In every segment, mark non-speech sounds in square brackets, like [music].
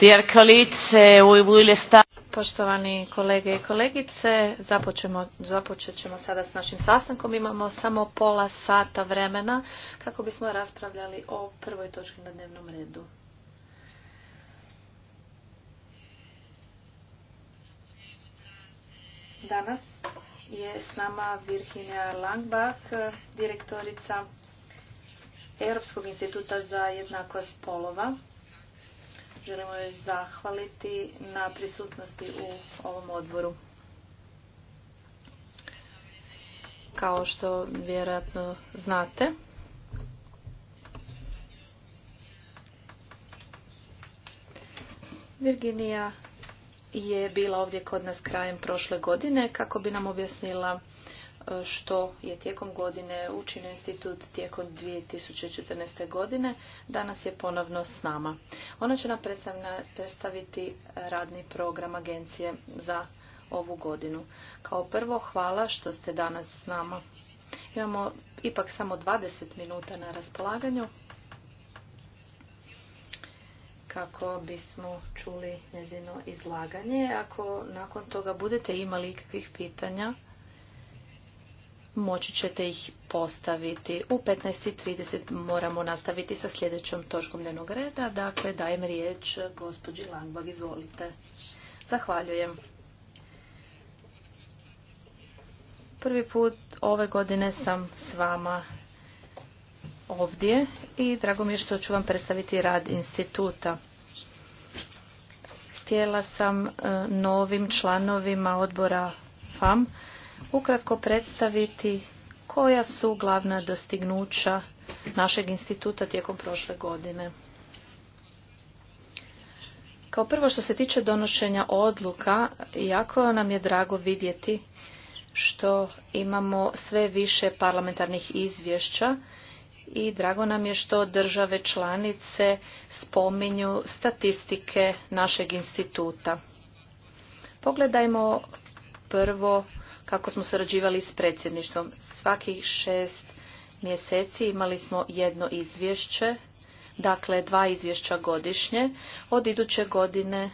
Eh, Poštovani kolege i kolegice, započemo, započet ćemo sada s našim sastankom. Imamo samo pola sata vremena kako bismo raspravljali o prvoj točki na dnevnom redu. Danas je s nama Virginia Langbach, direktorica Europskog instituta za jednakost spolova. Želimo joj zahvaliti na prisutnosti u ovom odboru. Kao što vjerojatno znate, Virginija je bila ovdje kod nas krajem prošle godine kako bi nam objasnila što je tijekom godine učinio institut tijekom 2014. godine. Danas je ponovno s nama. Ona će nam predstaviti radni program agencije za ovu godinu. Kao prvo, hvala što ste danas s nama. Imamo ipak samo 20 minuta na raspolaganju kako bismo čuli njezino izlaganje. Ako nakon toga budete imali ikakvih pitanja, moći ćete ih postaviti. U 15.30 moramo nastaviti sa sljedećom točkom dnevnog reda. Dakle, dajem riječ gospođi Langbag. Izvolite. Zahvaljujem. Prvi put ove godine sam s vama ovdje i drago mi je što ću vam predstaviti rad instituta. Htjela sam e, novim članovima odbora FAM ukratko predstaviti koja su glavna dostignuća našeg instituta tijekom prošle godine. Kao prvo što se tiče donošenja odluka, jako nam je drago vidjeti što imamo sve više parlamentarnih izvješća i drago nam je što države članice spominju statistike našeg instituta. Pogledajmo prvo kako smo surađivali s predsjedništvom. Svakih šest mjeseci imali smo jedno izvješće, dakle dva izvješća godišnje. Od iduće godine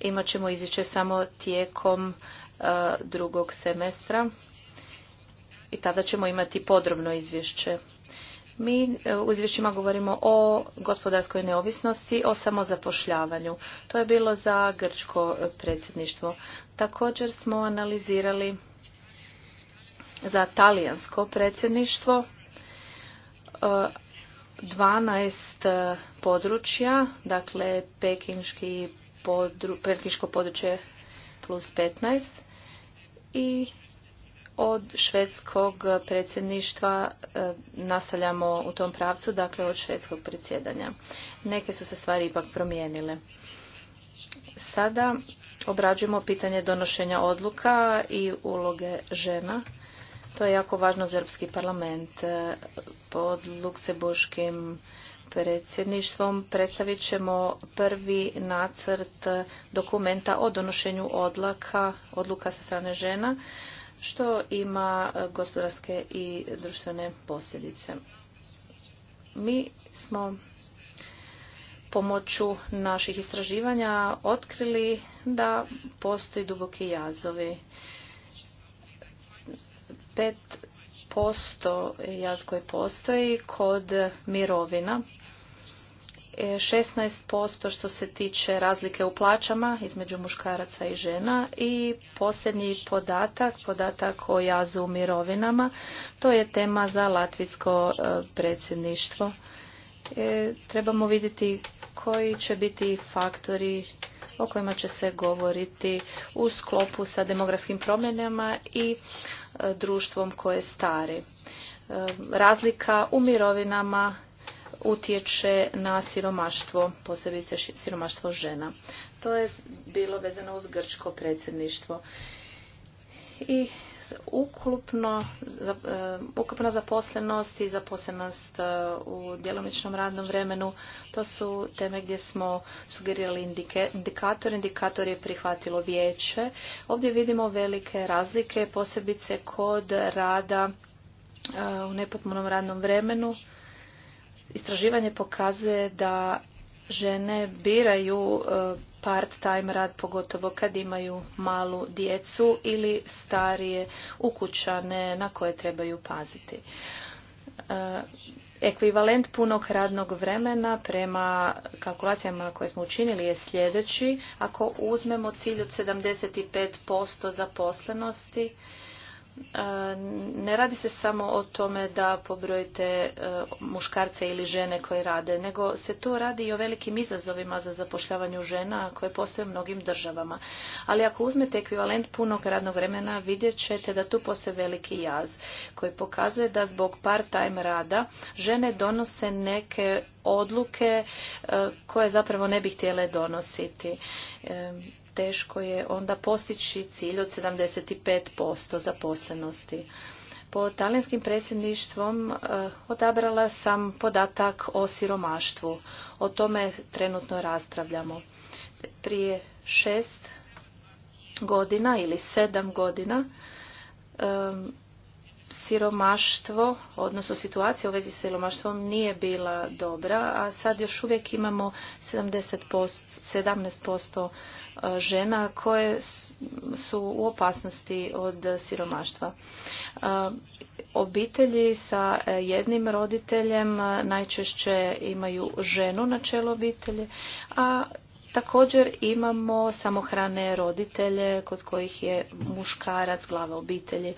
imat ćemo izvješće samo tijekom e, drugog semestra i tada ćemo imati podrobno izvješće mi e, u izvješćima govorimo o gospodarskoj neovisnosti, o samozapošljavanju. To je bilo za grčko e, predsjedništvo. Također smo analizirali za talijansko predsjedništvo 12 e, područja, dakle pekinški pekinško područje plus 15 i od švedskog predsjedništva e, nastavljamo u tom pravcu, dakle od švedskog predsjedanja. Neke su se stvari ipak promijenile. Sada obrađujemo pitanje donošenja odluka i uloge žena. To je jako važno za Europski parlament. E, pod luksebuškim predsjedništvom predstavit ćemo prvi nacrt dokumenta o donošenju odlaka, odluka sa strane žena što ima e, gospodarske i društvene posljedice. Mi smo pomoću naših istraživanja otkrili da postoji duboki jazovi. 5% jaz koji postoji kod mirovina 16% što se tiče razlike u plaćama između muškaraca i žena i posljednji podatak, podatak o jazu u mirovinama, to je tema za latvijsko e, predsjedništvo. E, trebamo vidjeti koji će biti faktori o kojima će se govoriti u sklopu sa demografskim promjenama i e, društvom koje stare. razlika u mirovinama utječe na siromaštvo, posebice siromaštvo žena. To je bilo vezano uz grčko predsjedništvo. I ukupno, e, ukupna zaposlenost i zaposlenost e, u djelomičnom radnom vremenu, to su teme gdje smo sugerirali indikator. Indikator je prihvatilo vijeće. Ovdje vidimo velike razlike, posebice kod rada e, u nepotpunom radnom vremenu Istraživanje pokazuje da žene biraju e, part-time rad, pogotovo kad imaju malu djecu ili starije ukućane na koje trebaju paziti. E, ekvivalent punog radnog vremena prema kalkulacijama koje smo učinili je sljedeći. Ako uzmemo cilj od 75% zaposlenosti, ne radi se samo o tome da pobrojite e, muškarce ili žene koje rade, nego se tu radi i o velikim izazovima za zapošljavanju žena koje postoje u mnogim državama. Ali ako uzmete ekvivalent punog radnog vremena, vidjet ćete da tu postoje veliki jaz koji pokazuje da zbog part-time rada žene donose neke odluke e, koje zapravo ne bi htjele donositi e, teško je onda postići cilj od 75% zaposlenosti. Po talijanskim predsjedništvom eh, odabrala sam podatak o siromaštvu. O tome trenutno raspravljamo. Prije šest godina ili sedam godina siromaštvo, odnosno situacija u vezi s siromaštvom nije bila dobra, a sad još uvijek imamo 70%, 17% e, žena koje su u opasnosti od siromaštva. E, obitelji sa e, jednim roditeljem najčešće imaju ženu na čelu obitelji, a Također imamo samohrane roditelje kod kojih je muškarac glava obitelji.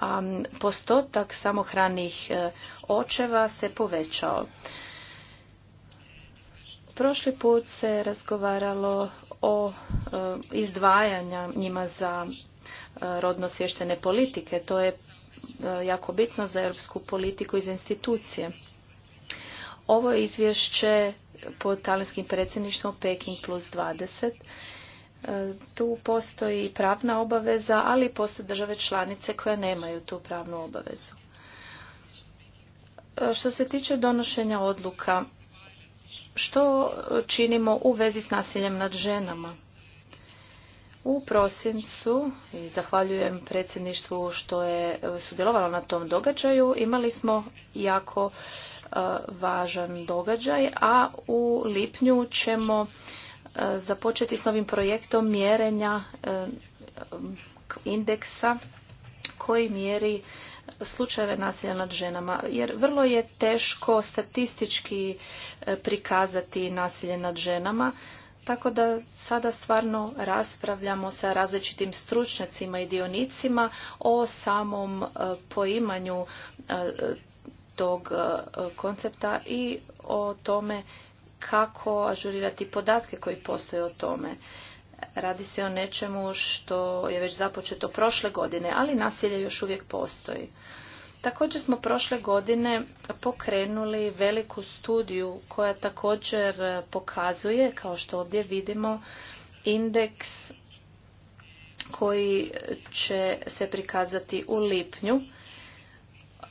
A postotak samohranih e, očeva se povećao. Prošli put se razgovaralo o e, njima za e, rodno svještene politike. To je jako bitno za europsku politiku i za institucije. Ovo izvješće pod talijanskim predsjedništvom Peking plus 20. E, tu postoji pravna obaveza, ali postoje države članice koje nemaju tu pravnu obavezu. E, što se tiče donošenja odluka, što činimo u vezi s nasiljem nad ženama? U prosincu, i zahvaljujem predsjedništvu što je sudjelovalo na tom događaju, imali smo jako važan događaj, a u lipnju ćemo e, započeti s novim projektom mjerenja e, indeksa koji mjeri slučajeve nasilja nad ženama jer vrlo je teško statistički e, prikazati nasilje nad ženama tako da sada stvarno raspravljamo sa različitim stručnjacima i dionicima o samom poimanju tog e, koncepta i o tome kako ažurirati podatke koji postoje o tome. Radi se o nečemu što je već započeto prošle godine, ali nasilje još uvijek postoji. Također smo prošle godine pokrenuli veliku studiju koja također pokazuje, kao što ovdje vidimo, indeks koji će se prikazati u lipnju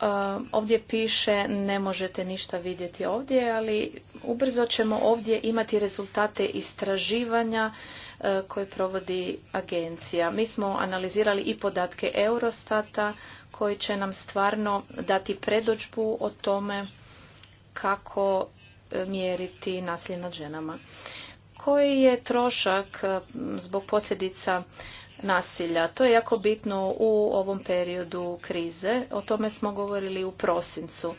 Eh, ovdje piše ne možete ništa vidjeti ovdje, ali ubrzo ćemo ovdje imati rezultate istraživanja eh, koje provodi agencija. Mi smo analizirali i podatke Eurostata koji će nam stvarno dati predođbu o tome kako eh, mjeriti nasilje nad ženama. Koji je trošak zbog posljedica nasilja. To je jako bitno u ovom periodu krize. O tome smo govorili u prosincu.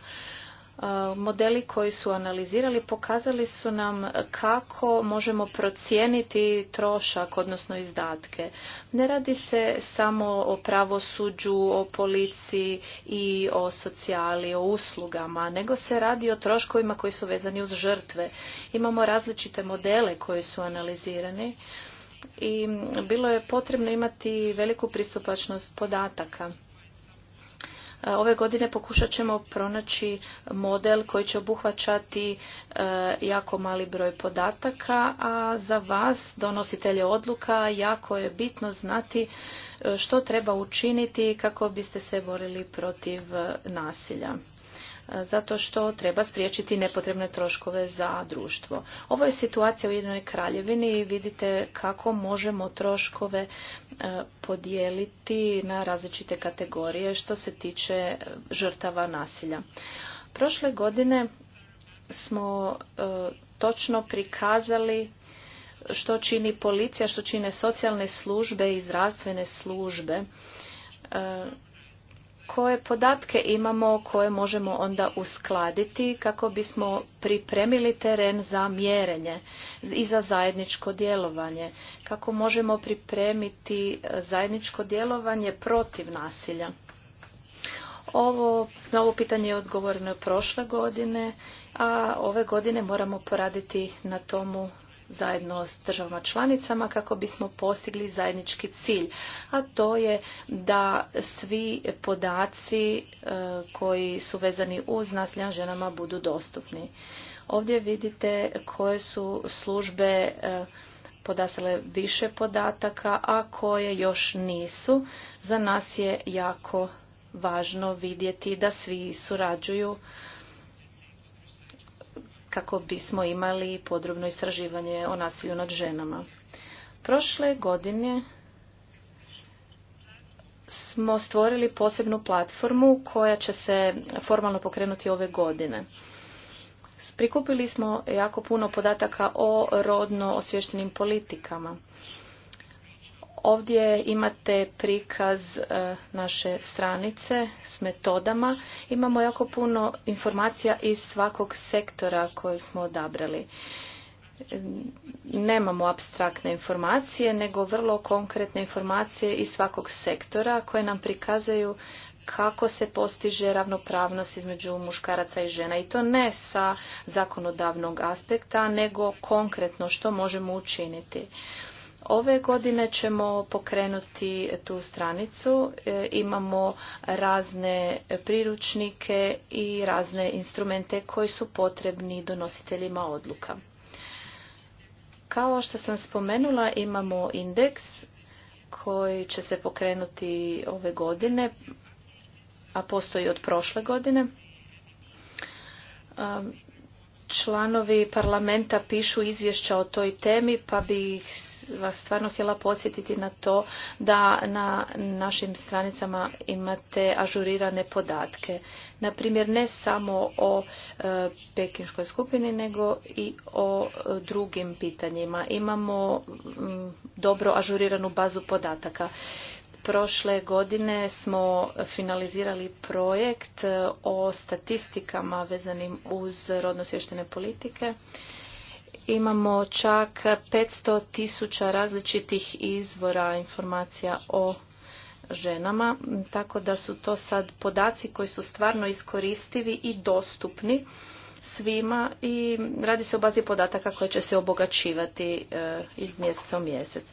E, modeli koji su analizirali pokazali su nam kako možemo procijeniti trošak, odnosno izdatke. Ne radi se samo o pravosuđu, o policiji i o socijali, o uslugama, nego se radi o troškovima koji su vezani uz žrtve. Imamo različite modele koji su analizirani i bilo je potrebno imati veliku pristupačnost podataka. E, ove godine pokušat ćemo pronaći model koji će obuhvaćati e, jako mali broj podataka, a za vas, donositelje odluka, jako je bitno znati e, što treba učiniti kako biste se borili protiv nasilja zato što treba spriječiti nepotrebne troškove za društvo. Ovo je situacija u jednoj kraljevini i vidite kako možemo troškove e, podijeliti na različite kategorije što se tiče e, žrtava nasilja. Prošle godine smo e, točno prikazali što čini policija, što čine socijalne službe i zdravstvene službe koje podatke imamo koje možemo onda uskladiti kako bismo pripremili teren za mjerenje i za zajedničko djelovanje, kako možemo pripremiti e, zajedničko djelovanje protiv nasilja. Ovo, na ovo pitanje je odgovoreno prošle godine, a ove godine moramo poraditi na tomu zajedno s državama članicama kako bismo postigli zajednički cilj, a to je da svi podaci e, koji su vezani uz nasilja ženama budu dostupni. Ovdje vidite koje su službe e, podasale više podataka, a koje još nisu. Za nas je jako važno vidjeti da svi surađuju kako bismo imali podrobno istraživanje o nasilju nad ženama. Prošle godine smo stvorili posebnu platformu koja će se formalno pokrenuti ove godine. Prikupili smo jako puno podataka o rodno osvještenim politikama. Ovdje imate prikaz e, naše stranice s metodama. Imamo jako puno informacija iz svakog sektora koji smo odabrali. Nemamo abstraktne informacije, nego vrlo konkretne informacije iz svakog sektora koje nam prikazaju kako se postiže ravnopravnost između muškaraca i žena i to ne sa zakonodavnog aspekta, nego konkretno što možemo učiniti. Ove godine ćemo pokrenuti tu stranicu. E, imamo razne priručnike i razne instrumente koji su potrebni donositeljima odluka. Kao što sam spomenula, imamo indeks koji će se pokrenuti ove godine, a postoji od prošle godine. Članovi parlamenta pišu izvješća o toj temi, pa bi ih vas stvarno htjela podsjetiti na to da na našim stranicama imate ažurirane podatke. Na primjer, ne samo o e, pekinškoj skupini, nego i o e, drugim pitanjima. Imamo dobro ažuriranu bazu podataka. Prošle godine smo finalizirali projekt e, o statistikama vezanim uz rodno svještene politike Imamo čak 500 tisuća različitih izvora informacija o ženama, tako da su to sad podaci koji su stvarno iskoristivi i dostupni svima i radi se o bazi podataka koje će se obogaćivati e, iz mjeseca u mjesec.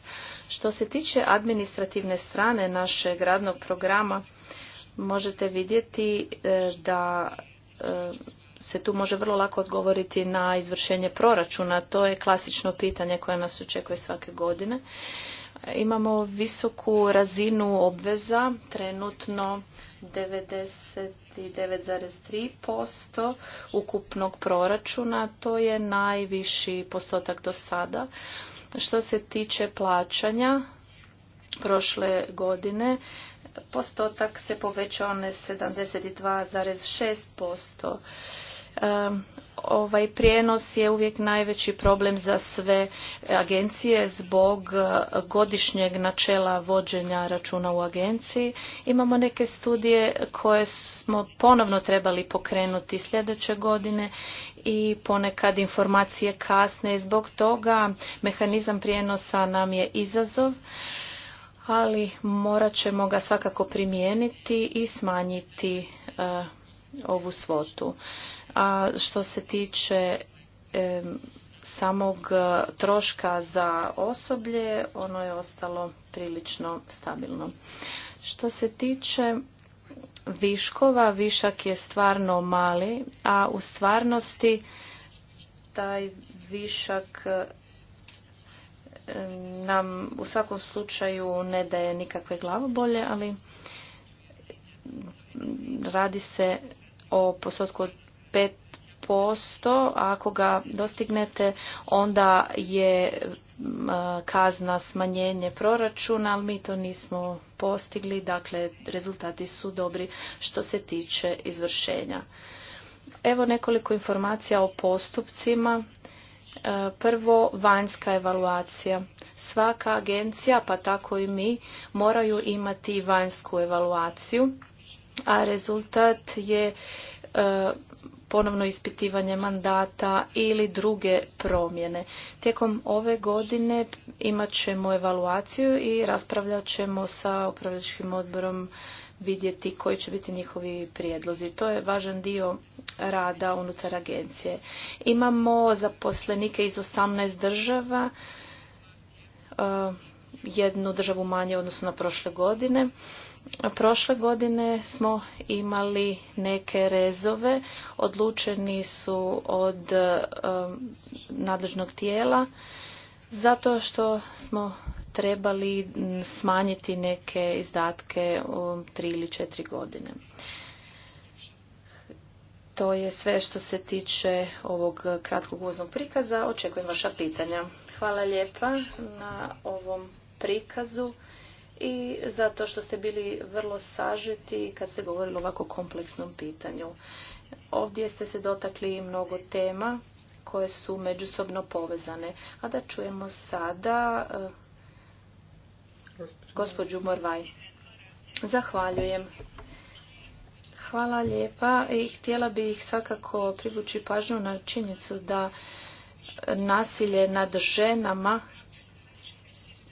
Što se tiče administrativne strane našeg radnog programa, možete vidjeti e, da e, se tu može vrlo lako odgovoriti na izvršenje proračuna. To je klasično pitanje koje nas očekuje svake godine. Imamo visoku razinu obveza, trenutno 99,3% ukupnog proračuna, to je najviši postotak do sada. Što se tiče plaćanja, prošle godine postotak se povećao na 72,6% ovaj prijenos je uvijek najveći problem za sve agencije zbog e, godišnjeg načela vođenja računa u agenciji. Imamo neke studije koje smo ponovno trebali pokrenuti sljedeće godine i ponekad informacije kasne zbog toga mehanizam prijenosa nam je izazov ali morat ćemo ga svakako primijeniti i smanjiti e, ovu svotu. A što se tiče samog e, troška za osoblje, ono je ostalo prilično stabilno. Što se tiče viškova, višak je stvarno mali, a u stvarnosti taj višak e, nam u svakom slučaju ne daje nikakve glavobolje, ali radi se o postotku od 5%, a ako ga dostignete onda je kazna smanjenje proračuna, ali mi to nismo postigli, dakle rezultati su dobri što se tiče izvršenja. Evo nekoliko informacija o postupcima. E, prvo, vanjska evaluacija. Svaka agencija, pa tako i mi, moraju imati vanjsku evaluaciju, a rezultat je E, ponovno ispitivanje mandata ili druge promjene. Tijekom ove godine imat ćemo evaluaciju i raspravljat ćemo sa upravljačkim odborom vidjeti koji će biti njihovi prijedlozi. To je važan dio rada unutar agencije. Imamo zaposlenike iz 18 država, e, jednu državu manje odnosno na prošle godine Prošle godine smo imali neke rezove, odlučeni su od um, nadležnog tijela zato što smo trebali smanjiti neke izdatke u tri ili četiri godine. To je sve što se tiče ovog kratkog uznog prikaza. Očekujem vaša pitanja. Hvala lijepa na ovom prikazu i zato što ste bili vrlo sažeti kad ste govorili o ovako kompleksnom pitanju. Ovdje ste se dotakli mnogo tema koje su međusobno povezane. A da čujemo sada eh, gospođu Morvaj. Zahvaljujem. Hvala lijepa i htjela bih svakako privući pažnju na činjenicu da nasilje nad ženama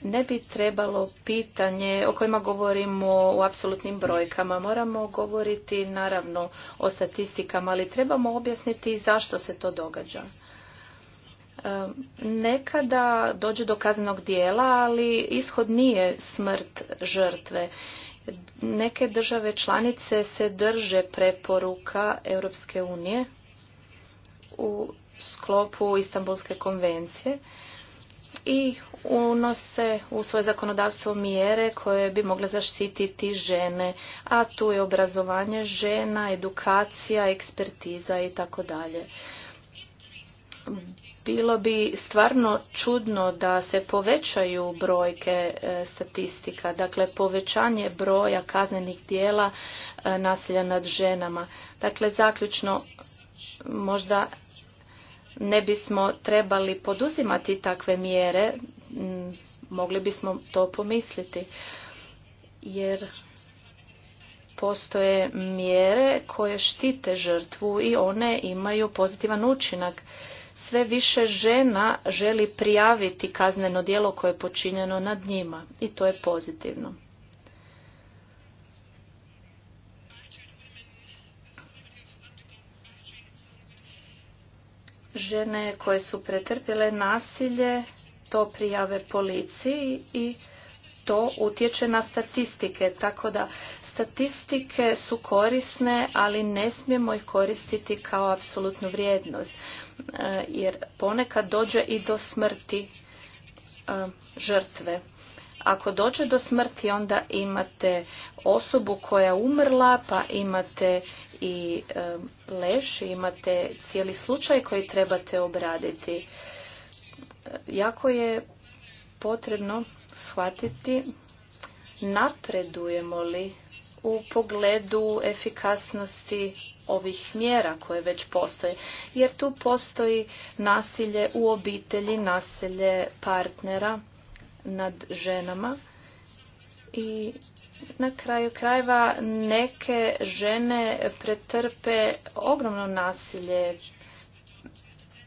ne bi trebalo pitanje o kojima govorimo u apsolutnim brojkama. Moramo govoriti naravno o statistikama, ali trebamo objasniti zašto se to događa. E, nekada dođe do kaznenog dijela, ali ishod nije smrt žrtve. Neke države članice se drže preporuka Europske unije u sklopu Istanbulske konvencije i unose u svoje zakonodavstvo mjere koje bi mogle zaštititi žene, a tu je obrazovanje žena, edukacija, ekspertiza i tako dalje. Bilo bi stvarno čudno da se povećaju brojke e, statistika, dakle povećanje broja kaznenih dijela e, nasilja nad ženama. Dakle, zaključno možda ne bismo trebali poduzimati takve mjere, mogli bismo to pomisliti. Jer postoje mjere koje štite žrtvu i one imaju pozitivan učinak. Sve više žena želi prijaviti kazneno djelo koje je počinjeno nad njima i to je pozitivno. žene koje su pretrpjele nasilje to prijave policiji i to utječe na statistike. Tako da statistike su korisne, ali ne smijemo ih koristiti kao apsolutnu vrijednost. E, jer ponekad dođe i do smrti e, žrtve. Ako dođe do smrti, onda imate osobu koja je umrla, pa imate i leš, imate cijeli slučaj koji trebate obraditi. Jako je potrebno shvatiti napredujemo li u pogledu efikasnosti ovih mjera koje već postoje. Jer tu postoji nasilje u obitelji, nasilje partnera nad ženama i na kraju krajeva neke žene pretrpe ogromno nasilje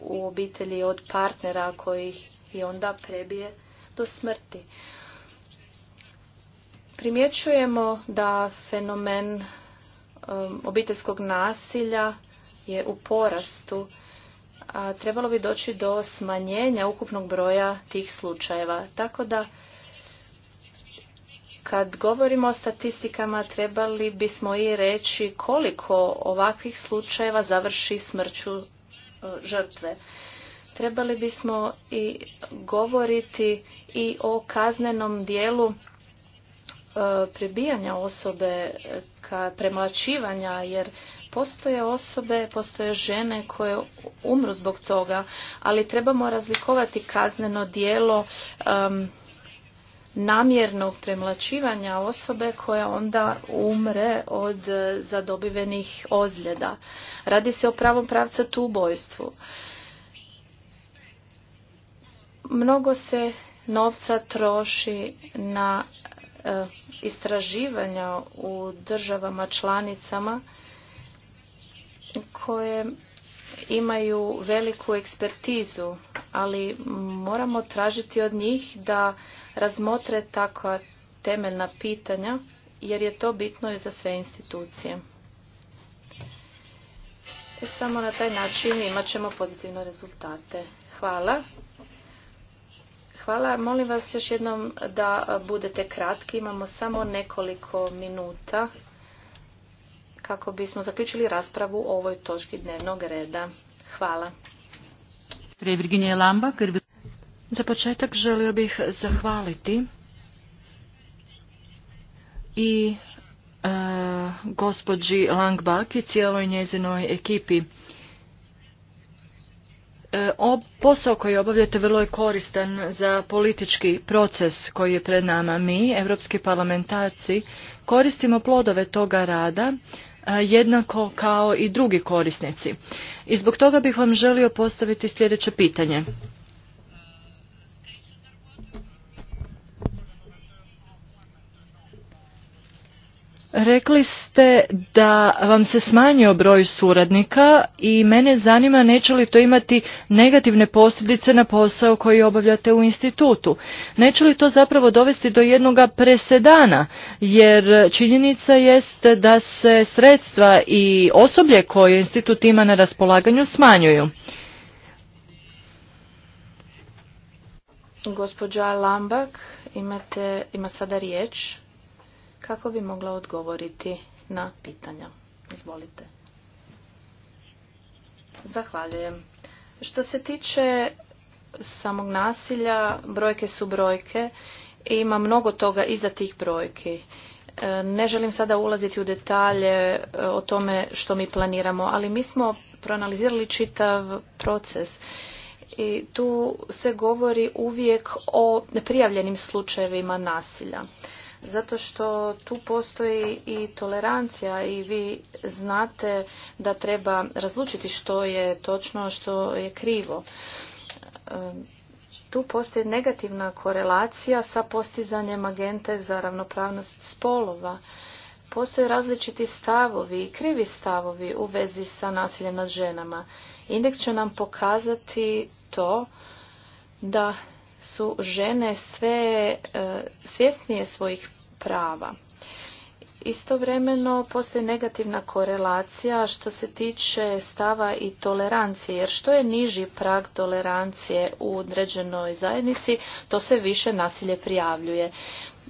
u obitelji od partnera koji ih i onda prebije do smrti. Primjećujemo da fenomen um, obiteljskog nasilja je u porastu a trebalo bi doći do smanjenja ukupnog broja tih slučajeva. Tako da kad govorimo o statistikama trebali bismo i reći koliko ovakvih slučajeva završi smrću e, žrtve. Trebali bismo i govoriti i o kaznenom dijelu e, prebijanja osobe ka premlačivanja jer Postoje osobe, postoje žene koje umru zbog toga, ali trebamo razlikovati kazneno dijelo namjernog premlačivanja osobe koja onda umre od zadobivenih ozljeda. Radi se o pravom pravcu tu ubojstvu. Mnogo se novca troši na eh, istraživanja u državama članicama koje imaju veliku ekspertizu, ali moramo tražiti od njih da razmotre takva temeljna pitanja, jer je to bitno i za sve institucije. E, samo na taj način imat ćemo pozitivne rezultate. Hvala. Hvala. Molim vas još jednom da budete kratki. Imamo samo nekoliko minuta kako bismo zaključili raspravu o ovoj točki dnevnog reda. Hvala. Za početak želio bih zahvaliti i e, gospođi Langbak i cijeloj njezinoj ekipi. E, o, posao koji obavljate vrlo je koristan za politički proces koji je pred nama. Mi, evropski parlamentarci, koristimo plodove toga rada jednako kao i drugi korisnici. I zbog toga bih vam želio postaviti sljedeće pitanje. Rekli ste da vam se smanjio broj suradnika i mene zanima neće li to imati negativne posljedice na posao koji obavljate u institutu. Neće li to zapravo dovesti do jednog presedana jer činjenica jest da se sredstva i osoblje koje institut ima na raspolaganju smanjuju. Gospođa Lambak, imate, ima sada riječ kako bi mogla odgovoriti na pitanja. Izvolite. Zahvaljujem. Što se tiče samog nasilja, brojke su brojke i ima mnogo toga iza tih brojki. E, ne želim sada ulaziti u detalje e, o tome što mi planiramo, ali mi smo proanalizirali čitav proces i tu se govori uvijek o neprijavljenim slučajevima nasilja zato što tu postoji i tolerancija i vi znate da treba razlučiti što je točno, što je krivo. Tu postoji negativna korelacija sa postizanjem agente za ravnopravnost spolova. Postoje različiti stavovi i krivi stavovi u vezi sa nasiljem nad ženama. Indeks će nam pokazati to da su žene sve e, svjesnije svojih prava. Istovremeno postoji negativna korelacija što se tiče stava i tolerancije, jer što je niži prag tolerancije u određenoj zajednici, to se više nasilje prijavljuje.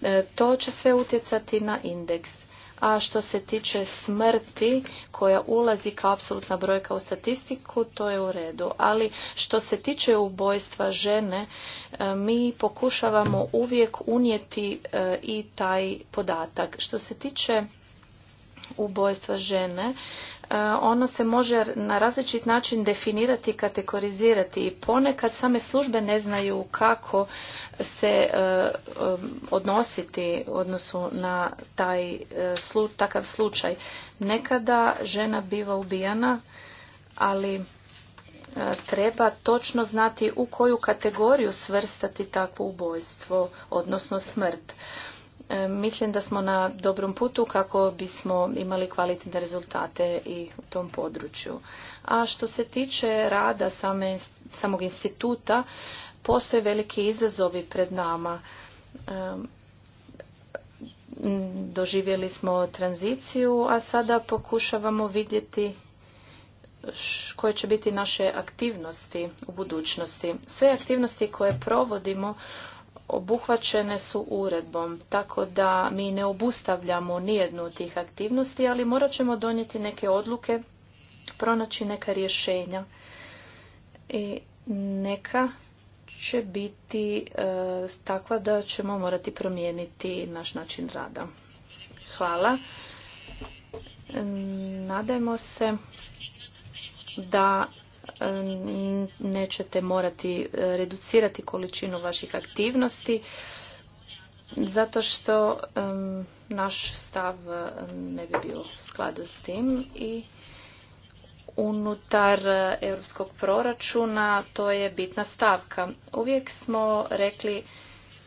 E, to će sve utjecati na indeks a što se tiče smrti koja ulazi kao apsolutna brojka u statistiku, to je u redu. Ali što se tiče ubojstva žene, e, mi pokušavamo uvijek unijeti e, i taj podatak. Što se tiče ubojstva žene, E, ono se može na različit način definirati, i kategorizirati i ponekad same službe ne znaju kako se e, e, odnositi odnosu na taj takav slučaj. Nekada žena biva ubijana, ali treba točno znati u koju kategoriju svrstati takvo ubojstvo, odnosno smrt. E, mislim da smo na dobrom putu kako bismo imali kvalitetne rezultate i u tom području. A što se tiče rada same, samog instituta, postoje veliki izazovi pred nama. E, doživjeli smo tranziciju, a sada pokušavamo vidjeti koje će biti naše aktivnosti u budućnosti. Sve aktivnosti koje provodimo obuhvaćene su uredbom, tako da mi ne obustavljamo nijednu od tih aktivnosti, ali morat ćemo donijeti neke odluke, pronaći neka rješenja. I neka će biti e, takva da ćemo morati promijeniti naš način rada. Hvala. Nadajmo se da nećete morati e, reducirati količinu vaših aktivnosti zato što naš stav ne bi bio u skladu s tim i unutar e, europskog proračuna to je bitna stavka. Uvijek smo rekli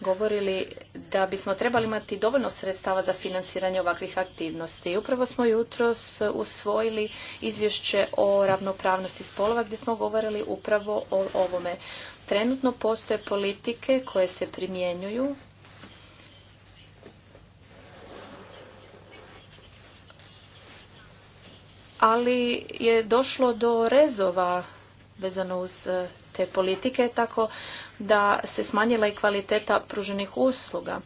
govorili da bismo trebali imati dovoljno sredstava za financiranje ovakvih aktivnosti. Upravo smo jutros usvojili izvješće o ravnopravnosti spolova gdje smo govorili upravo o ovome. Trenutno postoje politike koje se primjenjuju ali je došlo do rezova vezano uz te politike tako da se smanjila i kvaliteta pruženih usluga.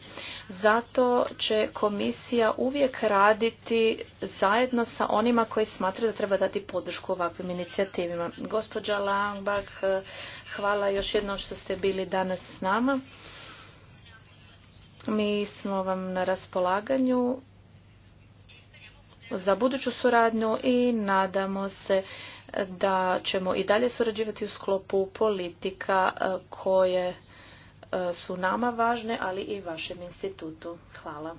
Zato će komisija uvijek raditi zajedno sa onima koji smatraju da treba dati podršku ovakvim inicijativima. Gospođa Langbach, hvala još jednom što ste bili danas s nama. Mi smo vam na raspolaganju za buduću suradnju i nadamo se da ćemo i dalje surađivati u sklopu politika e, koje e, su nama važne, ali i vašem institutu. Hvala.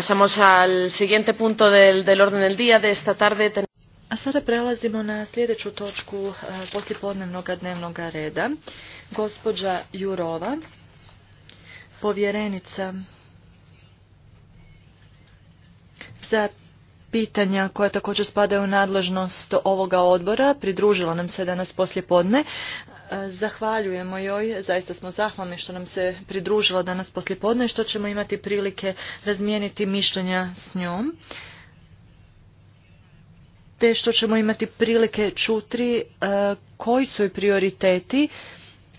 Pasamos al siguiente punto del, del orden del día de tarde. A sada prelazimo na sljedeću točku eh, poslijepodnevnog dnevnog reda. Gospođa Jurova, povjerenica za pitanja koja također spadaju u nadležnost ovoga odbora. Pridružila nam se danas poslijepodne podne. Zahvaljujemo joj, zaista smo zahvalni što nam se pridružila danas poslijepodne i što ćemo imati prilike razmijeniti mišljenja s njom te što ćemo imati prilike čutri e, koji su i prioriteti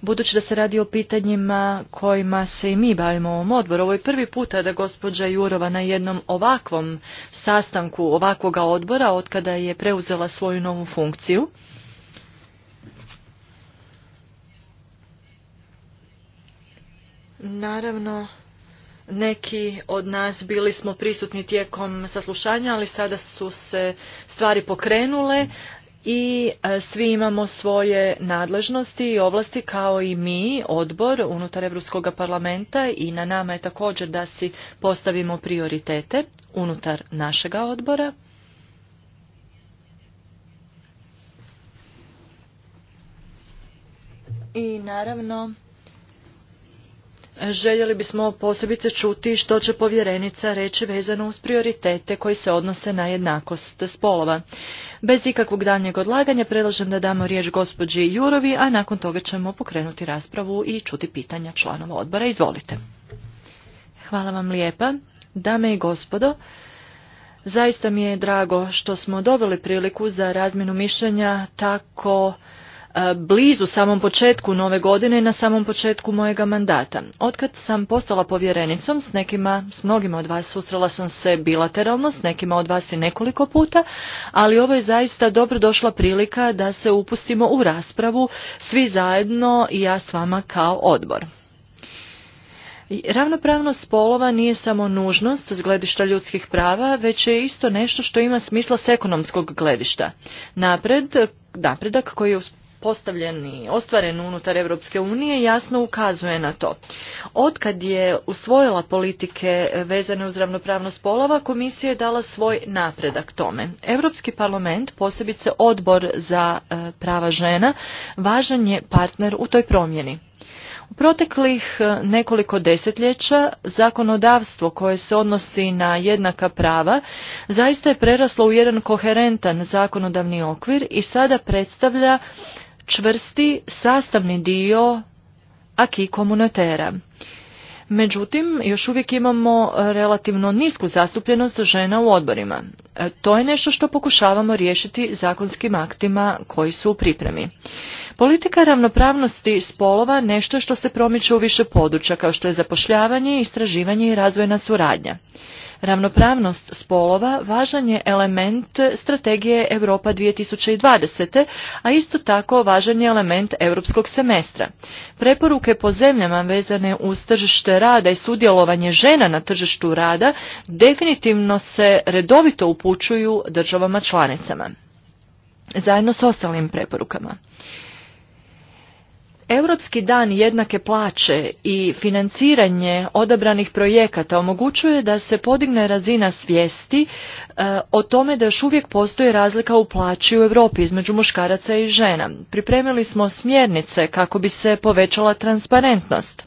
budući da se radi o pitanjima kojima se i mi bavimo u ovom odboru. Ovo je prvi puta da gospođa Jurova na jednom ovakvom sastanku ovakvoga odbora otkada je preuzela svoju novu funkciju. Naravno, neki od nas bili smo prisutni tijekom saslušanja, ali sada su se stvari pokrenule i e, svi imamo svoje nadležnosti i ovlasti kao i mi, odbor unutar Europskog parlamenta i na nama je također da si postavimo prioritete unutar našega odbora. I naravno Željeli bismo posebice čuti što će povjerenica reći vezano uz prioritete koji se odnose na jednakost spolova. Bez ikakvog daljnjeg odlaganja predlažem da damo riječ gospođi Jurovi, a nakon toga ćemo pokrenuti raspravu i čuti pitanja članova odbora. Izvolite. Hvala vam lijepa. Dame i gospodo, zaista mi je drago što smo dobili priliku za razmjenu mišljenja tako E, blizu samom početku nove godine i na samom početku mojega mandata. Otkad sam postala povjerenicom, s nekima, s mnogima od vas susrela sam se bilateralno, s nekima od vas i nekoliko puta, ali ovo je zaista dobro došla prilika da se upustimo u raspravu svi zajedno i ja s vama kao odbor. Ravnopravnost spolova nije samo nužnost s gledišta ljudskih prava, već je isto nešto što ima smisla s ekonomskog gledišta. Napred, napredak koji je postavljen i ostvaren unutar Europske unije jasno ukazuje na to. Otkad je usvojila politike vezane uz ravnopravnost polova, komisija je dala svoj napredak tome. Europski parlament, posebice odbor za e, prava žena, važan je partner u toj promjeni. U proteklih e, nekoliko desetljeća zakonodavstvo koje se odnosi na jednaka prava zaista je preraslo u jedan koherentan zakonodavni okvir i sada predstavlja čvrsti sastavni dio aki komunatera. Međutim, još uvijek imamo relativno nisku zastupljenost žena u odborima. E, to je nešto što pokušavamo riješiti zakonskim aktima koji su u pripremi. Politika ravnopravnosti spolova nešto što se promiče u više područja kao što je zapošljavanje, istraživanje i razvojna suradnja. Ravnopravnost spolova važan je element strategije Europa 2020. a isto tako važan je element europskog semestra. Preporuke po zemljama vezane uz tržište rada i sudjelovanje žena na tržištu rada definitivno se redovito upućuju državama članicama zajedno s ostalim preporukama. Europski dan jednake plaće i financiranje odabranih projekata omogućuje da se podigne razina svijesti e, o tome da još uvijek postoji razlika u plaći u Europi između muškaraca i žena. Pripremili smo smjernice kako bi se povećala transparentnost.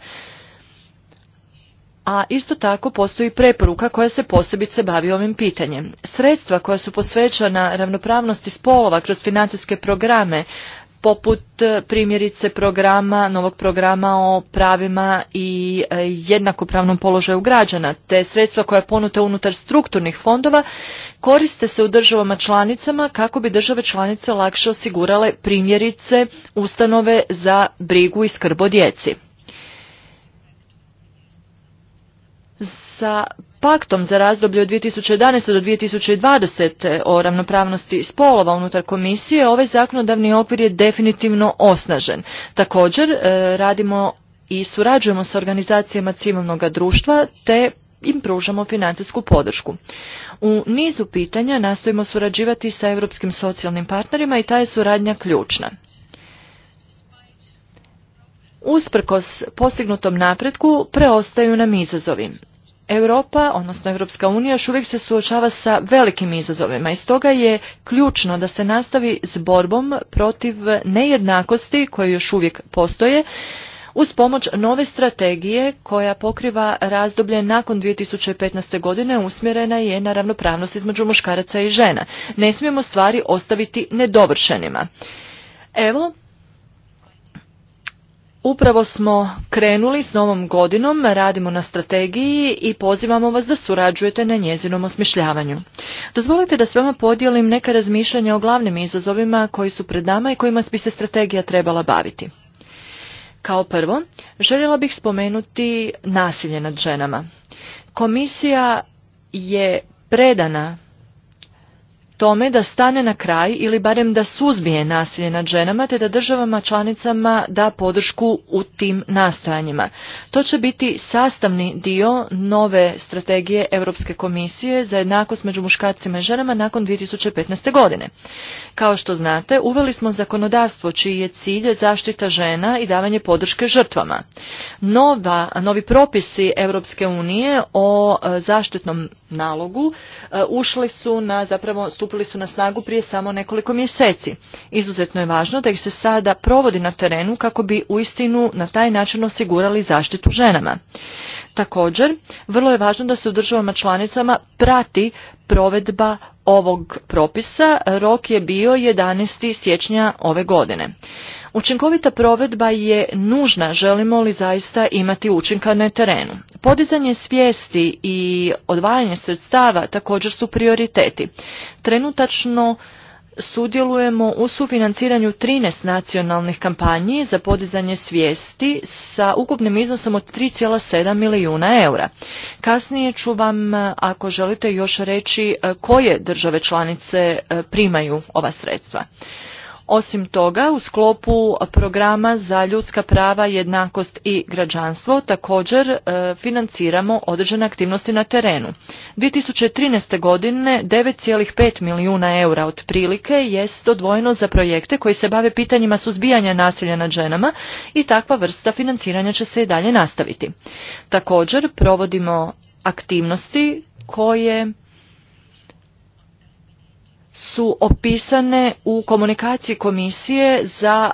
A isto tako postoji preporuka koja se posebice bavi ovim pitanjem. Sredstva koja su posvećena ravnopravnosti spolova kroz financijske programe poput e, primjerice programa, novog programa o pravima i e, jednakopravnom položaju građana, te sredstva koja ponuta unutar strukturnih fondova koriste se u državama članicama kako bi države članice lakše osigurale primjerice ustanove za brigu i skrb o djeci. sa paktom za razdoblje od 2011. do 2020. o ravnopravnosti spolova unutar komisije, ovaj zakonodavni okvir je definitivno osnažen. Također e, radimo i surađujemo sa organizacijama civilnog društva te im pružamo financijsku podršku. U nizu pitanja nastojimo surađivati sa europskim socijalnim partnerima i ta je suradnja ključna. Usprkos postignutom napretku preostaju nam izazovi. Europa, odnosno Europska unija, još uvijek se suočava sa velikim izazovima i stoga je ključno da se nastavi s borbom protiv nejednakosti koje još uvijek postoje uz pomoć nove strategije koja pokriva razdoblje nakon 2015. godine usmjerena je na ravnopravnost između muškaraca i žena. Ne smijemo stvari ostaviti nedovršenima. Evo, Upravo smo krenuli s novom godinom, radimo na strategiji i pozivamo vas da surađujete na njezinom osmišljavanju. Dozvolite da s vama podijelim neka razmišljanja o glavnim izazovima koji su pred nama i kojima bi se strategija trebala baviti. Kao prvo, željela bih spomenuti nasilje nad ženama. Komisija je predana tome da stane na kraj ili barem da suzbije nasilje nad ženama te da državama članicama da podršku u tim nastojanjima. To će biti sastavni dio nove strategije Europske komisije za jednakost među muškarcima i ženama nakon 2015. godine. Kao što znate, uveli smo zakonodavstvo čiji je cilj zaštita žena i davanje podrške žrtvama. Nova, novi propisi Europske unije o e, zaštitnom nalogu e, ušli su na zapravo stup stupili su na snagu prije samo nekoliko mjeseci. Izuzetno je važno da ih se sada provodi na terenu kako bi uistinu na taj način osigurali zaštitu ženama. Također, vrlo je važno da se u državama članicama prati provedba ovog propisa. Rok je bio 11. siječnja ove godine. Učinkovita provedba je nužna želimo li zaista imati učinka na terenu. Podizanje svijesti i odvajanje sredstava također su prioriteti. Trenutačno sudjelujemo u sufinanciranju 13 nacionalnih kampanji za podizanje svijesti sa ukupnim iznosom od 3,7 milijuna eura. Kasnije ću vam, ako želite, još reći e, koje države članice e, primaju ova sredstva. Osim toga, u sklopu programa za ljudska prava, jednakost i građanstvo također e, financiramo određene aktivnosti na terenu. 2013. godine 9,5 milijuna eura otprilike jest odvojeno za projekte koji se bave pitanjima suzbijanja nasilja nad ženama i takva vrsta financiranja će se i dalje nastaviti. Također provodimo aktivnosti koje su opisane u komunikaciji komisije za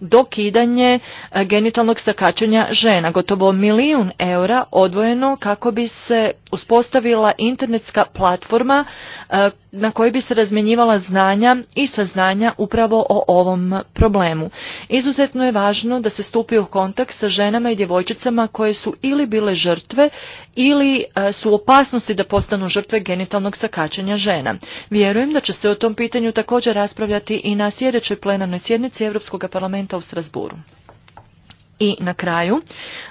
dokidanje e, genitalnog sakačenja žena. Gotovo milijun eura odvojeno kako bi se uspostavila internetska platforma e, na kojoj bi se razmjenjivala znanja i saznanja upravo o ovom problemu. Izuzetno je važno da se stupi u kontakt sa ženama i djevojčicama koje su ili bile žrtve ili e, su u opasnosti da postanu žrtve genitalnog sakačenja žena. Vjerujem da će se o tom pitanju također raspravljati i na sljedećoj plenarnoj sjednici Europskog parlamenta parlamenta u Strasburu. I na kraju,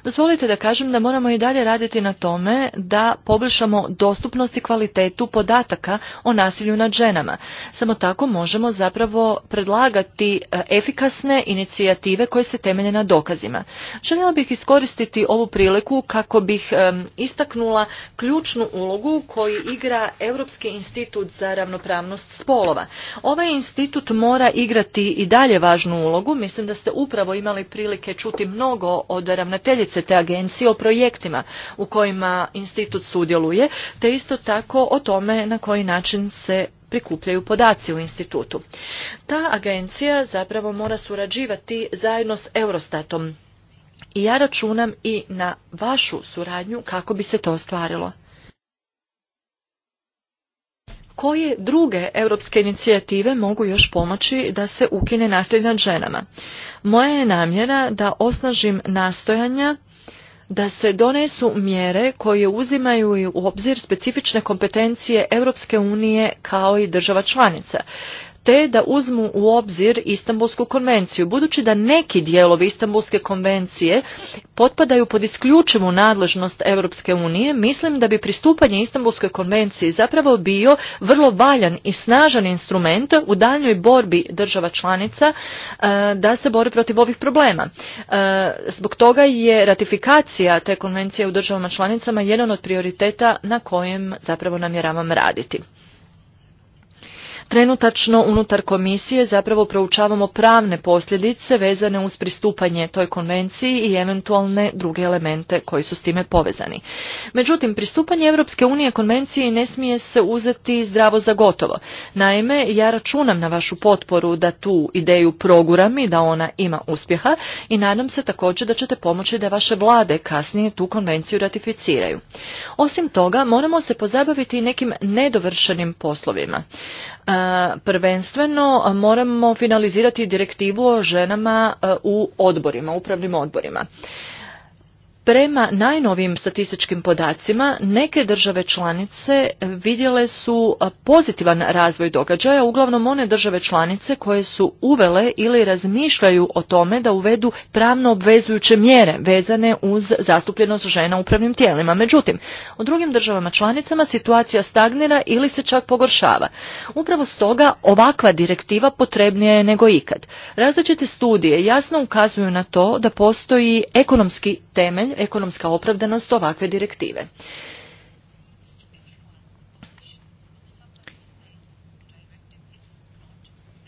dozvolite da kažem da moramo i dalje raditi na tome da poboljšamo dostupnost i kvalitetu podataka o nasilju nad ženama. Samo tako možemo zapravo predlagati eh, efikasne inicijative koje se temelje na dokazima. Željela bih iskoristiti ovu priliku kako bih istaknula ključnu ulogu koju igra Europski institut za ravnopravnost spolova. Ovaj institut mora igrati i dalje važnu ulogu, mislim da ste upravo imali prilike čuti mnogo od ravnateljice te agencije o projektima u kojima institut sudjeluje, te isto tako o tome na koji način se prikupljaju podaci u institutu. Ta agencija zapravo mora surađivati zajedno s Eurostatom. I ja računam i na vašu suradnju kako bi se to ostvarilo koje druge europske inicijative mogu još pomoći da se ukine nasilje nad ženama. Moja je namjera da osnažim nastojanja da se donesu mjere koje uzimaju u obzir specifične kompetencije Europske unije kao i država članica te da uzmu u obzir Istanbulsku konvenciju. Budući da neki dijelovi Istanbulske konvencije potpadaju pod isključivu nadležnost Europske unije, mislim da bi pristupanje Istanbulskoj konvenciji zapravo bio vrlo valjan i snažan instrument u daljnjoj borbi država članica e, da se bore protiv ovih problema. E, zbog toga je ratifikacija te konvencije u državama članicama jedan od prioriteta na kojem zapravo namjeravam raditi. Trenutačno unutar komisije zapravo proučavamo pravne posljedice vezane uz pristupanje toj konvenciji i eventualne druge elemente koji su s time povezani. Međutim, pristupanje Europske unije konvenciji ne smije se uzeti zdravo za gotovo. Naime, ja računam na vašu potporu da tu ideju proguram i da ona ima uspjeha i nadam se također da ćete pomoći da vaše vlade kasnije tu konvenciju ratificiraju. Osim toga, moramo se pozabaviti nekim nedovršenim poslovima. E, Prvenstveno moramo finalizirati direktivu o ženama e, u odborima, upravnim odborima. Prema najnovijim statističkim podacima, neke države članice eh, vidjele su eh, pozitivan razvoj događaja, uglavnom one države članice koje su uvele ili razmišljaju o tome da uvedu pravno obvezujuće mjere vezane uz zastupljenost žena u upravnim tijelima. Međutim, u drugim državama članicama situacija stagnira ili se čak pogoršava. Upravo stoga ovakva direktiva potrebnija je nego ikad. Različite studije jasno ukazuju na to da postoji ekonomski temelj ekonomska opravdanost ovakve direktive.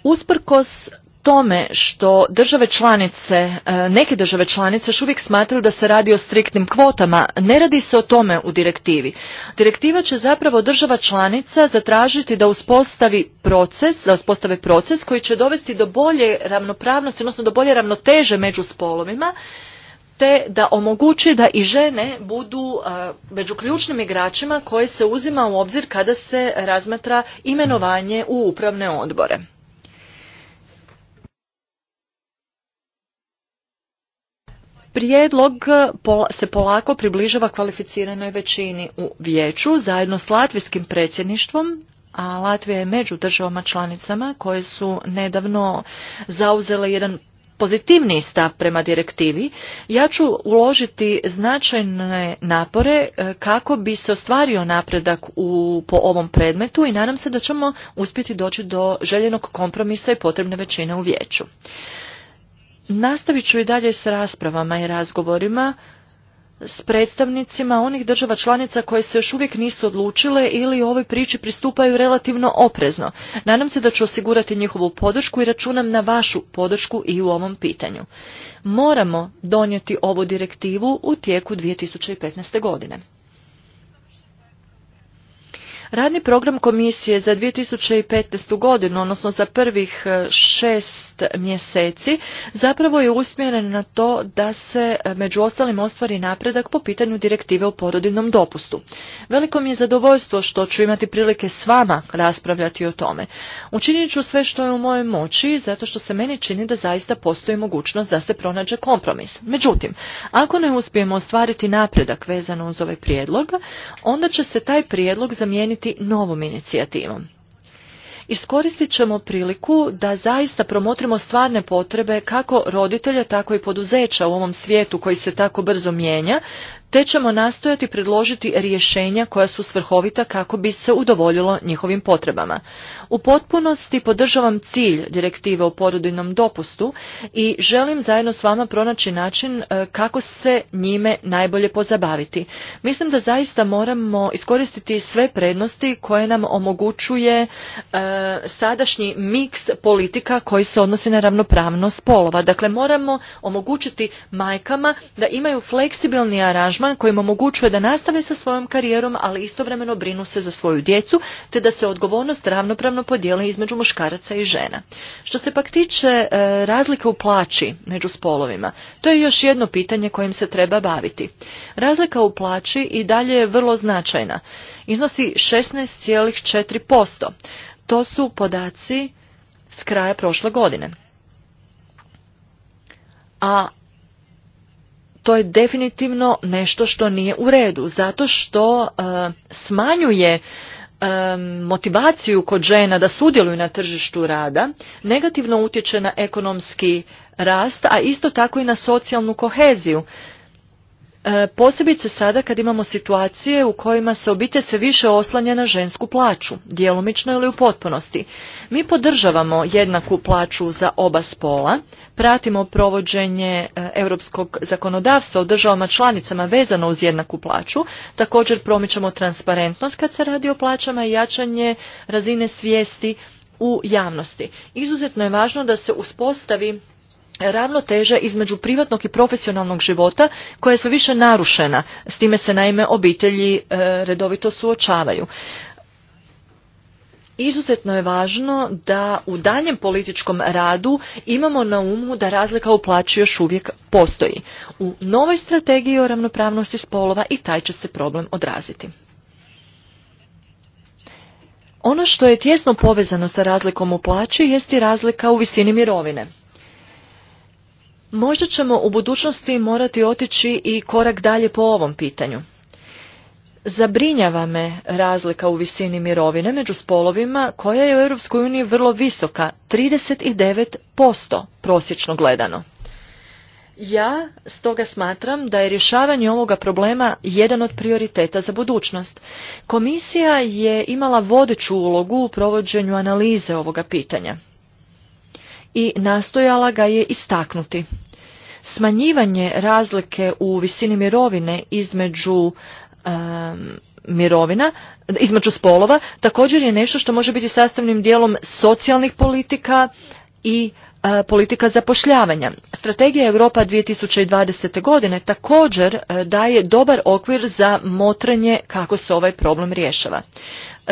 Usprkos tome što države članice, e, neke države članice još uvijek smatraju da se radi o striktnim kvotama, ne radi se o tome u direktivi. Direktiva će zapravo država članica zatražiti da uspostavi proces, da uspostave proces koji će dovesti do bolje ravnopravnosti, odnosno do bolje ravnoteže među spolovima te da omogući da i žene budu e, među ključnim igračima koje se uzima u obzir kada se razmatra imenovanje u upravne odbore. Prijedlog se polako približava kvalificiranoj većini u vijeću zajedno s latvijskim predsjedništvom, a Latvija je među državama članicama koje su nedavno zauzele jedan pozitivniji stav prema direktivi, ja ću uložiti značajne napore e, kako bi se ostvario napredak u, po ovom predmetu i nadam se da ćemo uspjeti doći do željenog kompromisa i potrebne većine u vijeću. Nastavit ću i dalje s raspravama i razgovorima s predstavnicima onih država članica koje se još uvijek nisu odlučile ili ovoj priči pristupaju relativno oprezno. Nadam se da ću osigurati njihovu podršku i računam na vašu podršku i u ovom pitanju. Moramo donijeti ovu direktivu u tijeku 2015. godine. Radni program komisije za 2015. godinu, odnosno za prvih e, šest mjeseci, zapravo je usmjeren na to da se e, među ostalim ostvari napredak po pitanju direktive o porodiljnom dopustu. Veliko mi je zadovoljstvo što ću imati prilike s vama raspravljati o tome. Učinit ću sve što je u mojoj moći, zato što se meni čini da zaista postoji mogućnost da se pronađe kompromis. Međutim, ako ne uspijemo ostvariti napredak vezano uz ovaj prijedlog, onda će se taj prijedlog zamijeniti novom inicijativom. Iskoristit ćemo priliku da zaista promotrimo stvarne potrebe kako roditelja, tako i poduzeća u ovom svijetu koji se tako brzo mijenja, te ćemo nastojati predložiti rješenja koja su svrhovita kako bi se udovoljilo njihovim potrebama. U potpunosti podržavam cilj direktive o porodinom dopustu i želim zajedno s vama pronaći način e, kako se njime najbolje pozabaviti. Mislim da zaista moramo iskoristiti sve prednosti koje nam omogućuje e, sadašnji miks politika koji se odnosi na ravnopravnost polova. Dakle, moramo omogućiti majkama da imaju fleksibilni aranžman angažman kojim omogućuje da nastave sa svojom karijerom, ali istovremeno brinu se za svoju djecu, te da se odgovornost ravnopravno podijeli između muškaraca i žena. Što se pak tiče razlika e, razlike u plaći među spolovima, to je još jedno pitanje kojim se treba baviti. Razlika u plaći i dalje je vrlo značajna. Iznosi 16,4%. To su podaci s kraja prošle godine. A to je definitivno nešto što nije u redu zato što e, smanjuje e, motivaciju kod žena da sudjeluju na tržištu rada negativno utječe na ekonomski rast a isto tako i na socijalnu koheziju E, posebice sada kad imamo situacije u kojima se obitelj sve više oslanja na žensku plaću, djelomično ili u potpunosti. Mi podržavamo jednaku plaću za oba spola, pratimo provođenje e, europskog zakonodavstva u državama članicama vezano uz jednaku plaću, također promičamo transparentnost kad se radi o plaćama i jačanje razine svijesti u javnosti. Izuzetno je važno da se uspostavi ravnoteža između privatnog i profesionalnog života koja je sve više narušena. S time se naime obitelji e, redovito suočavaju. Izuzetno je važno da u daljem političkom radu imamo na umu da razlika u plaći još uvijek postoji. U novoj strategiji o ravnopravnosti spolova i taj će se problem odraziti. Ono što je tjesno povezano sa razlikom u plaći jest i razlika u visini mirovine. Možda ćemo u budućnosti morati otići i korak dalje po ovom pitanju. Zabrinjava me razlika u visini mirovine među spolovima koja je u EU vrlo visoka, 39% prosječno gledano. Ja stoga smatram da je rješavanje ovoga problema jedan od prioriteta za budućnost. Komisija je imala vodeću ulogu u provođenju analize ovoga pitanja i nastojala ga je istaknuti. Smanjivanje razlike u visini mirovine između mirovina između spolova također je nešto što može biti sastavnim dijelom socijalnih politika i e, politika zapošljavanja. Strategija Europa 2020. godine također e, daje dobar okvir za motrenje kako se ovaj problem rješava.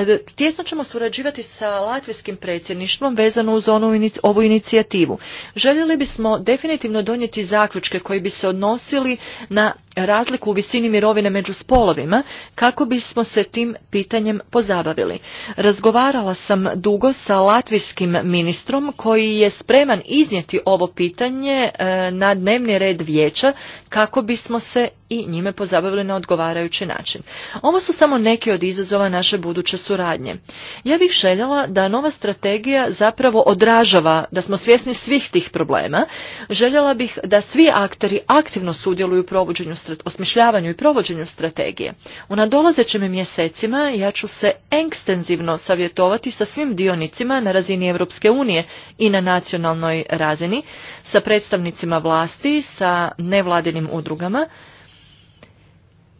E, Tijesno ćemo surađivati sa latvijskim predsjedništvom vezano uz onu, ovu inicijativu. Željeli bismo definitivno donijeti zaključke koji bi se odnosili na razliku u visini mirovine među spolovima kako bismo se tim pitanjem pozabavili. Razgovarala sam dugo sa latvijskim ministrom koji je spreman iznijeti ovo pitanje e, na dnevni red vijeća kako bismo se i njime pozabavili na odgovarajući način. Ovo su samo neki od izazova naše buduće suradnje. Ja bih željela da nova strategija zapravo odražava da smo svjesni svih tih problema. Željela bih da svi akteri aktivno sudjeluju u provođenju osmišljavanju i provođenju strategije. U nadolazećim mjesecima ja ću se ekstenzivno savjetovati sa svim dionicima na razini Europske unije i na nacionalnoj razini, sa predstavnicima vlasti, sa nevladinim udrugama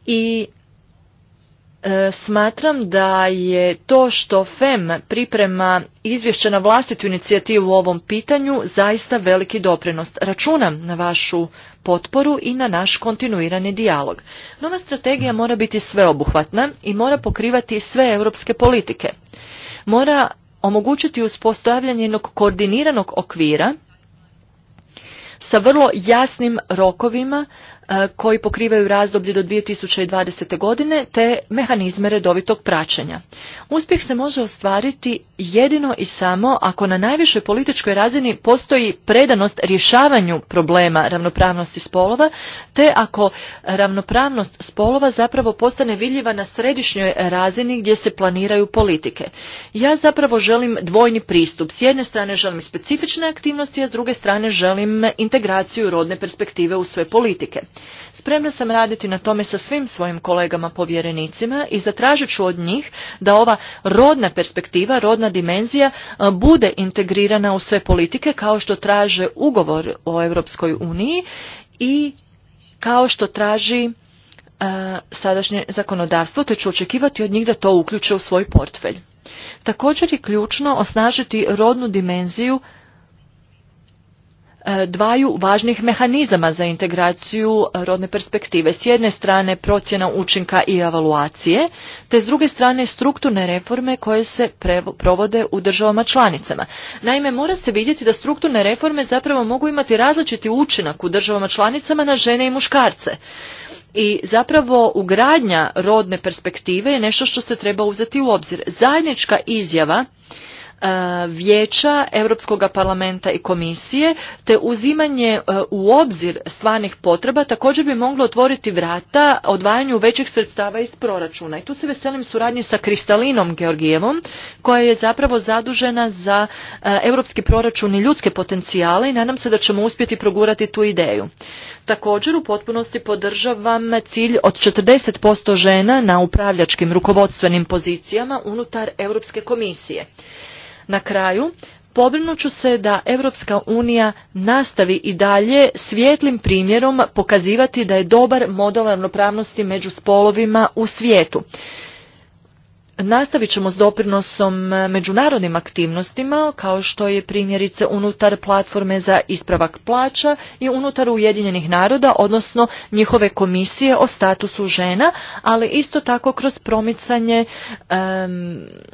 i E, smatram da je to što FEM priprema izvješće na vlastitu inicijativu u ovom pitanju zaista veliki doprinost. Računam na vašu potporu i na naš kontinuirani dijalog. Nova strategija mora biti sveobuhvatna i mora pokrivati sve europske politike. Mora omogućiti uspostavljanje jednog koordiniranog okvira sa vrlo jasnim rokovima E, koji pokrivaju razdoblje do 2020. godine te mehanizme redovitog praćenja. Uspjeh se može ostvariti jedino i samo ako na najvišoj političkoj razini postoji predanost rješavanju problema ravnopravnosti spolova te ako ravnopravnost spolova zapravo postane vidljiva na središnjoj razini gdje se planiraju politike. Ja zapravo želim dvojni pristup. S jedne strane želim specifične aktivnosti, a s druge strane želim integraciju rodne perspektive u sve politike. Spremna sam raditi na tome sa svim svojim kolegama povjerenicima i zatražit ću od njih da ova rodna perspektiva, rodna dimenzija e, bude integrirana u sve politike kao što traže ugovor o Europskoj uniji i kao što traži e, sadašnje zakonodavstvo, te ću očekivati od njih da to uključe u svoj portfelj. Također je ključno osnažiti rodnu dimenziju E, dvaju važnih mehanizama za integraciju rodne perspektive. S jedne strane procjena učinka i evaluacije, te s druge strane strukturne reforme koje se provode u državama članicama. Naime, mora se vidjeti da strukturne reforme zapravo mogu imati različiti učinak u državama članicama na žene i muškarce. I zapravo ugradnja rodne perspektive je nešto što se treba uzeti u obzir. Zajednička izjava E, vijeća europskoga parlamenta i komisije te uzimanje e, u obzir stvarnih potreba također bi moglo otvoriti vrata odvajanju većih sredstava iz proračuna. I tu se veselim suradnji sa Kristalinom Georgijevom koja je zapravo zadužena za e, europski proračun i ljudske potencijale i nadam se da ćemo uspjeti progurati tu ideju. Također u potpunosti podržavam cilj od 40% žena na upravljačkim rukovodstvenim pozicijama unutar Europske komisije. Na kraju, pobrinut ću se da Europska unija nastavi i dalje svijetlim primjerom pokazivati da je dobar model ravnopravnosti među spolovima u svijetu. Nastavit ćemo s doprinosom e, međunarodnim aktivnostima, kao što je primjerice unutar platforme za ispravak plaća i unutar Ujedinjenih naroda, odnosno njihove komisije o statusu žena, ali isto tako kroz promicanje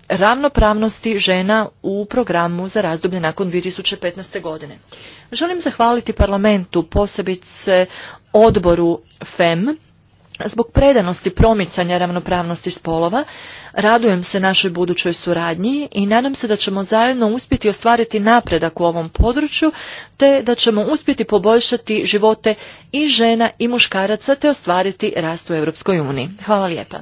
ravnopravnosti žena u programu za razdoblje nakon 2015. godine. Želim zahvaliti parlamentu, posebice odboru FEM, Zbog predanosti promicanja ravnopravnosti spolova, radujem se našoj budućoj suradnji i nadam se da ćemo zajedno uspjeti ostvariti napredak u ovom području, te da ćemo uspjeti poboljšati živote i žena i muškaraca, te ostvariti rast u Europskoj uniji. Hvala lijepa.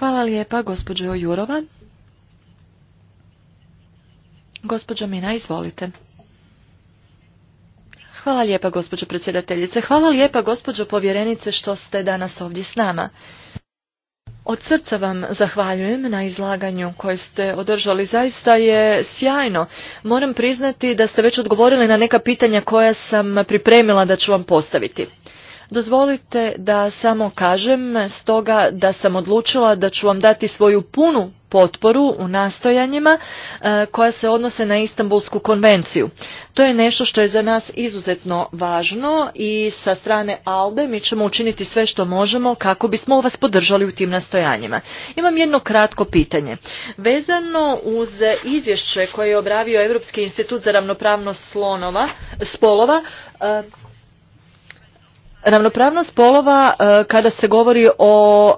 Hvala lijepa, gospođo Jurova. Gospođo Mina, izvolite. Hvala lijepa, gospođo predsjedateljice. Hvala lijepa, gospođo povjerenice, što ste danas ovdje s nama. Od srca vam zahvaljujem na izlaganju koje ste održali. Zaista je sjajno. Moram priznati da ste već odgovorili na neka pitanja koja sam pripremila da ću vam postaviti. Dozvolite da samo kažem stoga da sam odlučila da ću vam dati svoju punu potporu u nastojanjima e, koja se odnose na Istanbulsku konvenciju. To je nešto što je za nas izuzetno važno i sa strane ALDE mi ćemo učiniti sve što možemo kako bismo vas podržali u tim nastojanjima. Imam jedno kratko pitanje. Vezano uz izvješće koje je obravio Europski institut za ravnopravnost slonova, spolova, e, Ravnopravnost polova e, kada se govori o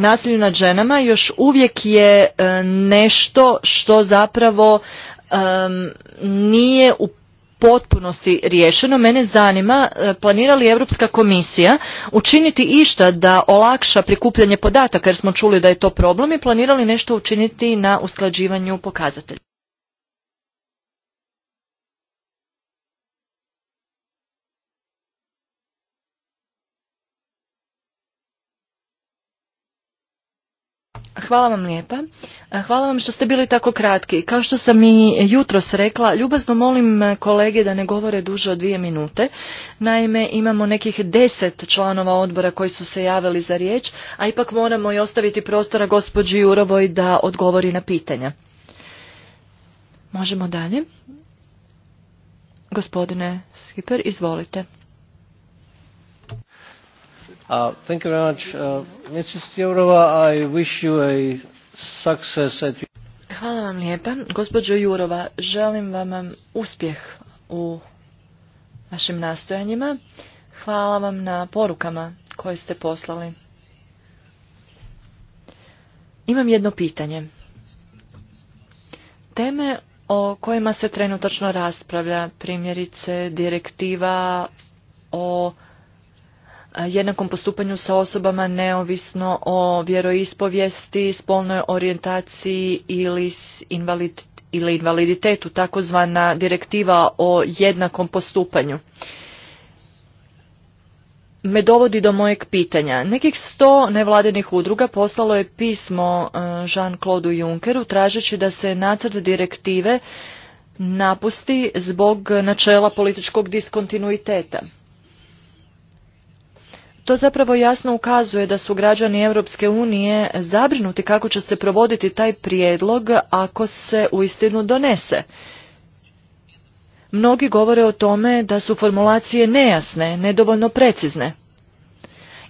nasilju nad ženama još uvijek je e, nešto što zapravo nije u potpunosti riješeno. Mene zanima e, planira li Europska komisija učiniti išta da olakša prikupljanje podataka jer smo čuli da je to problem i planira li nešto učiniti na usklađivanju pokazatelja. Hvala vam lijepa. E, hvala vam što ste bili tako kratki. Kao što sam i jutros rekla, ljubazno molim kolege da ne govore duže od dvije minute. Naime, imamo nekih deset članova odbora koji su se javili za riječ, a ipak moramo i ostaviti prostora gospođi Jurovoj da odgovori na pitanja. Možemo dalje. Gospodine Skiper, izvolite. Uh, uh, I Hvala vam lijepa. Gospođo Jurova, želim vam um, uspjeh u vašim nastojanjima. Hvala vam na porukama koje ste poslali. Imam jedno pitanje. Teme o kojima se trenutačno raspravlja, primjerice direktiva o E, jednakom postupanju sa osobama neovisno o vjeroispovijesti, spolnoj orijentaciji ili ili invaliditetu, takozvana direktiva o jednakom postupanju me dovodi do mojeg pitanja. Nekih sto nevladinih udruga poslalo je pismo e, Jean-Claude Junckeru tražeći da se nacrt direktive napusti zbog načela političkog diskontinuiteta. To zapravo jasno ukazuje da su građani Europske unije zabrinuti kako će se provoditi taj prijedlog ako se uistinu donese. Mnogi govore o tome da su formulacije nejasne, nedovoljno precizne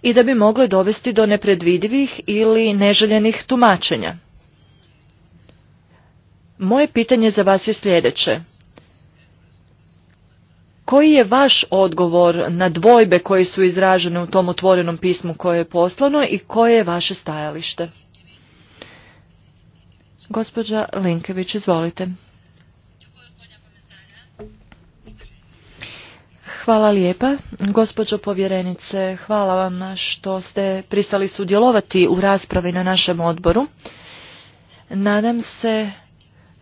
i da bi mogle dovesti do nepredvidivih ili neželjenih tumačenja. Moje pitanje za vas je sljedeće. Koji je vaš odgovor na dvojbe koje su izražene u tom otvorenom pismu koje je poslano i koje je vaše stajalište? Gospođa Linkević, izvolite. Hvala lijepa. Gospođo povjerenice, hvala vam što ste pristali sudjelovati u raspravi na našem odboru. Nadam se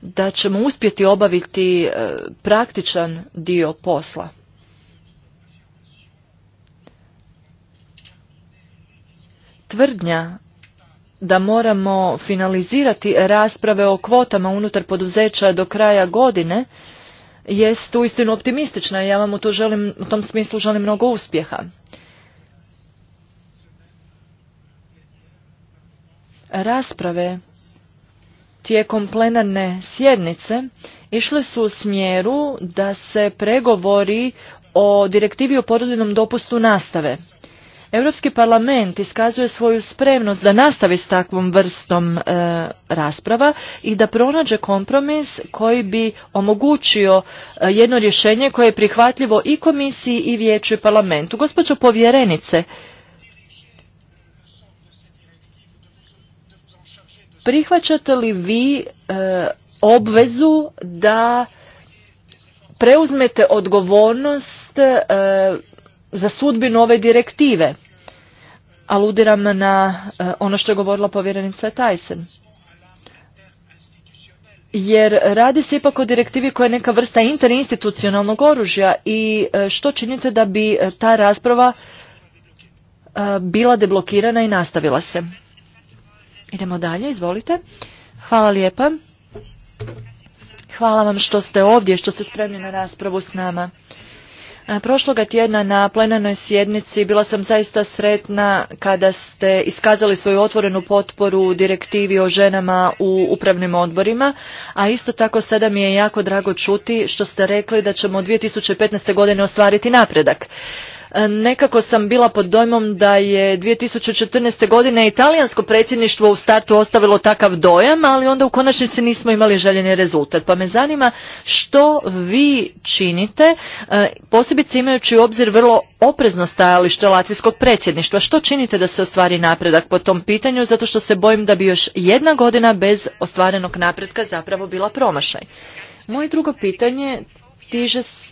da ćemo uspjeti obaviti e, praktičan dio posla. Tvrdnja da moramo finalizirati rasprave o kvotama unutar poduzeća do kraja godine jest uistinu optimistična i ja vam u, to želim, u tom smislu želim mnogo uspjeha. Rasprave tijekom plenarne sjednice išle su u smjeru da se pregovori o direktivi o porodiljnom dopustu nastave. Europski parlament iskazuje svoju spremnost da nastavi s takvom vrstom e, rasprava i da pronađe kompromis koji bi omogućio e, jedno rješenje koje je prihvatljivo i komisiji i vijeću i parlamentu. Gospođo povjerenice, prihvaćate li vi e, obvezu da preuzmete odgovornost e, za sudbinu ove direktive? Aludiram na e, ono što je govorila povjerenica Tyson. Jer radi se ipak o direktivi koja je neka vrsta interinstitucionalnog oružja i što činite da bi ta rasprava bila deblokirana i nastavila se? Idemo dalje, izvolite. Hvala lijepa. Hvala vam što ste ovdje, što ste spremni na raspravu s nama. Prošloga tjedna na plenarnoj sjednici bila sam zaista sretna kada ste iskazali svoju otvorenu potporu direktivi o ženama u upravnim odborima, a isto tako sada mi je jako drago čuti što ste rekli da ćemo 2015. godine ostvariti napredak. E, nekako sam bila pod dojmom da je 2014. godine italijansko predsjedništvo u startu ostavilo takav dojam, ali onda u konačnici nismo imali željeni rezultat. Pa me zanima što vi činite, e, posebice imajući u obzir vrlo oprezno stajalište latvijskog predsjedništva. Što činite da se ostvari napredak po tom pitanju, zato što se bojim da bi još jedna godina bez ostvarenog napretka zapravo bila promašaj. Moje drugo pitanje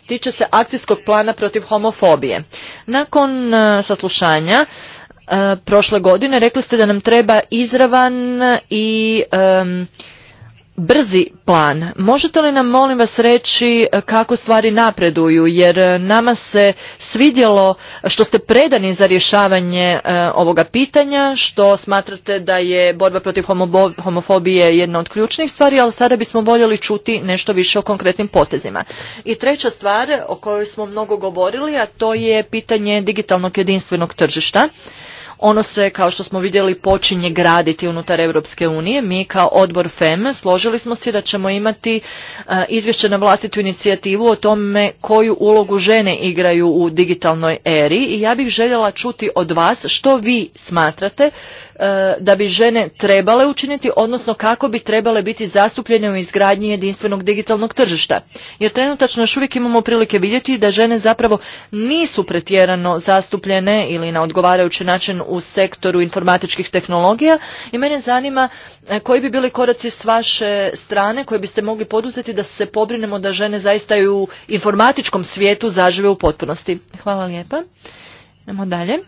tiče se akcijskog plana protiv homofobije. Nakon e, saslušanja e, prošle godine rekli ste da nam treba izravan i brzi plan. Možete li nam molim vas reći e, kako stvari napreduju jer e, nama se svidjelo što ste predani za rješavanje e, ovoga pitanja, što smatrate da je borba protiv homofobije jedna od ključnih stvari, ali sada bismo voljeli čuti nešto više o konkretnim potezima. I treća stvar o kojoj smo mnogo govorili, a to je pitanje digitalnog jedinstvenog tržišta. Ono se, kao što smo vidjeli, počinje graditi unutar Europske unije. Mi kao odbor FEM složili smo se da ćemo imati e, izvješće na vlastitu inicijativu o tome koju ulogu žene igraju u digitalnoj eri i ja bih željela čuti od vas što vi smatrate E, da bi žene trebale učiniti, odnosno kako bi trebale biti zastupljene u izgradnji jedinstvenog digitalnog tržišta. Jer trenutačno još uvijek imamo prilike vidjeti da žene zapravo nisu pretjerano zastupljene ili na odgovarajući način u sektoru informatičkih tehnologija i mene zanima e, koji bi bili koraci s vaše strane koje biste mogli poduzeti da se pobrinemo da žene zaista u informatičkom svijetu zažive u potpunosti. Hvala lijepa. Idemo dalje.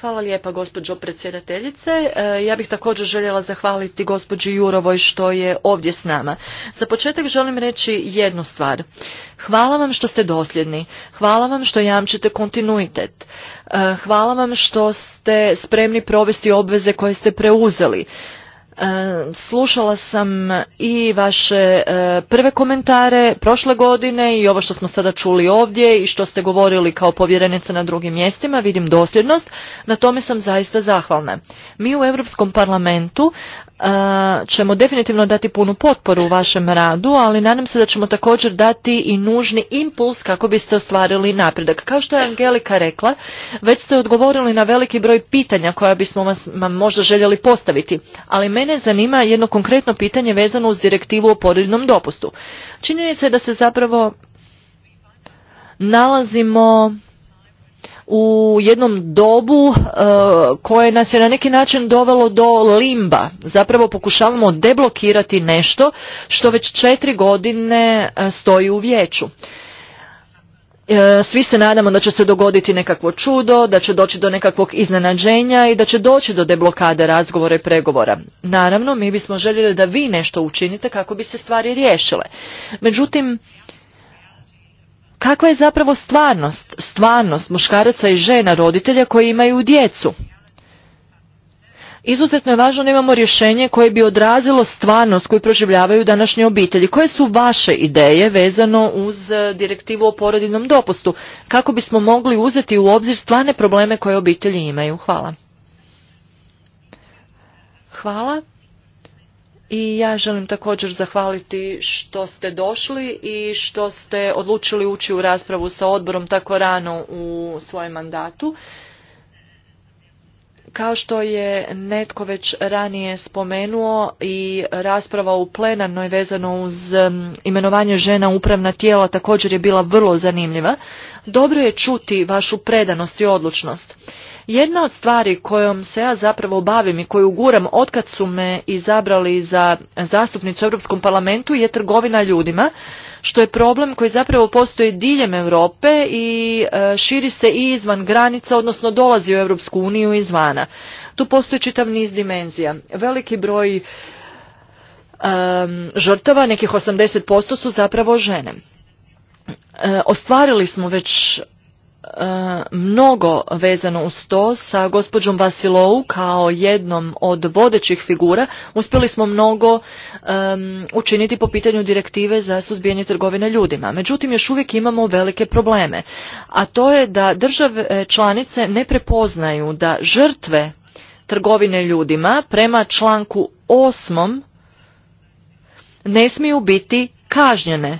Hvala lijepa gospođo predsjedateljice. E, ja bih također željela zahvaliti gospođi Jurovoj što je ovdje s nama. Za početak želim reći jednu stvar. Hvala vam što ste dosljedni. Hvala vam što jamčite kontinuitet. E, hvala vam što ste spremni provesti obveze koje ste preuzeli. E, slušala sam i vaše e, prve komentare prošle godine i ovo što smo sada čuli ovdje i što ste govorili kao povjerenica na drugim mjestima, vidim dosljednost, na tome sam zaista zahvalna. Mi u Europskom parlamentu E, ćemo definitivno dati punu potporu u vašem radu, ali nadam se da ćemo također dati i nužni impuls kako biste ostvarili napredak. Kao što je Angelika rekla, već ste odgovorili na veliki broj pitanja koja bismo vam možda željeli postaviti, ali mene zanima jedno konkretno pitanje vezano uz direktivu o porodiljnom dopustu. Činjenica je da se zapravo nalazimo u jednom dobu e, koje nas je na neki način dovelo do limba. Zapravo pokušavamo deblokirati nešto što već četiri godine e, stoji u vijeću. E, svi se nadamo da će se dogoditi nekakvo čudo, da će doći do nekakvog iznenađenja i da će doći do deblokade razgovora i pregovora. Naravno, mi bismo željeli da vi nešto učinite kako bi se stvari riješile. Međutim, kakva je zapravo stvarnost, stvarnost muškaraca i žena roditelja koji imaju djecu. Izuzetno je važno da imamo rješenje koje bi odrazilo stvarnost koju proživljavaju današnje obitelji. Koje su vaše ideje vezano uz e, direktivu o porodiljnom dopustu? Kako bismo mogli uzeti u obzir stvarne probleme koje obitelji imaju? Hvala. Hvala i ja želim također zahvaliti što ste došli i što ste odlučili ući u raspravu sa odborom tako rano u svojem mandatu. Kao što je netko već ranije spomenuo i rasprava u plenarnoj vezano uz imenovanje žena upravna tijela također je bila vrlo zanimljiva, dobro je čuti vašu predanost i odlučnost. Jedna od stvari kojom se ja zapravo bavim i koju guram otkad su me izabrali za zastupnicu u Europskom parlamentu je trgovina ljudima, što je problem koji zapravo postoji diljem Europe i e, širi se i izvan granica, odnosno dolazi u Europsku uniju izvana. Tu postoji čitav niz dimenzija. Veliki broj žrtova, žrtava, nekih 80% su zapravo žene. E, ostvarili smo već E, mnogo vezano uz to sa gospođom Vasilou kao jednom od vodećih figura. Uspjeli smo mnogo učiniti po pitanju direktive za suzbijanje trgovine ljudima. Međutim, još uvijek imamo velike probleme. A to je da države članice ne prepoznaju da žrtve trgovine ljudima prema članku osmom ne smiju biti kažnjene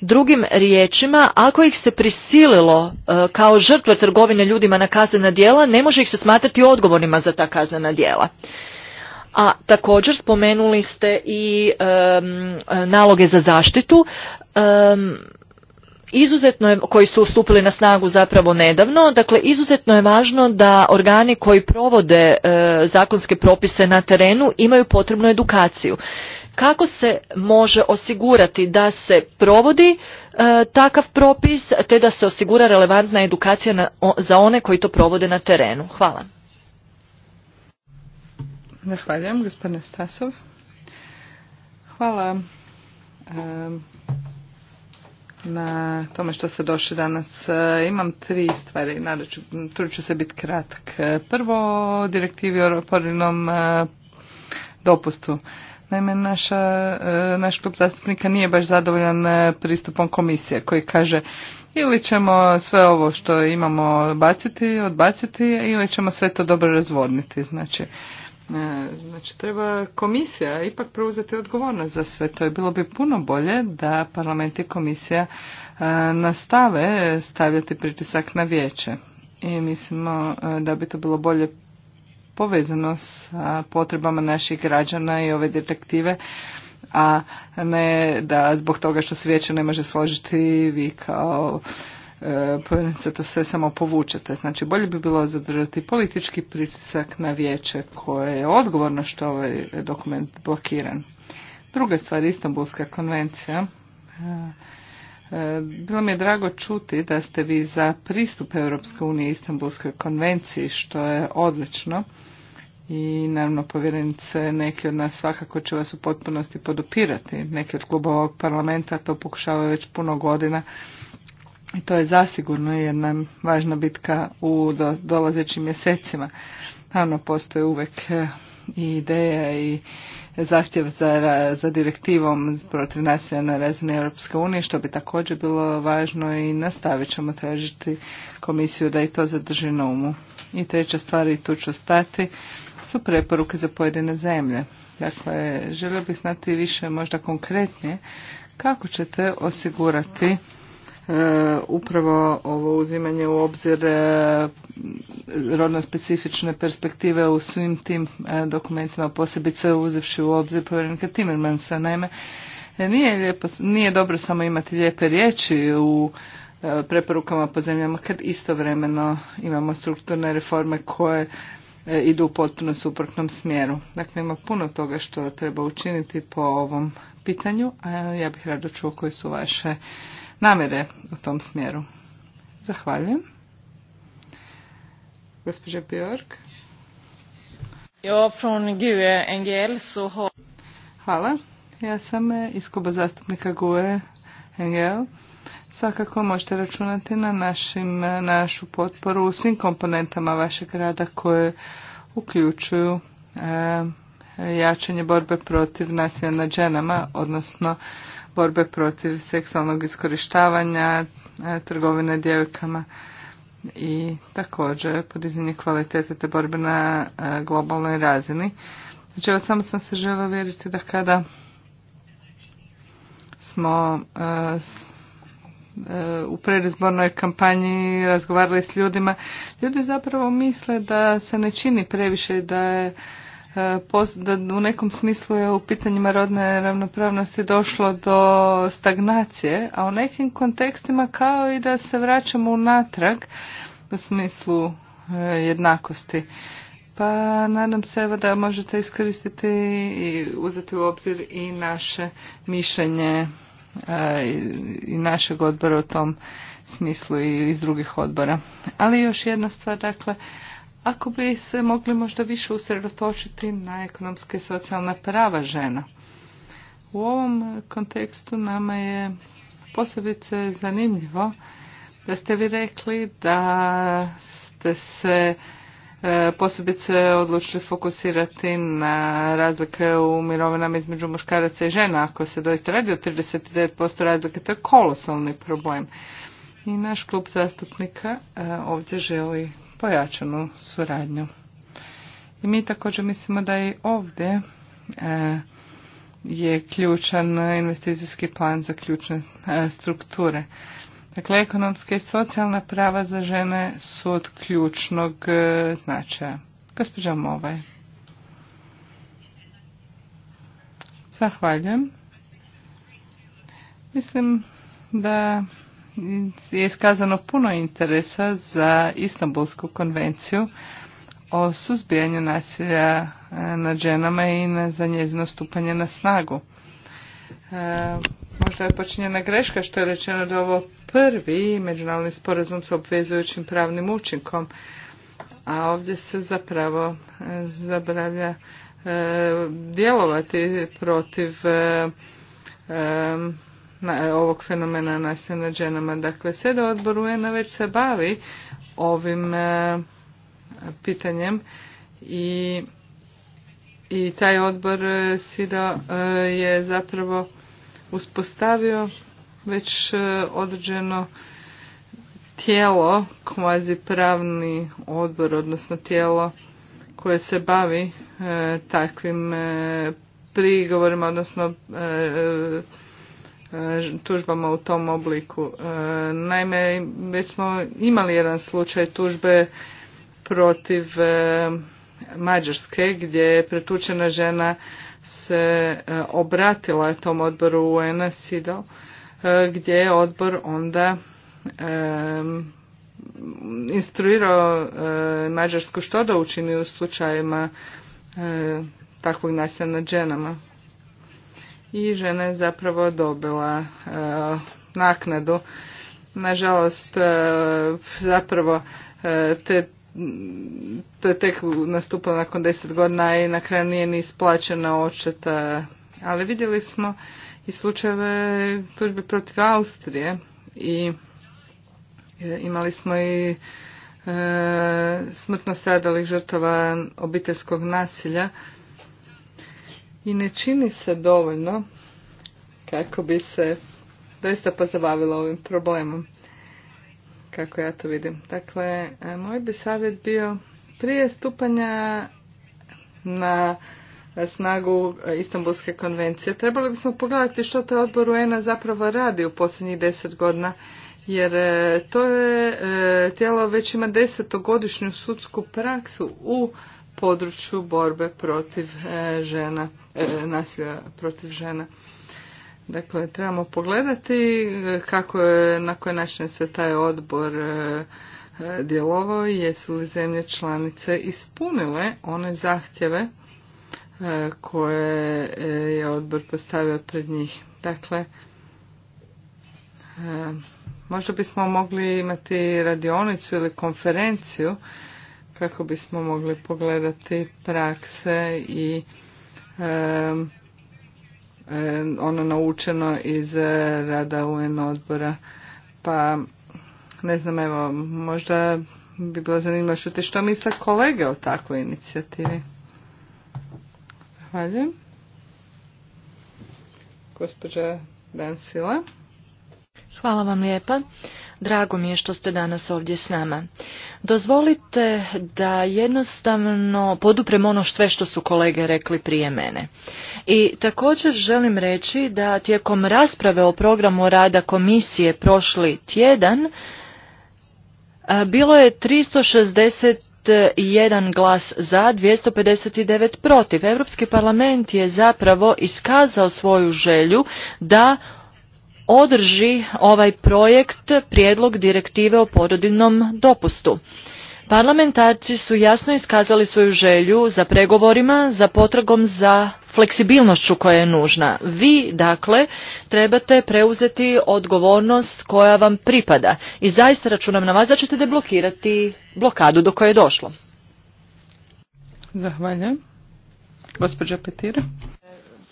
Drugim riječima, ako ih se prisililo e, kao žrtve trgovine ljudima na kaznena djela, ne može ih se smatrati odgovornima za ta kaznena djela. A također spomenuli ste i naloge za zaštitu izuzetno je, koji su stupili na snagu zapravo nedavno, dakle izuzetno je važno da organi koji provode e, zakonske propise na terenu imaju potrebnu edukaciju kako se može osigurati da se provodi e, takav propis te da se osigura relevantna edukacija za one koji to provode na terenu. Hvala. Zahvaljujem, gospodine Stasov. Hvala e, na tome što ste došli danas. E, imam tri stvari, trudit ću se biti kratak. Prvo, direktivi o e, dopustu. Naime, naša, e, naš klub zastupnika nije baš zadovoljan e, pristupom komisije koji kaže ili ćemo sve ovo što imamo baciti, odbaciti ili ćemo sve to dobro razvodniti. Znači, e, Znači, treba komisija ipak preuzeti odgovornost za sve to. I bilo bi puno bolje da parlament i komisija nastave stavljati pritisak na vijeće. I mislimo da bi to bilo bolje povezano s potrebama naših građana i ove detektive, a ne da zbog toga što se vijeće ne može složiti vi kao e, to sve samo povučete. Znači bolje bi bilo zadržati politički pritisak na vijeće koje je odgovorno što ovaj dokument blokiran. Druga stvar, Istanbulska konvencija. E, e, bilo mi je drago čuti da ste vi za pristup Europske unije Istanbulskoj konvenciji, što je odlično i naravno povjerenice neki od nas svakako će vas u potpunosti podupirati. Neki od klubova ovog parlamenta to pokušavaju već puno godina i to je zasigurno jedna važna bitka u do, dolazećim mjesecima. Naravno postoje uvek eh, i ideja i zahtjev za, za direktivom protiv nasilja na razini Europske unije, što bi također bilo važno i nastavit ćemo tražiti komisiju da i to zadrži na umu. I treća stvar, i tu ću stati, su preporuke za pojedine zemlje. Dakle, želio bih znati više možda konkretnije kako ćete osigurati e, upravo ovo uzimanje u obzir e, rodno specifične perspektive u svim tim e, dokumentima, posebice uzevši u obzir povjerenika Timmermansa. Naime, nije, nije dobro samo imati lijepe riječi u e, preporukama po zemljama kad istovremeno imamo strukturne reforme koje E, idu u potpuno suprotnom smjeru. Dakle, ima puno toga što treba učiniti po ovom pitanju, a ja bih rado čuo koje su vaše namjere u tom smjeru. Zahvaljujem. Gospođa Bjork. Ja, e Hvala. Ja sam e, iz kluba zastupnika GUE NGL Svakako možete računati na, našu potporu u svim komponentama vašeg rada koje uključuju eh, jačanje borbe protiv nasilja nad ženama, odnosno borbe protiv seksualnog iskorištavanja, eh, trgovine djevojkama i također podizanje kvalitete te borbe na eh, globalnoj razini. Znači, evo samo sam se žela vjeriti da kada smo u predizbornoj kampanji razgovarali s ljudima, ljudi zapravo misle da se ne čini previše da je e, da u nekom smislu je u pitanjima rodne ravnopravnosti došlo do stagnacije, a u nekim kontekstima kao i da se vraćamo unatrag u smislu e, jednakosti. Pa nadam se evo da možete iskoristiti i uzeti u obzir i naše mišljenje i našeg odbora u tom smislu i iz drugih odbora. Ali još jedna stvar, dakle, ako bi se mogli možda više usredotočiti na ekonomske i socijalna prava žena. U ovom kontekstu nama je posebice zanimljivo da ste vi rekli da ste se E, posebice odlučili fokusirati na razlike u mirovinama između muškaraca i žena. Ako se doista radi o 39% razlike, to je kolosalni problem. I naš klub zastupnika e, ovdje želi pojačanu suradnju. I mi također mislimo da i ovdje e, je ključan investicijski plan za ključne strukture. Dakle, ekonomske i socijalna prava za žene su od ključnog e, značaja. Gospođa Movaj. Zahvaljujem. Mislim da je iskazano puno interesa za Istanbulsku konvenciju o suzbijanju nasilja e, nad ženama i za njezino stupanje na snagu. E, možda ono je počinjena greška što je rečeno da ovo prvi međunarodni sporazum s obvezujućim pravnim učinkom, a ovdje se zapravo e, zabravlja e, djelovati protiv e, ovog fenomena nasilja nad ženama. Dakle, sada odbor UN već se bavi ovim pitanjem i, i taj odbor SIDA je zapravo uspostavio već e, određeno tijelo, kvazi pravni odbor, odnosno tijelo koje se bavi e, takvim e, prigovorima, odnosno tužbama u tom obliku. Naime, već smo imali jedan slučaj tužbe protiv Mađarske gdje je pretučena žena se e, obratila tom odboru UN SIDO e, gdje je odbor onda e, instruirao Mađarsku što da učini u slučajima takvog nasilja nad ženama. I žena je zapravo dobila naknadu. Nažalost, zapravo te Mm, to je tek nastupilo nakon deset godina i na kraju nije ni isplaćena očeta, Ali vidjeli smo i slučajeve tužbe protiv Austrije i e, imali smo i e, smrtno stradalih žrtava obiteljskog nasilja i ne čini se dovoljno kako bi se doista pozabavilo ovim problemom kako ja to vidim. Dakle, e, moj bi savjet bio prije stupanja na snagu Istanbulske konvencije. Trebali bismo pogledati što taj odbor un zapravo radi u posljednjih deset godina, jer e, to je e, tijelo već ima desetogodišnju sudsku praksu u području borbe protiv žena, nasilja protiv žena. Dakle, trebamo pogledati e, kako je, na koje način se taj odbor e, e, djelovao i jesu li zemlje članice ispunile one zahtjeve koje je odbor postavio pred njih. Dakle, možda bismo mogli imati radionicu ili konferenciju kako bismo mogli pogledati prakse i Eh, ono naučeno iz eh, rada UN odbora. Pa ne znam, evo, možda bi bilo zanimljivo čuti što misle kolege o takvoj inicijativi. Zahvaljujem. Gospođa Dansila. Hvala vam lijepa. Drago mi je što ste danas ovdje s nama. Dozvolite da jednostavno poduprem ono sve što su kolege rekli prije mene. I također želim reći da tijekom rasprave o programu rada komisije prošli tjedan bilo je 361 jedan glas za, 259 protiv. Europski parlament je zapravo iskazao svoju želju da održi ovaj projekt prijedlog direktive o porodiljnom dopustu. Parlamentarci su jasno iskazali svoju želju za pregovorima, za potragom za fleksibilnošću koja je nužna. Vi, dakle, trebate preuzeti odgovornost koja vam pripada i zaista računam na vas da ćete deblokirati blokadu do koje je došlo. Zahvaljujem. Petira.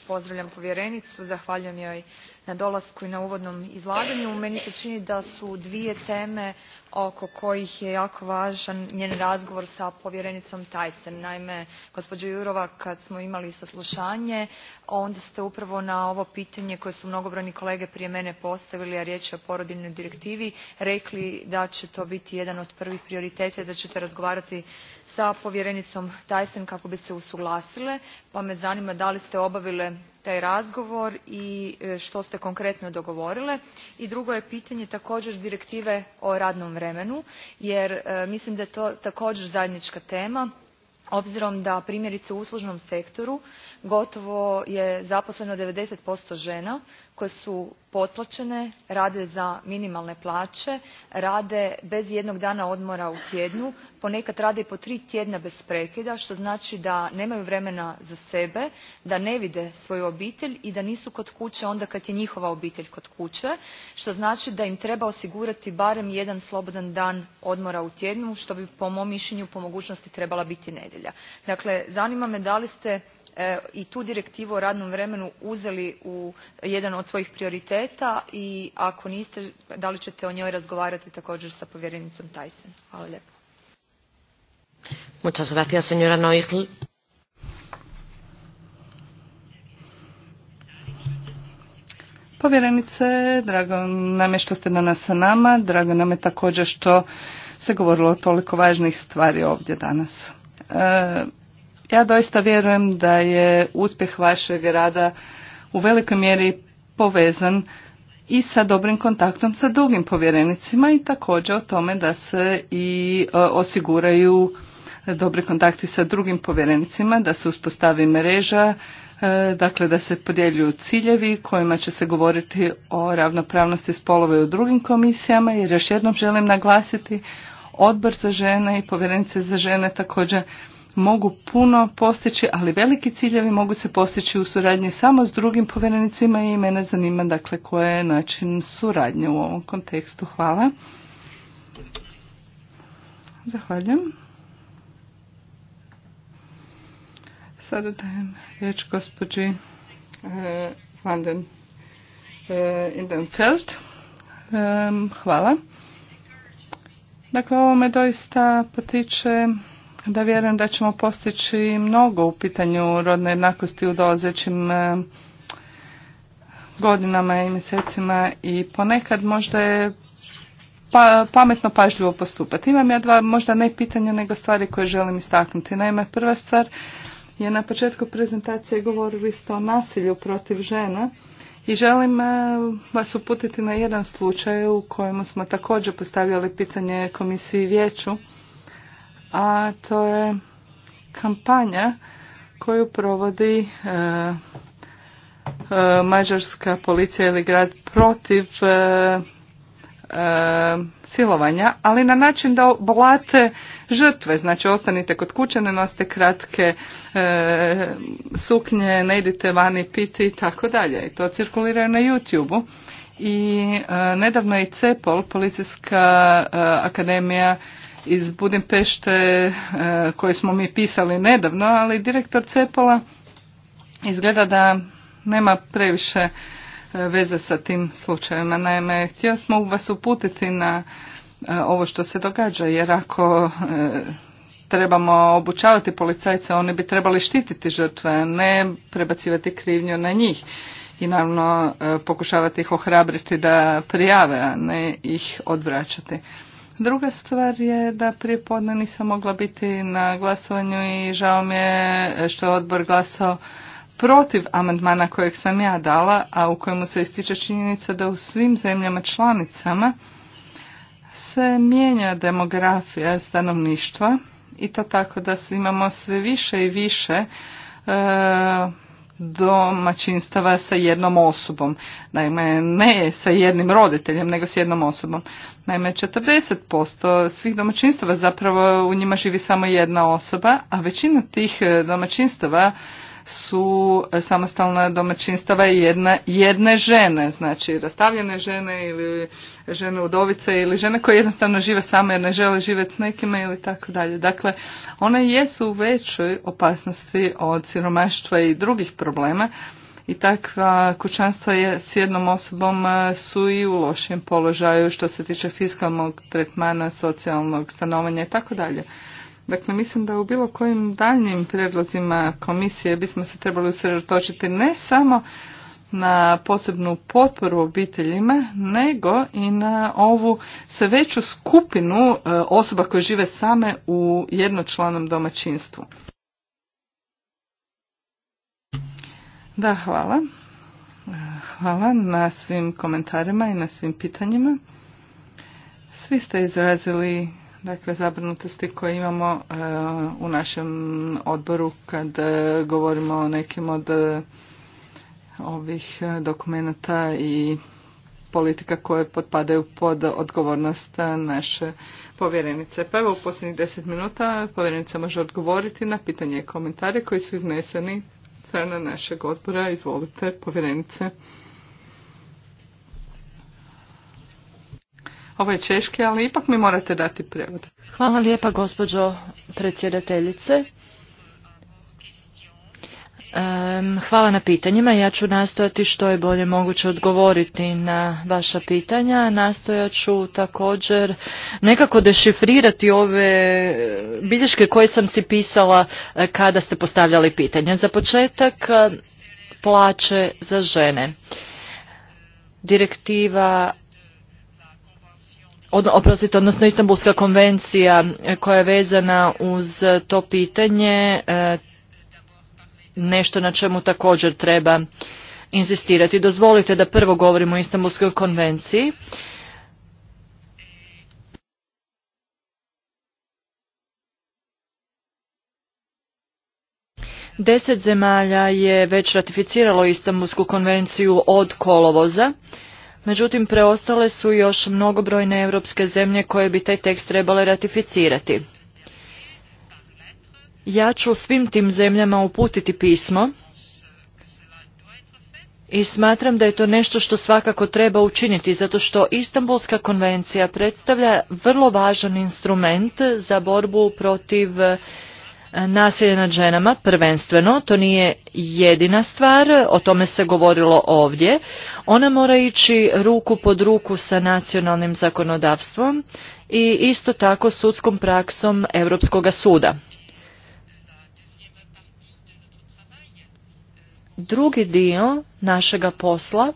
Pozdravljam povjerenicu, zahvaljujem joj na dolasku i na uvodnom izlaganju. meni se čini da su dvije teme oko kojih je jako važan njen razgovor sa povjerenicom Tajsen. Naime, gospođo Jurova, kad smo imali saslušanje, onda ste upravo na ovo pitanje koje su mnogobrojni kolege prije mene postavili, a riječ je o porodiljnoj direktivi, rekli da će to biti jedan od prvih prioriteta i da ćete razgovarati sa povjerenicom Tajsen kako bi se usuglasile, pa me zanima da li ste obavile taj razgovor i e, što ste konkretno dogovorile. I drugo je pitanje također direktive o radnom vremenu vremenu jer e, mislim da je to također zajednička tema obzirom da primjerice u uslužnom sektoru gotovo je zaposleno ninety žena koje su potplaćene rade za minimalne plaće rade bez ijednog dana odmora u tjednu ponekad rade i po tri tjedna bez prekida što znači da nemaju vremena za sebe da ne vide svoju obitelj i da nisu kod kuće onda kad je njihova obitelj kod kuće što znači da im treba osigurati barem jedan slobodan dan odmora u tjednu što bi po mom mišljenju po mogućnosti trebala biti nedjelja. dakle zanima me da li ste E, i tu direktivu o radnom vremenu uzeli u jedan od svojih prioriteta i ako niste da li ćete o njoj razgovarati također sa povjerenicom Tyson? Hvala lijepo. Muchas gracias, señora Povjerenice, drago nam je što ste danas sa nama, drago nam je također što se govorilo o toliko važnih stvari ovdje danas. E, ja doista vjerujem da je uspjeh vašeg rada u velikoj mjeri povezan i sa dobrim kontaktom sa drugim povjerenicima i također o tome da se i e, osiguraju dobri kontakti sa drugim povjerenicima, da se uspostavi mreža, e, dakle da se podjeljuju ciljevi kojima će se govoriti o ravnopravnosti spolove u drugim komisijama jer još jednom želim naglasiti odbor za žene i povjerenice za žene također mogu puno postići, ali veliki ciljevi mogu se postići u suradnji samo s drugim povjerenicima i mene zanima dakle koji je način suradnje u ovom kontekstu. Hvala. Zahvaljujem. Sada dajem riječ gospođi eh, Vanden eh, Indenfeld. E, hvala. Dakle, ovo me doista potiče da vjerujem da ćemo postići mnogo u pitanju rodne jednakosti u dolazećim e, godinama i mjesecima i ponekad možda je pa, pametno pažljivo postupati. Imam ja dva možda ne pitanja nego stvari koje želim istaknuti. Naime, prva stvar je na početku prezentacije govorili ste o nasilju protiv žena i želim e, vas uputiti na jedan slučaj u kojemu smo također postavljali pitanje komisiji vijeću a to je kampanja koju provodi e, e, mađarska policija ili grad protiv e, silovanja, ali na način da oblate žrtve. Znači ostanite kod kuće, ne nosite kratke suknje, ne idite vani piti i tako dalje. I to cirkuliraju na YouTube-u. I nedavno je i CEPOL, Policijska akademija iz Budimpešte e, koje smo mi pisali nedavno, ali direktor Cepola izgleda da nema previše e, veze sa tim slučajevima. Naime, htio smo vas uputiti na e, ovo što se događa, jer ako trebamo obučavati policajce, oni bi trebali štititi žrtve, ne prebacivati krivnju na njih i naravno pokušavati ih ohrabriti da prijave, a ne ih odvraćati. Druga stvar je da prije podne nisam mogla biti na glasovanju i žao mi je što je odbor glasao protiv amandmana kojeg sam ja dala, a u kojemu se ističe činjenica da u svim zemljama članicama se mijenja demografija stanovništva i to tako da imamo sve više i više e, domaćinstava sa jednom osobom. Naime, ne sa jednim roditeljem, nego s jednom osobom. Naime, 40% svih domaćinstava zapravo u njima živi samo jedna osoba, a većina tih eh, domaćinstava su samostalna domaćinstava jedna, jedne žene, znači rastavljene žene ili žene udovice ili žene koje jednostavno žive same jer ne žele živjeti s nekima ili tako dalje. Dakle, one jesu u većoj opasnosti od siromaštva i drugih problema i takva kućanstva je, s jednom osobom e, su i u lošijem položaju što se tiče fiskalnog tretmana, socijalnog stanovanja i tako dalje. Dakle, mislim da u bilo kojim daljnjim prijedlozima komisije bismo se trebali usredotočiti ne samo na posebnu potporu obiteljima, nego i na ovu sve veću skupinu e, osoba koje žive same u jednočlanom domaćinstvu. Da, hvala. Hvala na svim komentarima i na svim pitanjima. Svi ste izrazili dakle zabrinutosti koje imamo e, u našem odboru kad e, govorimo o nekim od e, ovih dokumenata i politika koje potpadaju pod odgovornost naše povjerenice. Pa evo u posljednjih deset minuta povjerenica može odgovoriti na pitanje i komentare koji su izneseni strana našeg odbora. Izvolite povjerenice. Ovo je češki, ali ipak mi morate dati prevod. Hvala lijepa gospođo predsjedateljice. Hvala na pitanjima. Ja ću nastojati što je bolje moguće odgovoriti na vaša pitanja. Nastojat ću također nekako dešifrirati ove bilješke koje sam si pisala e, kada ste postavljali pitanja. Za početak e, plaće za žene. Direktiva oprostite, odnosno Istanbulska konvencija e, koja je vezana uz to pitanje, e, nešto na čemu također treba inzistirati. Dozvolite da prvo govorimo o Istanbulskoj konvenciji. Deset zemalja je već ratificiralo Istanbulsku konvenciju od kolovoza. Međutim, preostale su još mnogobrojne europske zemlje koje bi taj tekst trebale ratificirati. Ja ću svim tim zemljama uputiti pismo i smatram da je to nešto što svakako treba učiniti zato što Istanbulska konvencija predstavlja vrlo važan instrument za borbu protiv Nasilje nad ženama prvenstveno, to nije jedina stvar, o tome se govorilo ovdje. Ona mora ići ruku pod ruku sa nacionalnim zakonodavstvom i isto tako sudskom praksom Europskoga suda. Drugi dio našega posla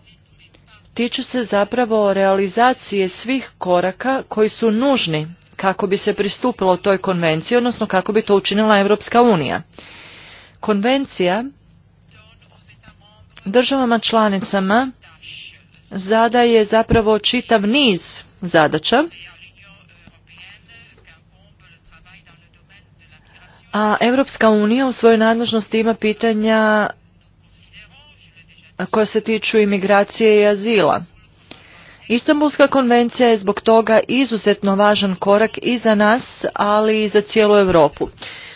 tiče se zapravo realizacije svih koraka koji su nužni kako bi se pristupilo toj konvenciji, odnosno kako bi to učinila Europska unija. Konvencija državama članicama zadaje zapravo čitav niz zadaća, a Europska unija u svojoj nadležnosti ima pitanja koja se tiču imigracije i azila. Istanbulska konvencija je zbog toga izuzetno važan korak i za nas, ali i za cijelu Europu.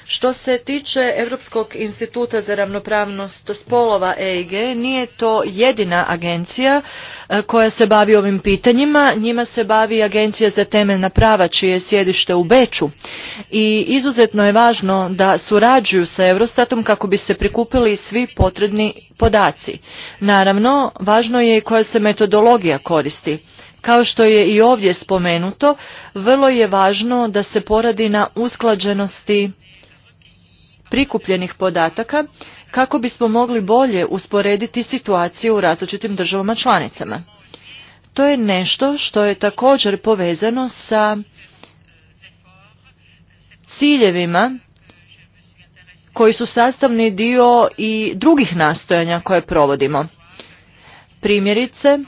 Što se tiče Europskog instituta za ravnopravnost spolova EIG, nije to jedina agencija e, koja se bavi ovim pitanjima. Njima se bavi Agencija za temeljna prava čije je sjedište u Beču. I izuzetno je važno da surađuju sa Eurostatom kako bi se prikupili svi potrebni podaci. Naravno, važno je i koja se metodologija koristi. Kao što je i ovdje spomenuto, vrlo je važno da se poradi na usklađenosti prikupljenih podataka kako bismo mogli bolje usporediti situaciju u različitim državama članicama. To je nešto što je također povezano sa ciljevima koji su sastavni dio i drugih nastojanja koje provodimo. Primjerice,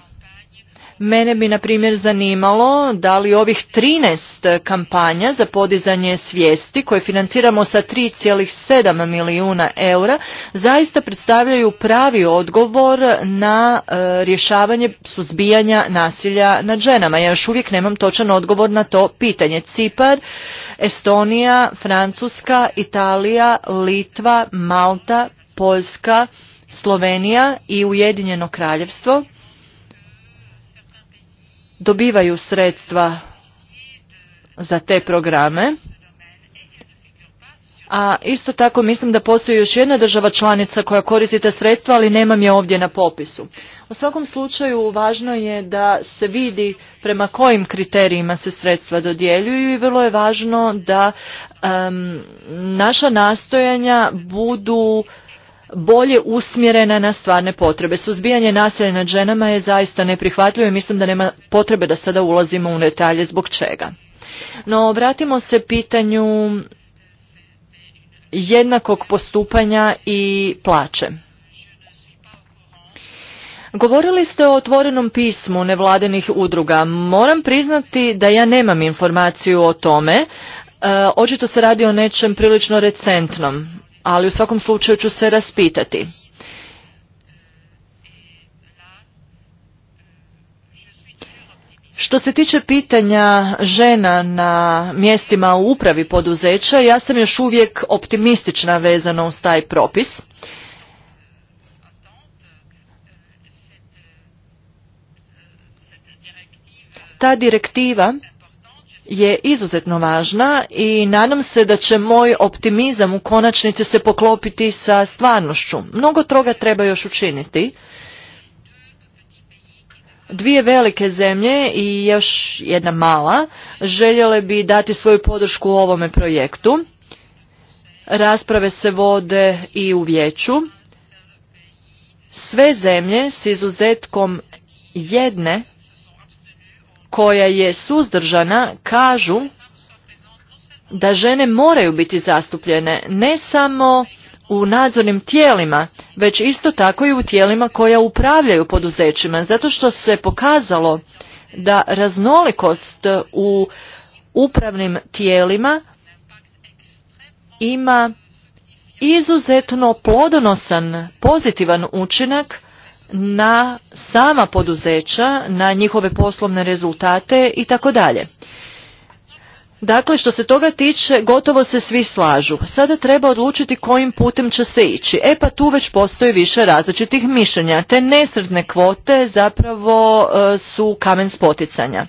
Mene bi, na primjer, zanimalo da li ovih 13 kampanja za podizanje svijesti koje financiramo sa 3,7 milijuna eura zaista predstavljaju pravi odgovor na e, rješavanje suzbijanja nasilja nad ženama. Ja još uvijek nemam točan odgovor na to pitanje. Cipar, Estonija, Francuska, Italija, Litva, Malta, Poljska, Slovenija i Ujedinjeno kraljevstvo dobivaju sredstva za te programe. A isto tako mislim da postoji još jedna država članica koja koristi te sredstva, ali nemam je ovdje na popisu. U svakom slučaju važno je da se vidi prema kojim kriterijima se sredstva dodjeljuju i vrlo je važno da naša nastojanja budu bolje usmjerena na stvarne potrebe. Suzbijanje nasilja nad ženama je zaista neprihvatljivo i mislim da nema potrebe da sada ulazimo u detalje zbog čega. No, vratimo se pitanju jednakog postupanja i plaće. Govorili ste o otvorenom pismu nevladenih udruga. Moram priznati da ja nemam informaciju o tome. E, očito se radi o nečem prilično recentnom ali u svakom slučaju ću se raspitati. Što se tiče pitanja žena na mjestima u upravi poduzeća, ja sam još uvijek optimistična vezano uz taj propis. Ta direktiva je izuzetno važna i nadam se da će moj optimizam u konačnici se poklopiti sa stvarnošću. Mnogo toga treba još učiniti. Dvije velike zemlje i još jedna mala željele bi dati svoju podršku u ovome projektu. Rasprave se vode i u vijeću. Sve zemlje s izuzetkom jedne koja je suzdržana kažu da žene moraju biti zastupljene ne samo u nadzornim tijelima, već isto tako i u tijelima koja upravljaju poduzećima, zato što se pokazalo da raznolikost u upravnim tijelima ima izuzetno plodonosan pozitivan učinak na sama poduzeća, na njihove poslovne rezultate i tako dalje. Dakle, što se toga tiče, gotovo se svi slažu. Sada treba odlučiti kojim putem će se ići. E pa tu već postoji više različitih mišljenja. Te nesredne kvote zapravo e, su kamen spoticanja.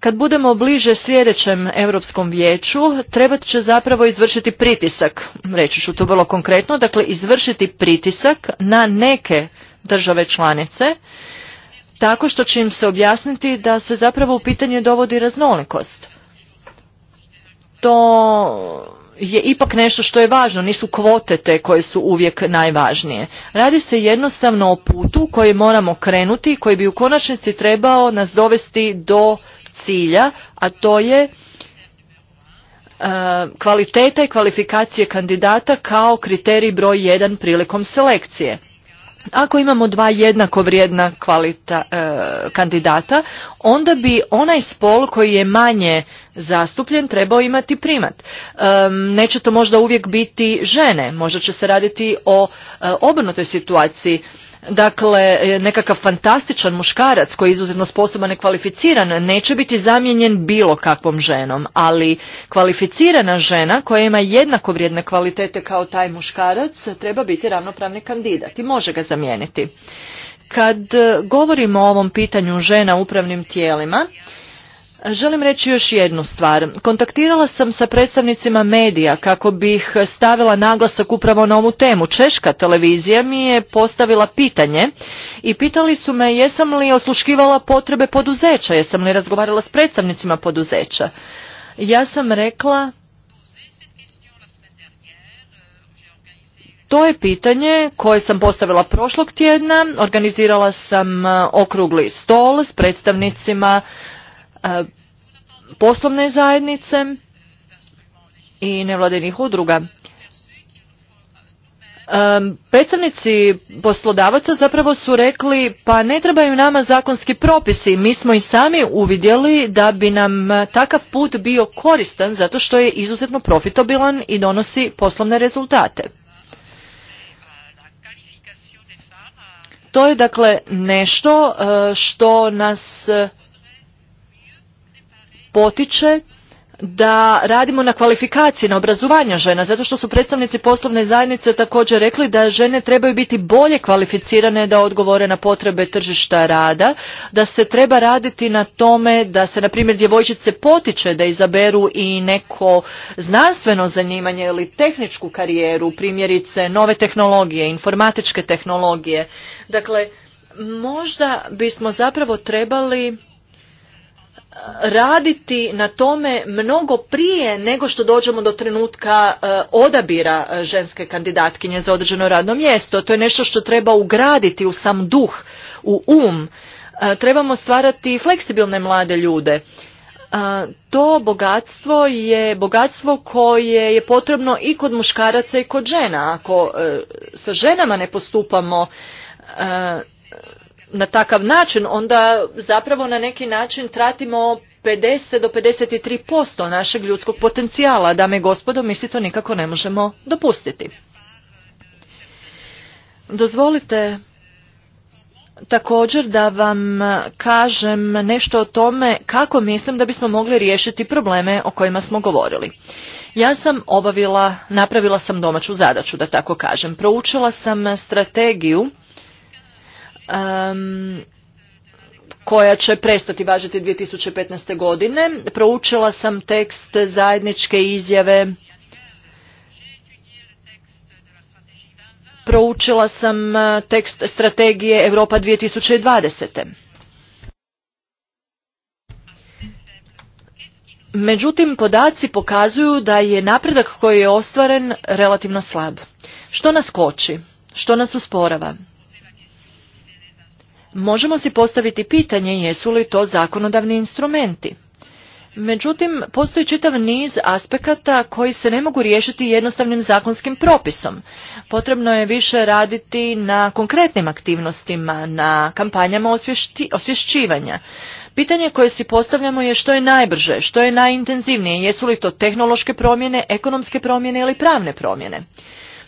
Kad budemo bliže sljedećem Europskom vijeću, trebat će zapravo izvršiti pritisak, reći ću to vrlo konkretno, dakle izvršiti pritisak na neke države članice, tako što će im se objasniti da se zapravo u pitanje dovodi raznolikost. To je ipak nešto što je važno, nisu kvote te koje su uvijek najvažnije. Radi se jednostavno o putu koji moramo krenuti, koji bi u konačnici trebao nas dovesti do cilja, a to je e, kvaliteta i kvalifikacije kandidata kao kriterij broj jedan prilikom selekcije. Ako imamo dva jednako vrijedna e, kandidata, onda bi onaj spol koji je manje zastupljen trebao imati primat. E, neće to možda uvijek biti žene, možda će se raditi o obrnutoj situaciji Dakle, e, nekakav fantastičan muškarac koji je izuzetno sposoban i kvalificiran neće biti zamijenjen bilo kakvom ženom, ali kvalificirana žena koja ima jednako vrijedne kvalitete kao taj muškarac treba biti ravnopravni kandidat i može ga zamijeniti. Kad e, govorimo o ovom pitanju žena u upravnim tijelima, Želim reći još jednu stvar. Kontaktirala sam sa predstavnicima medija kako bih stavila naglasak upravo na ovu temu. Češka televizija mi je postavila pitanje i pitali su me jesam li osluškivala potrebe poduzeća, jesam li razgovarala s predstavnicima poduzeća. Ja sam rekla To je pitanje koje sam postavila prošlog tjedna. Organizirala sam e, okrugli stol s predstavnicima E, poslovne zajednice i nevladinih udruga. E, predstavnici poslodavaca zapravo su rekli pa ne trebaju nama zakonski propisi, mi smo i sami uvidjeli da bi nam takav put bio koristan zato što je izuzetno profitabilan i donosi poslovne rezultate. To je dakle nešto e, što nas potiče da radimo na kvalifikaciji, na obrazovanju žena, zato što su predstavnici poslovne zajednice također rekli da žene trebaju biti bolje kvalificirane da odgovore na potrebe tržišta rada, da se treba raditi na tome da se, na primjer, djevojčice potiče da izaberu i neko znanstveno zanimanje ili tehničku karijeru, primjerice nove tehnologije, informatičke tehnologije. Dakle, možda bismo zapravo trebali raditi na tome mnogo prije nego što dođemo do trenutka e, odabira e, ženske kandidatkinje za određeno radno mjesto. To je nešto što treba ugraditi u sam duh, u um. E, trebamo stvarati fleksibilne mlade ljude. To bogatstvo je bogatstvo koje je potrebno i kod muškaraca i kod žena. Ako sa ženama ne postupamo na takav način, onda zapravo na neki način tratimo 50 do 53% našeg ljudskog potencijala. Dame i gospodo, mi si to nikako ne možemo dopustiti. Dozvolite također da vam kažem nešto o tome kako mislim da bismo mogli riješiti probleme o kojima smo govorili. Ja sam obavila, napravila sam domaću zadaću, da tako kažem. Proučila sam strategiju koja će prestati važiti 2015. godine. Proučila sam tekst zajedničke izjave Proučila sam e, tekst strategije Europa 2020. Međutim, podaci pokazuju da je napredak koji je ostvaren relativno slab. Što nas koči? Što nas usporava? Možemo si postaviti pitanje jesu li to zakonodavni instrumenti. Međutim, postoji čitav niz aspekata koji se ne mogu riješiti jednostavnim zakonskim propisom. Potrebno je više raditi na konkretnim aktivnostima, na kampanjama osvješćivanja. Pitanje koje si postavljamo je što je najbrže, što je najintenzivnije, jesu li to tehnološke promjene, ekonomske promjene ili pravne promjene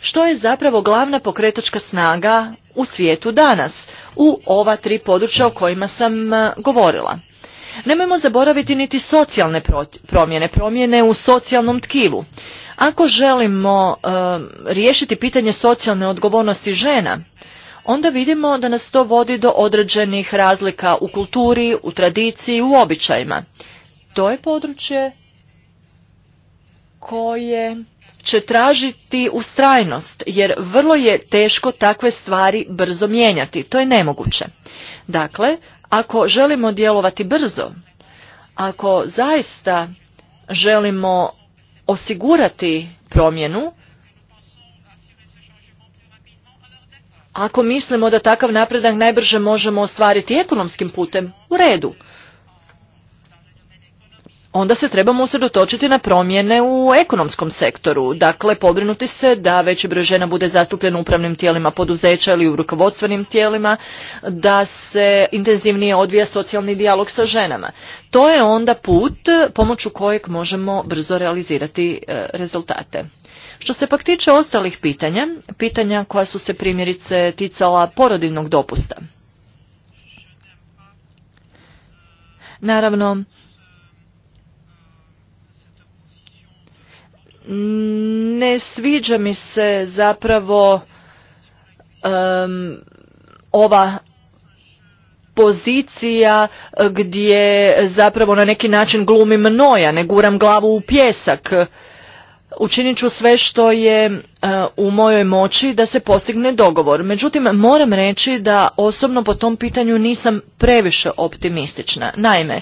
što je zapravo glavna pokretačka snaga u svijetu danas u ova tri područja o kojima sam e, govorila. Nemojmo zaboraviti niti socijalne promjene, promjene u socijalnom tkivu. Ako želimo e, riješiti pitanje socijalne odgovornosti žena, onda vidimo da nas to vodi do određenih razlika u kulturi, u tradiciji, u običajima. To je područje koje će tražiti ustrajnost jer vrlo je teško takve stvari brzo mijenjati. To je nemoguće. Dakle, ako želimo djelovati brzo, ako zaista želimo osigurati promjenu, ako mislimo da takav napredak najbrže možemo ostvariti ekonomskim putem, u redu onda se trebamo usredotočiti na promjene u ekonomskom sektoru. Dakle, pobrinuti se da veći broj žena bude zastupljen u upravnim tijelima poduzeća ili u rukovodstvenim tijelima, da se intenzivnije odvija socijalni dijalog sa ženama. To je onda put pomoću kojeg možemo brzo realizirati e, rezultate. Što se pak tiče ostalih pitanja, pitanja koja su se primjerice ticala porodinog dopusta. Naravno, ne sviđa mi se zapravo ova pozicija eh, gdje zapravo na neki način glumim noja, ne guram glavu u pjesak. Učinit ću sve što je eh, u mojoj moći da se postigne dogovor. Međutim, moram reći da osobno po tom pitanju nisam previše optimistična. Naime,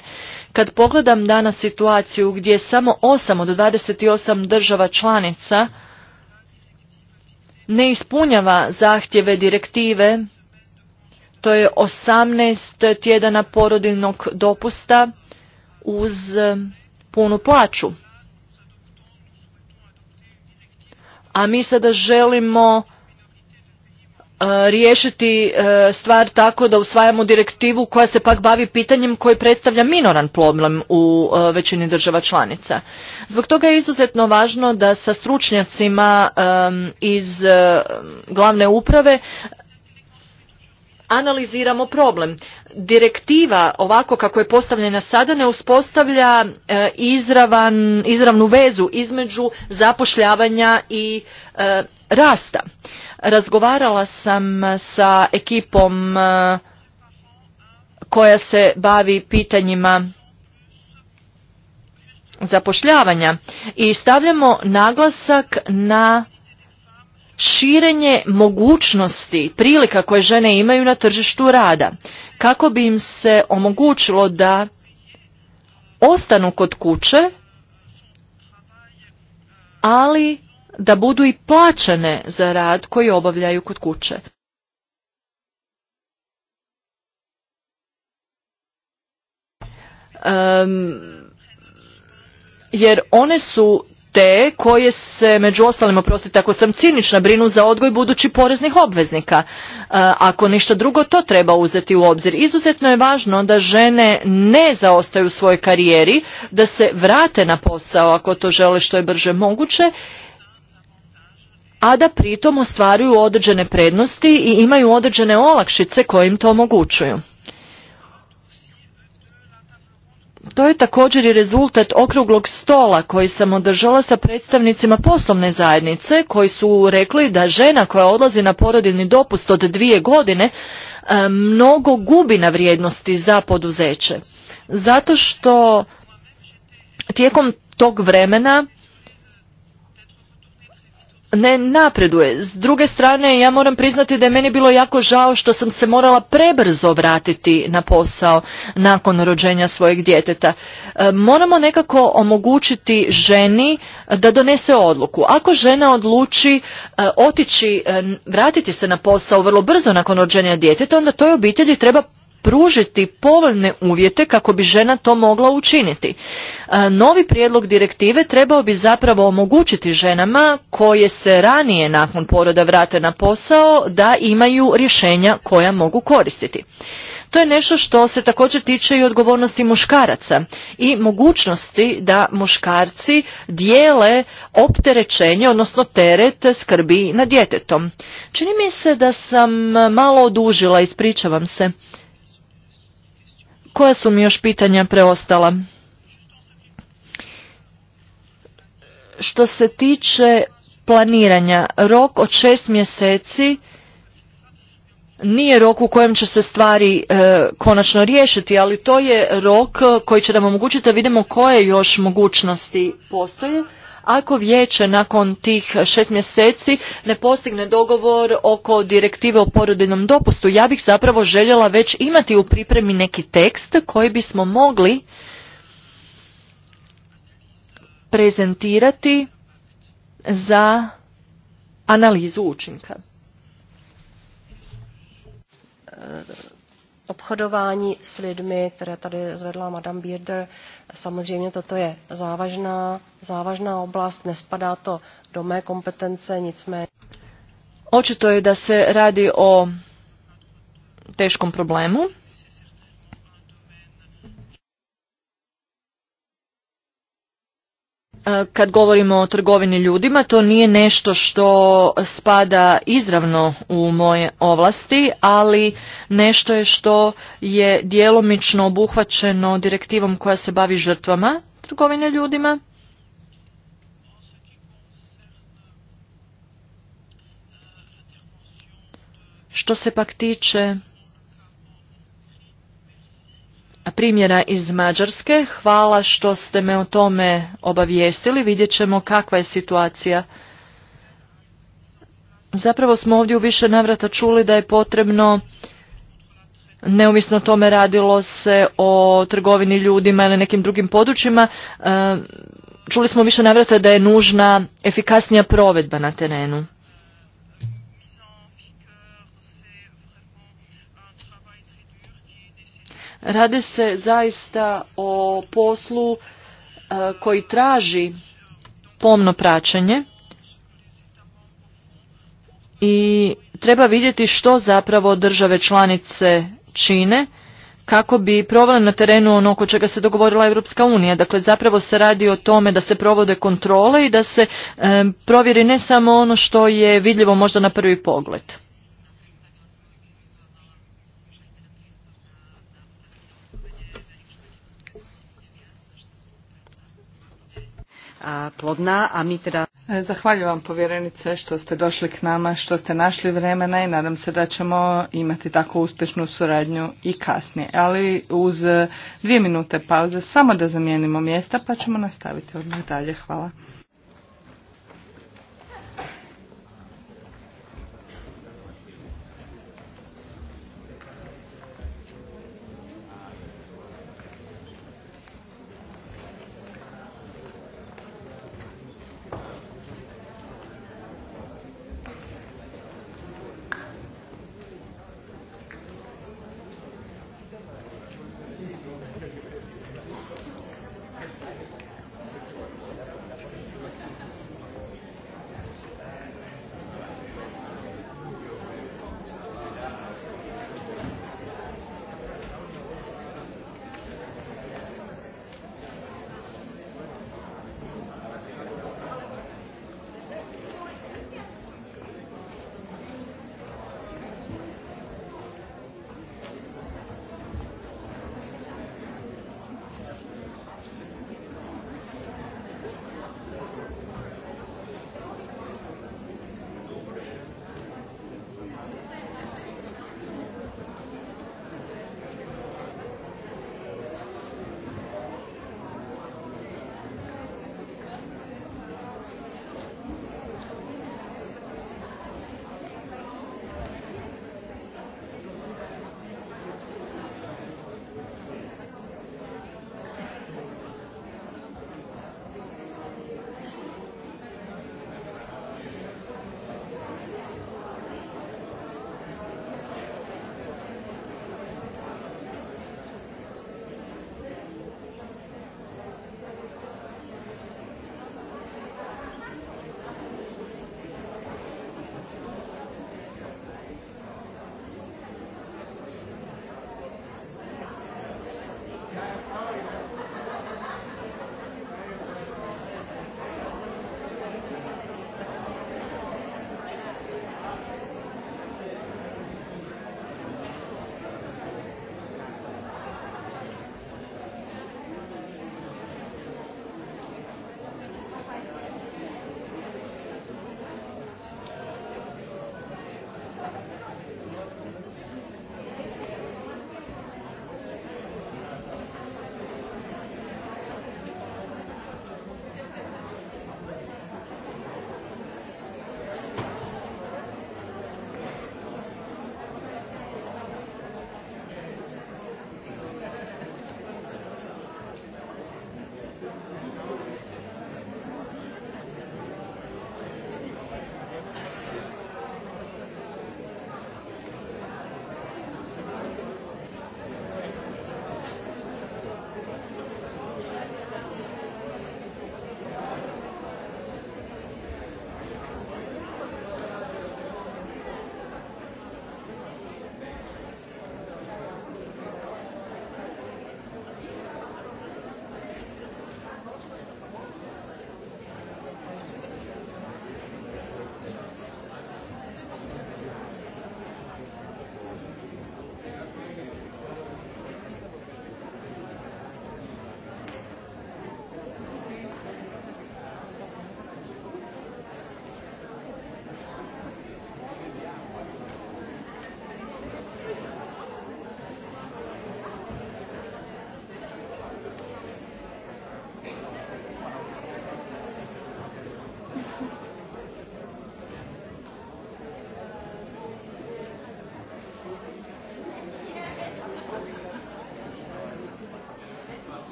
kad pogledam danas situaciju gdje samo 8 od 28 država članica ne ispunjava zahtjeve direktive, to je 18 tjedana porodiljnog dopusta uz um, punu plaću. A mi sada želimo E, riješiti e, stvar tako da usvajamo direktivu koja se pak bavi pitanjem koji predstavlja minoran problem u e, većini država članica. Zbog toga je izuzetno važno da sa stručnjacima iz glavne uprave analiziramo problem. Direktiva ovako kako je postavljena sada ne uspostavlja izravan, izravnu vezu između zapošljavanja i rasta. Razgovarala sam sa ekipom e, koja se bavi pitanjima zapošljavanja i stavljamo naglasak na širenje mogućnosti, prilika koje žene imaju na tržištu rada, kako bi im se omogućilo da ostanu kod kuće, ali da budu i plaćene za rad koji obavljaju kod kuće. jer one su te koje se, među ostalim, oprostite, ako sam cinična, brinu za odgoj budući poreznih obveznika. E, ako ništa drugo, to treba uzeti u obzir. Izuzetno je važno da žene ne zaostaju u svojoj karijeri, da se vrate na posao ako to žele što je brže moguće a da pritom ostvaruju određene prednosti i imaju određene olakšice koje im to omogućuju. To je također i rezultat okruglog stola koji sam održala sa predstavnicima poslovne zajednice koji su rekli da žena koja odlazi na porodilni dopust od dvije godine e, mnogo gubi na vrijednosti za poduzeće. Zato što tijekom tog vremena ne napreduje. S druge strane, ja moram priznati da je meni bilo jako žao što sam se morala prebrzo vratiti na posao nakon rođenja svojeg djeteta. E, moramo nekako omogućiti ženi da donese odluku. Ako žena odluči e, otići, e, vratiti se na posao vrlo brzo nakon rođenja djeteta, onda toj obitelji treba pružiti povoljne uvjete kako bi žena to mogla učiniti. E, novi prijedlog direktive trebao bi zapravo omogućiti ženama koje se ranije nakon poroda vrate na posao da imaju rješenja koja mogu koristiti. To je nešto što se također tiče i odgovornosti muškaraca i mogućnosti da muškarci dijele opterećenje, odnosno teret skrbi nad djetetom. Čini mi se da sam malo odužila, ispričavam se. Koja su mi još pitanja preostala? Što se tiče planiranja, rok od šest mjeseci nije rok u kojem će se stvari e, konačno riješiti, ali to je rok koji će nam omogućiti da vidimo koje još mogućnosti postoje ako vijeće nakon tih šest mjeseci ne postigne dogovor oko direktive o porodiljnom dopustu, ja bih zapravo željela već imati u pripremi neki tekst koji bismo mogli prezentirati za analizu učinka. E, obchodování s lidmi, které tady zvedla Madame Bearder, samozřejmě toto je závažná, závažná oblast, nespadá to do mé kompetence, nicméně. Očito je da se radi o teškom problemu E, kad govorimo o trgovini ljudima, to nije nešto što spada izravno u moje ovlasti, ali nešto je što je djelomično obuhvaćeno direktivom koja se bavi žrtvama trgovine ljudima. Što se pak tiče primjera iz Mađarske. Hvala što ste me o tome obavijestili. Vidjet ćemo kakva je situacija. Zapravo smo ovdje u više navrata čuli da je potrebno neovisno tome radilo se o trgovini ljudima ili nekim drugim područjima, eh, čuli smo više navrata da je nužna efikasnija provedba na terenu. Radi se zaista o poslu e, koji traži pomno praćenje i treba vidjeti što zapravo države članice čine kako bi provale na terenu ono oko čega se dogovorila Europska unija. Dakle, zapravo se radi o tome da se provode kontrole i da se e, provjeri ne samo ono što je vidljivo možda na prvi pogled. plodna a mi teda... E, zahvaljujem vam povjerenice što ste došli k nama, što ste našli vremena i nadam se da ćemo imati tako uspješnu suradnju i kasnije. Ali uz dvije minute pauze samo da zamijenimo mjesta pa ćemo nastaviti odmah dalje. Hvala.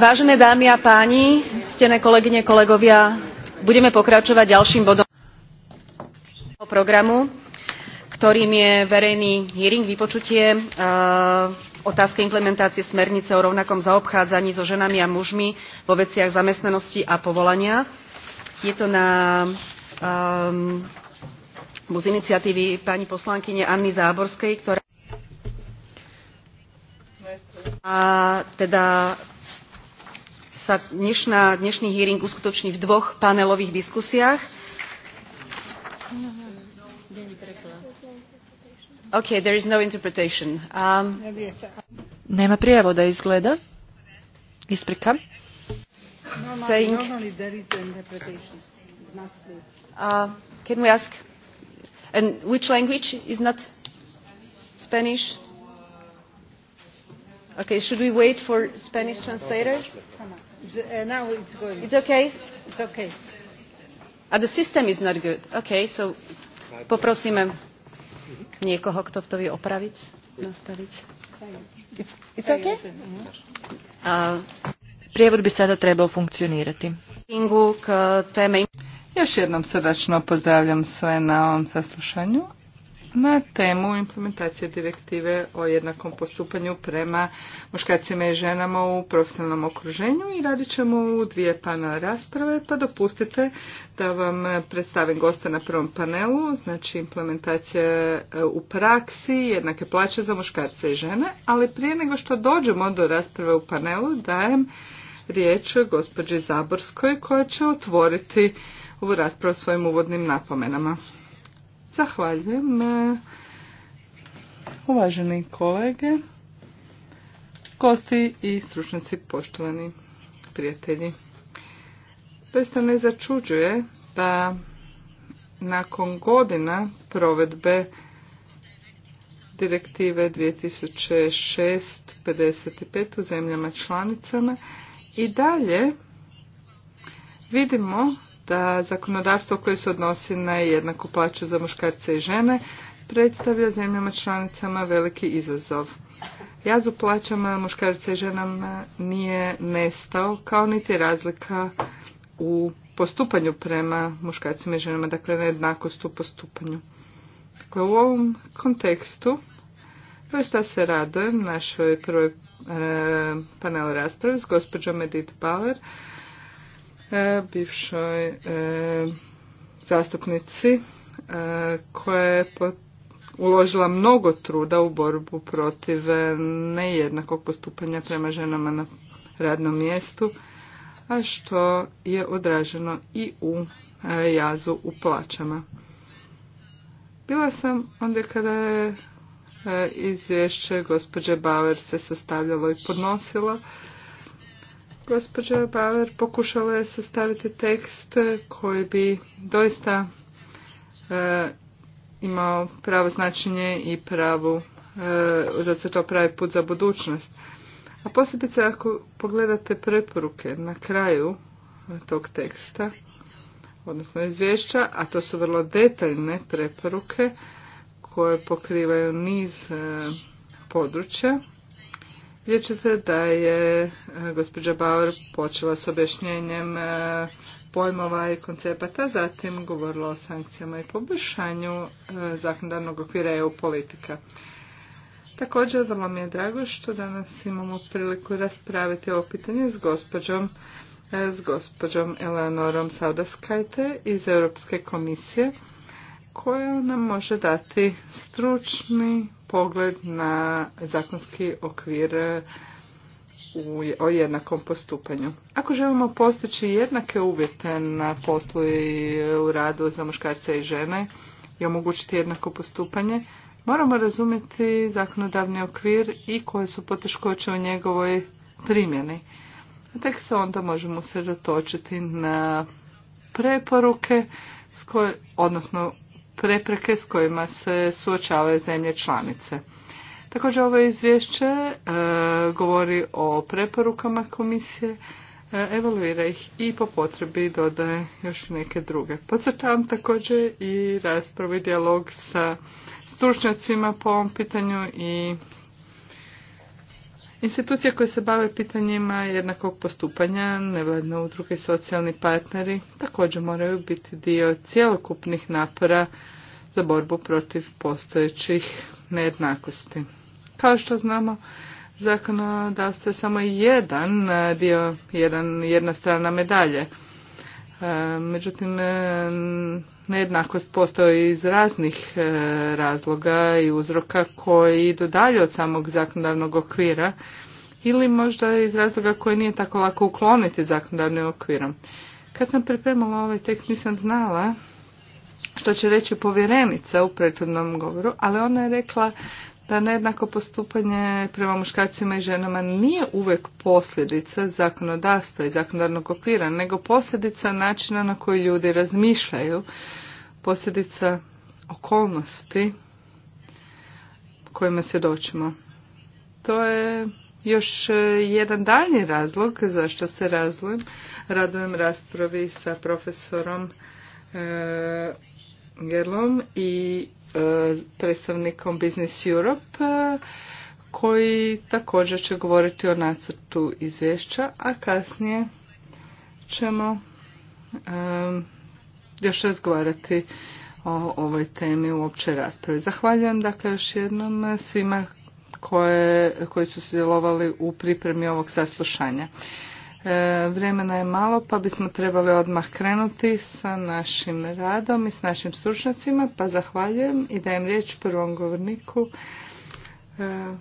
vážené dámy a páni ctené kolegyne kolegovia budeme pokračovať ďalším bodom programu ktorým je verejný hearing vypočutie e, otázky implementácie smernice o rovnakom zaobchádzaní so ženami a mužmi vo veciach zamestnanosti a povolania. je to na um, z iniciatívy pani poslankyne Anny Záborskej, ktorá a teda sa dnešná, dnešný hearing uskutoční v dvoch panelových diskusiách. Okay, there is no interpretation. Um, Nema prijevoda izgleda. Isprika. Saying, uh, can we ask, and which language is not Spanish? Okay, should we wait for Spanish translators? Uh, now it's going. It's okay? It's okay. A the system is not good. Okay, so poprosíme niekoho, kto to vie opraviť, nastaviť. It's, it's okay? prijevod bi sada trebao funkcionirati. Još jednom srdačno pozdravljam sve na ovom saslušanju, na temu implementacije direktive o jednakom postupanju prema muškarcima i ženama u profesionalnom okruženju i radit ćemo u dvije panele rasprave pa dopustite da vam predstavim goste na prvom panelu, znači implementacija e, u praksi, jednake plaće za muškarce i žene, ali prije nego što dođemo do rasprave u panelu dajem riječ gospođi Zaborskoj koja će otvoriti ovu raspravu svojim uvodnim napomenama. Zahvaljujem. E, uvaženi kolege, gosti i stručnici, poštovani prijatelji. Doista ne začuđuje da nakon godina provedbe direktive 2006-55 u zemljama članicama i dalje vidimo da zakonodavstvo koje se odnosi na jednaku plaću za muškarce i žene predstavlja zemljama članicama veliki izazov. Jaz u plaćama muškarca i ženama nije nestao, kao niti razlika u postupanju prema muškarcima i ženama, dakle nejednakost u postupanju. Dakle, u ovom kontekstu doista se radujem našoj prvoj e, panel rasprave s gospođom Edith Bauer, E, bivšoj e, zastupnici e, koja je uložila mnogo truda u borbu protiv nejednakog postupanja prema ženama na radnom mjestu, a što je odraženo i u jazu u plaćama. Bila sam onda kada je izvješće gospođe Bauer se sastavljalo i podnosilo Gospođa Bauer pokušala je sastaviti tekst koji bi doista e, imao pravo značenje i pravu, e, to pravi put za budućnost. A posebice ako pogledate preporuke na kraju e, tog teksta, odnosno izvješća, a to su vrlo detaljne preporuke koje pokrivaju niz e, područja, vidjet ćete da je e, gospođa Bauer počela s objašnjenjem e, pojmova i koncepata, zatim govorila o sankcijama i poboljšanju e, zakonodavnog okvira EU politika. Također vrlo mi je drago što danas imamo priliku raspraviti ovo pitanje s gospođom s gospođom Eleonorom Saudaskajte iz Europske komisije koja nam može dati stručni pogled na zakonski okvir e, o jednakom postupanju. Ako želimo postići jednake uvjete na poslu i u radu za muškarce i žene i omogućiti jednako postupanje, moramo razumjeti zakonodavni okvir i koje su poteškoće u njegovoj primjeni. tek se onda možemo usredotočiti na preporuke s koje, odnosno prepreke s kojima se suočavaju zemlje članice. Također ovo izvješće e, govori o preporukama komisije, e, evaluira ih i po potrebi dodaje još neke druge. Podcrtavam također i raspravu i dijalog sa stručnjacima po ovom pitanju i Institucije koje se bave pitanjima jednakog postupanja, nevladne udruge i socijalni partneri također moraju biti dio cjelokupnih napora za borbu protiv postojećih nejednakosti. Kao što znamo, zakonodavstvo je samo jedan dio, jedan, jedna strana medalje. E, međutim, e, nejednakost postoji iz raznih e, razloga i uzroka koji idu dalje od samog zakonodavnog okvira ili možda iz razloga koji nije tako lako ukloniti zakonodavnim okvirom. Kad sam pripremala ovaj tekst nisam znala što će reći povjerenica u prethodnom govoru, ali ona je rekla da nejednako postupanje prema muškarcima i ženama nije uvek posljedica zakonodavstva i zakonodavnog okvira, nego posljedica načina na koji ljudi razmišljaju, posljedica okolnosti kojima svjedočimo. To je još e, jedan daljnji razlog zašto se razlujem. Radujem raspravi sa profesorom e, Gerlom i predstavnikom Business Europe e, koji također će govoriti o nacrtu izvješća, a kasnije ćemo e, još razgovarati o ovoj temi u općoj raspravi. Zahvaljujem dakle još jednom svima koji su sudjelovali u pripremi ovog saslušanja. E, vremena je malo pa bismo trebali odmah krenuti sa našim radom i s našim stručnjacima pa zahvaljujem i dajem riječ prvom govorniku e, e,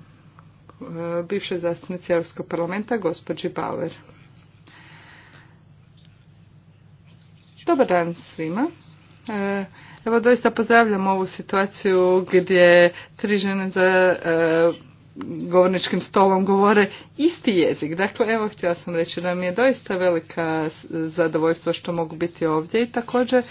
bivšoj zastupnici Europskog parlamenta gospođi Bauer. Dobar dan svima. Evo doista pozdravljam ovu situaciju gdje tri žene za govorničkim stolom govore isti jezik. Dakle, evo htjela sam reći da mi je doista velika zadovoljstvo što mogu biti ovdje i također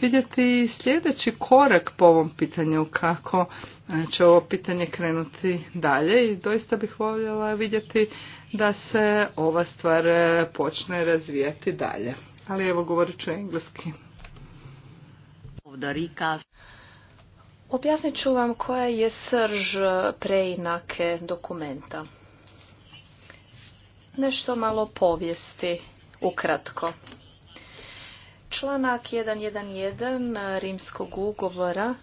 vidjeti sljedeći korak po ovom pitanju kako e, će ovo pitanje krenuti dalje i doista bih voljela vidjeti da se ova stvar e, počne razvijati dalje. Ali evo govorit ću engleski. Ovdje Objasnit ću vam koja je srž preinake dokumenta. Nešto malo povijesti, ukratko. Članak 1.1.1 Rimskog ugovora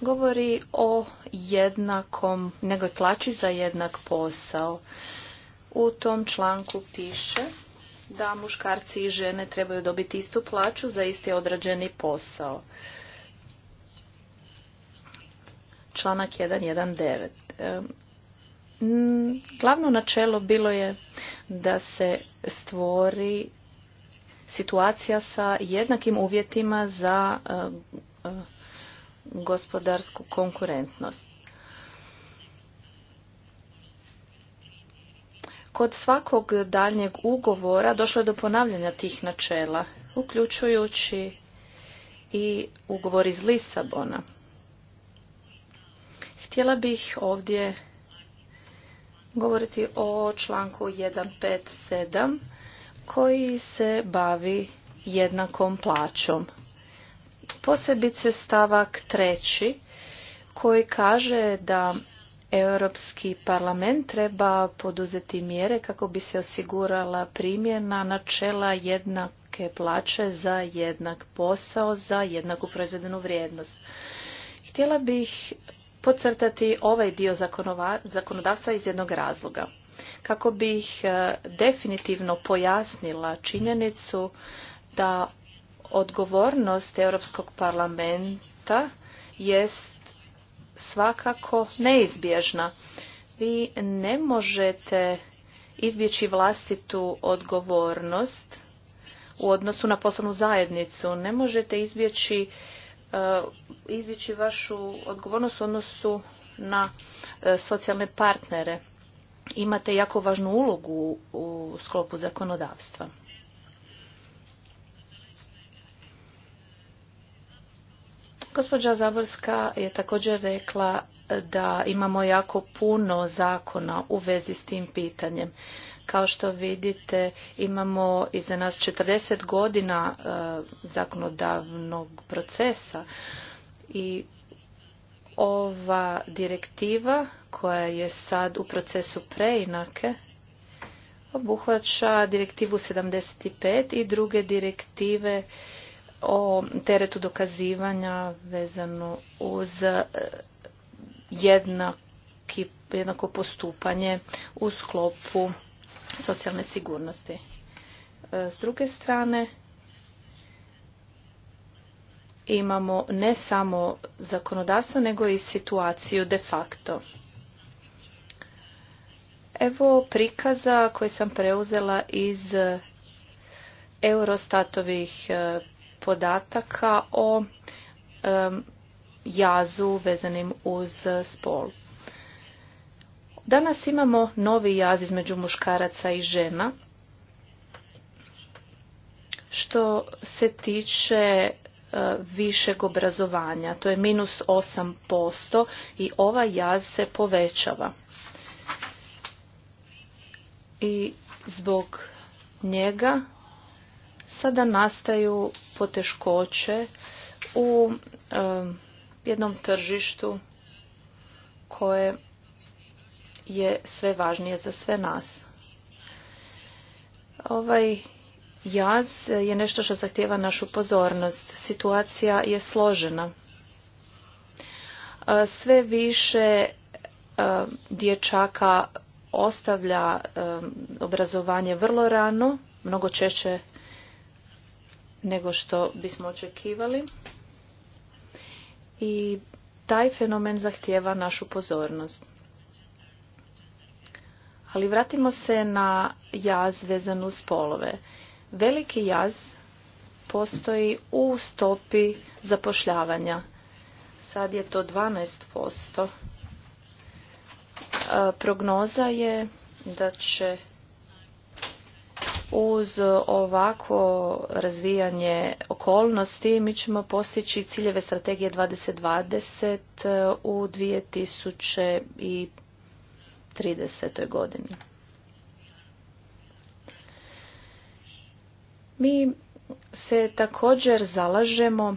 govori o jednakom, nego plaći za jednak posao. U tom članku piše da muškarci i žene trebaju dobiti istu plaću za isti odrađeni posao članak 119. Glavno načelo bilo je da se stvori situacija sa jednakim uvjetima za e, e, gospodarsku konkurentnost. Kod svakog daljnjeg ugovora došlo je do ponavljanja tih načela, uključujući i ugovor iz Lisabona. Htjela bih ovdje govoriti o članku 157 koji se bavi jednakom plaćom. Posebice stavak treći koji kaže da Europski parlament treba poduzeti mjere kako bi se osigurala primjena načela jednake plaće za jednak posao, za jednaku proizvedenu vrijednost. Htjela bih podcrtati ovaj dio zakonodavstva iz jednog razloga. Kako bih e, definitivno pojasnila činjenicu da odgovornost Europskog parlamenta jest svakako neizbježna. Vi ne možete izbjeći vlastitu odgovornost u odnosu na poslovnu zajednicu. Ne možete izbjeći E, izbjeći vašu odgovornost u odnosu na e, socijalne partnere. Imate jako važnu ulogu u sklopu zakonodavstva. Gospođa Zaborska je također rekla da imamo jako puno zakona u vezi s tim pitanjem. Kao što vidite, imamo iza nas 40 godina e, zakonodavnog procesa i ova direktiva koja je sad u procesu preinake obuhvaća direktivu 75 i druge direktive o teretu dokazivanja vezano uz e, jednako postupanje u sklopu socijalne sigurnosti. E, s druge strane, imamo ne samo zakonodavstvo, nego i situaciju de facto. Evo prikaza koje sam preuzela iz Eurostatovih e, podataka o e, jazu vezanim uz spol. Danas imamo novi jaz između muškaraca i žena što se tiče e, višeg obrazovanja. To je minus 8% i ovaj jaz se povećava. I zbog njega sada nastaju poteškoće u e, jednom tržištu koje je sve važnije za sve nas. Ovaj jaz je nešto što zahtjeva našu pozornost. Situacija je složena. E, sve više e, dječaka ostavlja e, obrazovanje vrlo rano, mnogo češće nego što bismo očekivali. I taj fenomen zahtjeva našu pozornost. Ali vratimo se na jaz vezan uz polove. Veliki jaz postoji u stopi zapošljavanja. Sad je to 12%. E, prognoza je da će uz ovako razvijanje okolnosti mi ćemo postići ciljeve strategije 2020 e, u 2050. 2030. godini. Mi se također zalažemo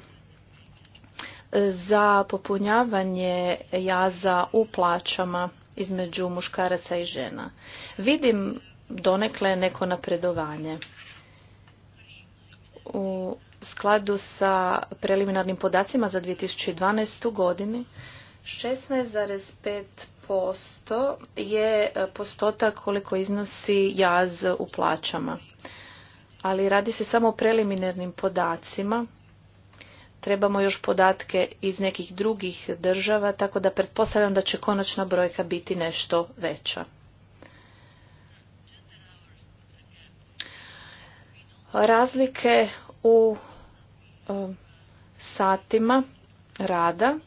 e, za popunjavanje jaza u plaćama između muškaraca i žena. Vidim donekle neko napredovanje. U skladu sa preliminarnim podacima za 2012. godini 16,5 posto je e, postotak koliko iznosi jaz u plaćama. Ali radi se samo o preliminarnim podacima. Trebamo još podatke iz nekih drugih država, tako da pretpostavljam da će konačna brojka biti nešto veća. Razlike u e, satima rada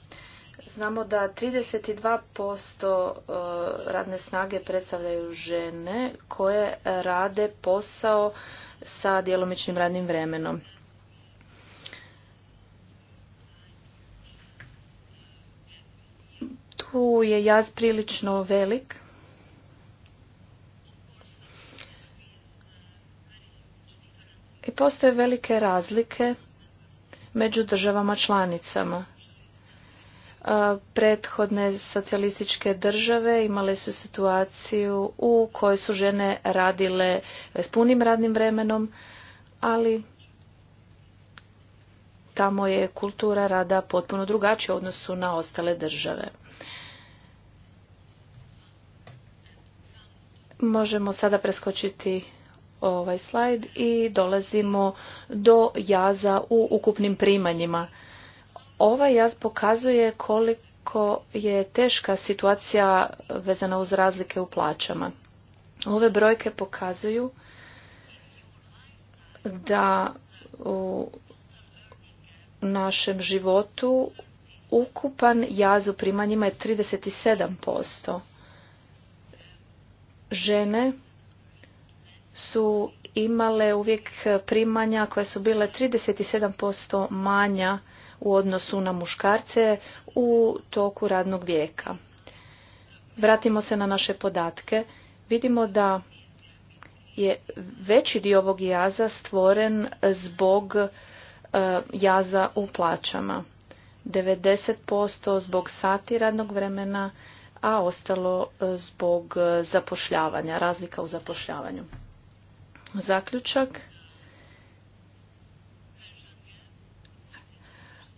Znamo da 32% e, radne snage predstavljaju žene koje rade posao sa djelomičnim radnim vremenom. Tu je jaz prilično velik. I postoje velike razlike među državama članicama prethodne socijalističke države imale su situaciju u kojoj su žene radile s punim radnim vremenom, ali tamo je kultura rada potpuno drugačija u odnosu na ostale države. Možemo sada preskočiti ovaj slajd i dolazimo do jaza u ukupnim primanjima. Ovaj jaz pokazuje koliko je teška situacija vezana uz razlike u plaćama. Ove brojke pokazuju da u našem životu ukupan jaz u primanjima je 37%. Žene su imale uvijek primanja koja su bile 37% manja u odnosu na muškarce u toku radnog vijeka. Vratimo se na naše podatke. Vidimo da je veći dio ovog jaza stvoren zbog e, jaza u plaćama. 90% zbog sati radnog vremena, a ostalo e, zbog e, zapošljavanja, razlika u zapošljavanju. Zaključak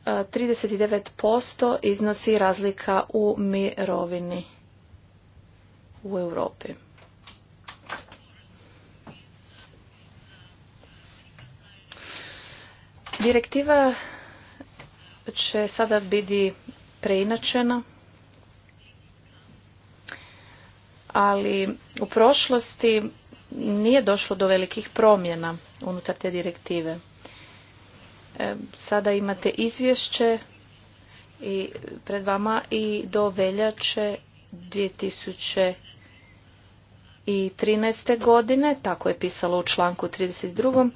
39% iznosi razlika u mirovini u Europi. Direktiva će sada biti preinačena, ali u prošlosti nije došlo do velikih promjena unutar te direktive. E, sada imate izvješće i pred vama i do veljače 2013. godine, tako je pisalo u članku 32.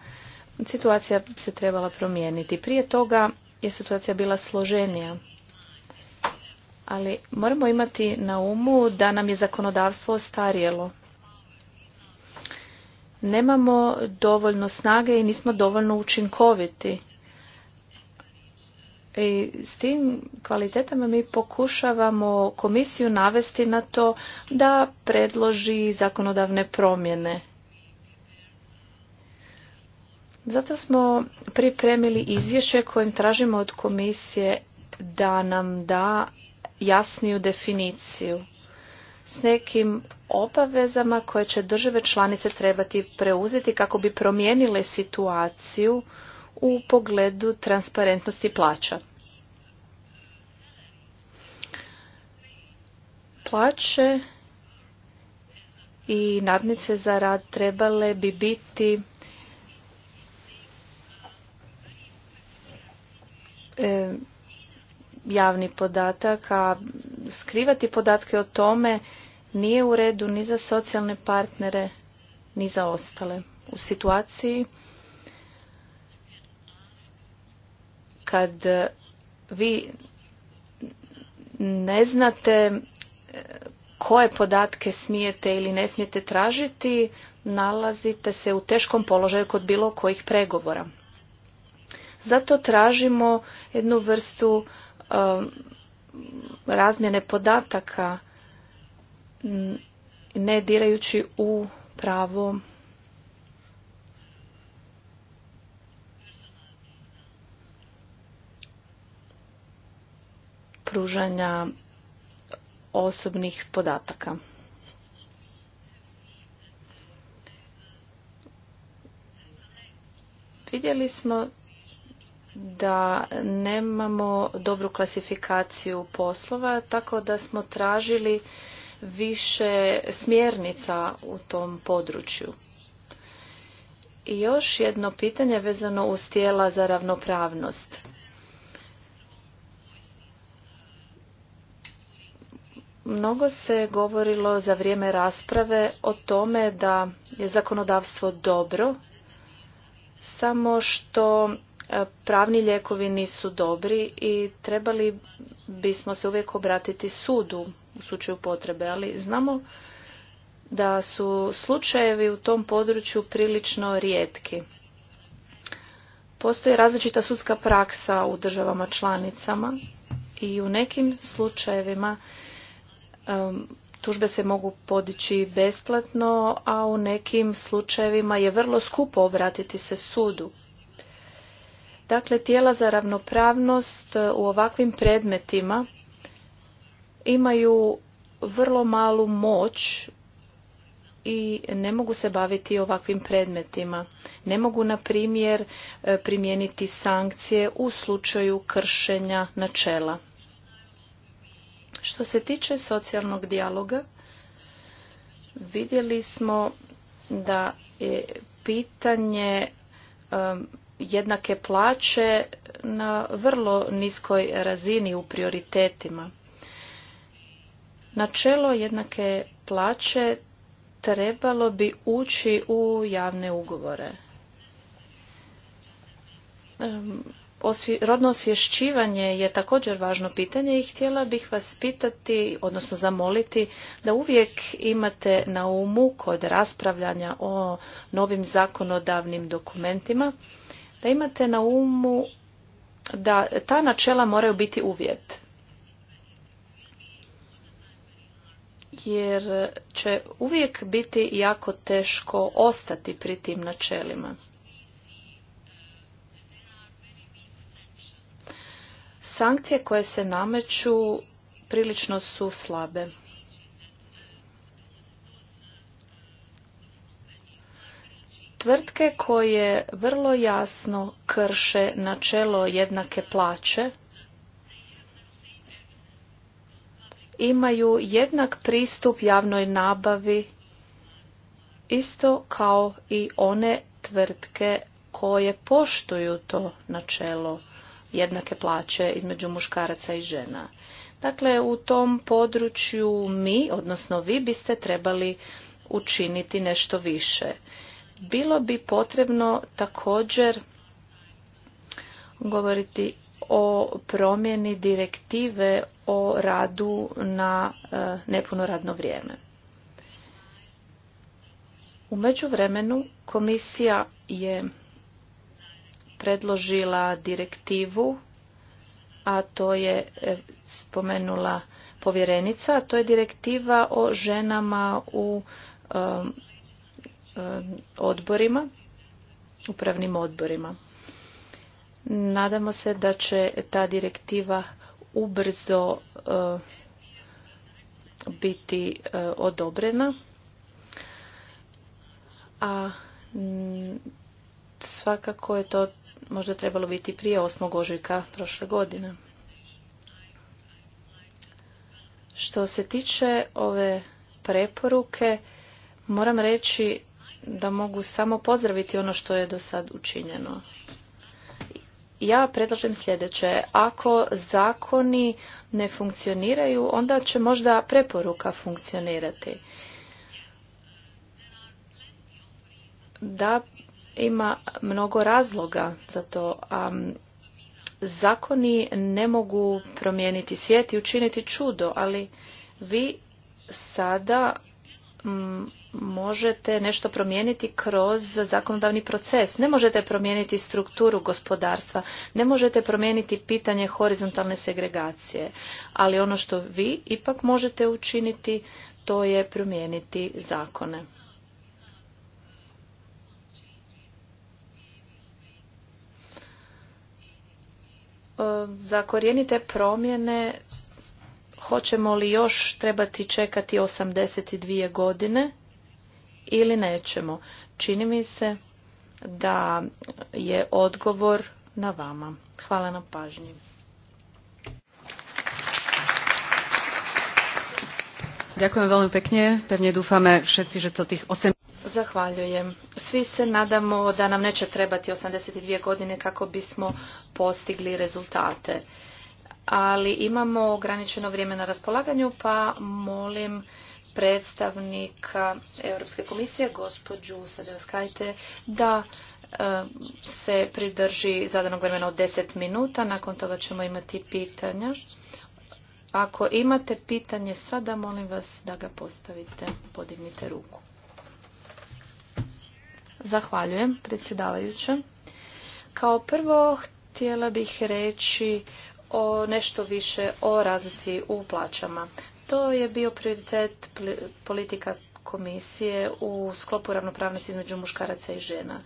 Situacija se trebala promijeniti. Prije toga je situacija bila složenija. Ali moramo imati na umu da nam je zakonodavstvo ostarijelo. Nemamo dovoljno snage i nismo dovoljno učinkoviti. I s tim kvalitetama mi pokušavamo komisiju navesti na to da predloži zakonodavne promjene. Zato smo pripremili izvješće kojim tražimo od komisije da nam da jasniju definiciju s nekim obavezama koje će države članice trebati preuzeti kako bi promijenile situaciju u pogledu transparentnosti plaća. Plaće i nadnice za rad trebale bi biti e, javni podatak, a skrivati podatke o tome nije u redu ni za socijalne partnere, ni za ostale. U situaciji kad vi ne znate e, koje podatke smijete ili ne smijete tražiti, nalazite se u teškom položaju kod bilo kojih pregovora. Zato tražimo jednu vrstu e, razmjene podataka ne dirajući u pravo pružanja osobnih podataka. Vidjeli smo da nemamo dobru klasifikaciju poslova, tako da smo tražili više smjernica u tom području. I još jedno pitanje vezano uz tijela za ravnopravnost. Mnogo se govorilo za vrijeme rasprave o tome da je zakonodavstvo dobro, samo što e, pravni lijekovi nisu dobri i trebali bismo se uvijek obratiti sudu u slučaju potrebe, ali znamo da su slučajevi u tom području prilično rijetki. Postoji različita sudska praksa u državama članicama i u nekim slučajevima tužbe se mogu podići besplatno, a u nekim slučajevima je vrlo skupo obratiti se sudu. Dakle, tijela za ravnopravnost e, u ovakvim predmetima imaju vrlo malu moć i ne mogu se baviti ovakvim predmetima. Ne mogu, na primjer, e, primijeniti sankcije u slučaju kršenja načela. Što se tiče socijalnog dijaloga, vidjeli smo da je pitanje um, jednake plaće na vrlo niskoj razini u prioritetima. Načelo jednake plaće trebalo bi ući u javne ugovore. Um, rodno osvješćivanje je također važno pitanje i htjela bih vas pitati, odnosno zamoliti, da uvijek imate na umu kod raspravljanja o novim zakonodavnim dokumentima, da imate na umu da ta načela moraju biti uvjet. Jer će uvijek biti jako teško ostati pri tim načelima. Sankcije koje se nameću prilično su slabe. Tvrtke koje vrlo jasno krše načelo jednake plaće imaju jednak pristup javnoj nabavi isto kao i one tvrtke koje poštuju to načelo jednake plaće između muškaraca i žena. Dakle, u tom području mi, odnosno vi, biste trebali učiniti nešto više. Bilo bi potrebno također govoriti o promjeni direktive o radu na e, nepuno radno vrijeme. U međuvremenu komisija je predložila direktivu, a to je e, spomenula povjerenica, a to je direktiva o ženama u um, um, odborima, upravnim odborima. Nadamo se da će ta direktiva ubrzo e, biti e, odobrena. A Svakako je to možda trebalo biti prije 8. ožujka prošle godine. Što se tiče ove preporuke, moram reći da mogu samo pozdraviti ono što je do sad učinjeno. Ja predlažem sljedeće. Ako zakoni ne funkcioniraju, onda će možda preporuka funkcionirati. Da, ima mnogo razloga za to, zakoni ne mogu promijeniti svijet i učiniti čudo, ali vi sada možete nešto promijeniti kroz zakonodavni proces. Ne možete promijeniti strukturu gospodarstva, ne možete promijeniti pitanje horizontalne segregacije, ali ono što vi ipak možete učiniti, to je promijeniti zakone. za korijenite promjene hoćemo li još trebati čekati 82 godine ili nećemo. Čini mi se da je odgovor na vama. Hvala na pažnji. Ďakujem veľmi pekne. Pevne dúfame všetci, že to tých 8 Zahvaljujem. Svi se nadamo da nam neće trebati 82 godine kako bismo postigli rezultate. Ali imamo ograničeno vrijeme na raspolaganju, pa molim predstavnika Europske komisije, gospođu Sadelskajte, da eh, se pridrži zadanog vremena od 10 minuta. Nakon toga ćemo imati pitanja. Ako imate pitanje sada, molim vas da ga postavite. Podignite ruku. Zahvaljujem, predsjedavajuća. Kao prvo htjela bih reći o nešto više o razlici u plaćama. To je bio prioritet politika komisije u sklopu ravnopravnosti između muškaraca i žena.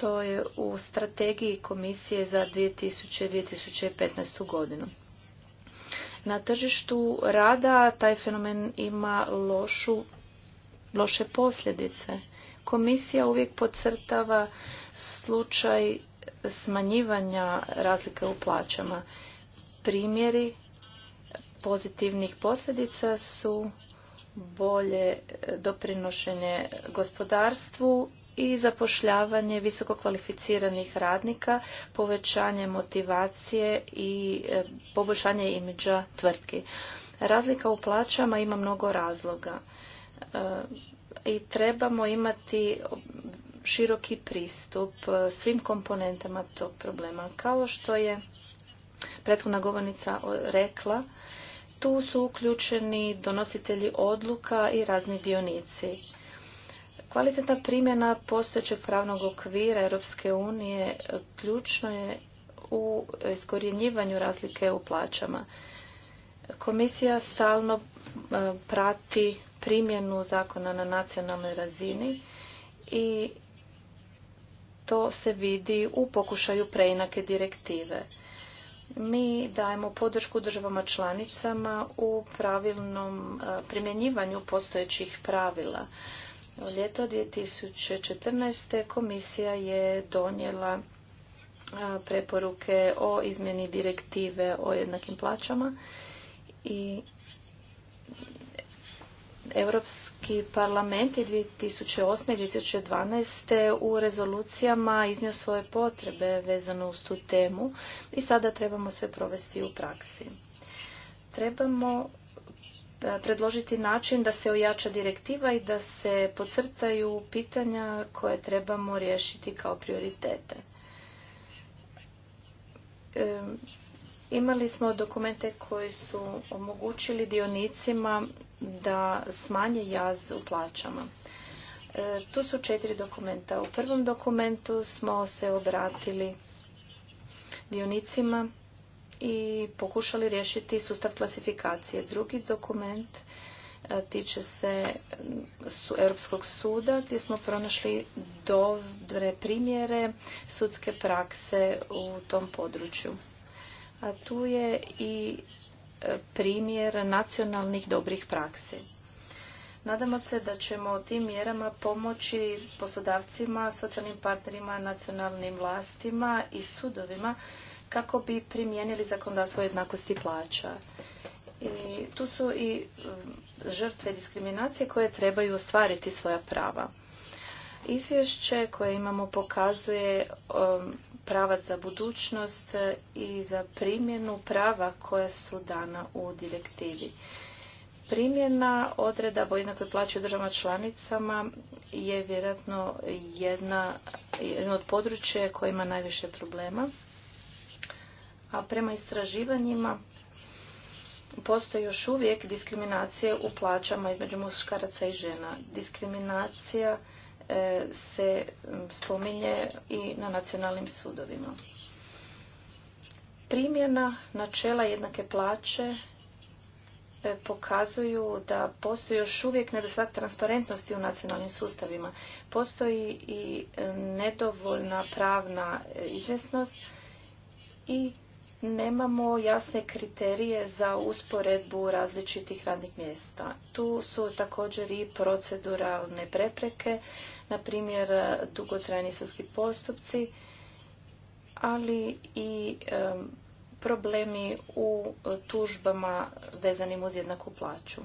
To je u strategiji komisije za 2000-2015. godinu. Na tržištu rada taj fenomen ima lošu, loše posljedice. Komisija uvijek podcrtava slučaj smanjivanja razlike u plaćama. Primjeri pozitivnih posljedica su bolje doprinošenje gospodarstvu i zapošljavanje visokokvalificiranih radnika, povećanje motivacije i e, poboljšanje imidža tvrtki. Razlika u plaćama ima mnogo razloga. E, i trebamo imati široki pristup e, svim komponentama tog problema. Kao što je prethodna govornica e, rekla, tu su uključeni donositelji odluka i razni dionici. Kvalitetna primjena postojećeg pravnog okvira Europske unije e, ključno je u iskorjenjivanju razlike u plaćama. Komisija stalno prati primjenu zakona na nacionalnoj razini i to se vidi u pokušaju preinake direktive. Mi dajemo podršku državama članicama u pravilnom e, primjenjivanju postojećih pravila. U ljeto 2014. komisija je donijela e, preporuke o izmjeni direktive o jednakim plaćama i Europski parlament je 2008. i 2012. u rezolucijama iznio svoje potrebe vezano uz tu temu i sada trebamo sve provesti u praksi. Trebamo e, predložiti način da se ojača direktiva i da se podcrtaju pitanja koje trebamo riješiti kao prioritete. Imali smo dokumente koji su omogućili dionicima da smanje jaz u plaćama. E, tu su četiri dokumenta. U prvom dokumentu smo se obratili dionicima i pokušali riješiti sustav klasifikacije. Drugi dokument e, tiče se Europskog suda gdje smo pronašli dobre primjere sudske prakse u tom području a tu je i e, primjer nacionalnih dobrih praksi. Nadamo se da ćemo tim mjerama pomoći poslodavcima, socijalnim partnerima, nacionalnim vlastima i sudovima kako bi primijenili zakonodavstvo jednakosti plaća. I tu su i e, žrtve diskriminacije koje trebaju ostvariti svoja prava. Izvješće koje imamo pokazuje um, pravac za budućnost e, i za primjenu prava koja su dana u direktivi. Primjena odreda o jednakoj plaći u državama članicama je vjerojatno jedna, jedno od područja koje ima najviše problema. A prema istraživanjima postoji još uvijek diskriminacije u plaćama između muškaraca i žena. Diskriminacija E, se spominje i na nacionalnim sudovima. Primjena načela jednake plaće e, pokazuju da postoji još uvijek nedostatak transparentnosti u nacionalnim sustavima. Postoji i e, nedovoljna pravna izvjesnost i nemamo jasne kriterije za usporedbu različitih radnih mjesta. Tu su također i proceduralne prepreke, na primjer dugotrajni sudski postupci, ali i problemi u tužbama vezanim uz jednaku plaću.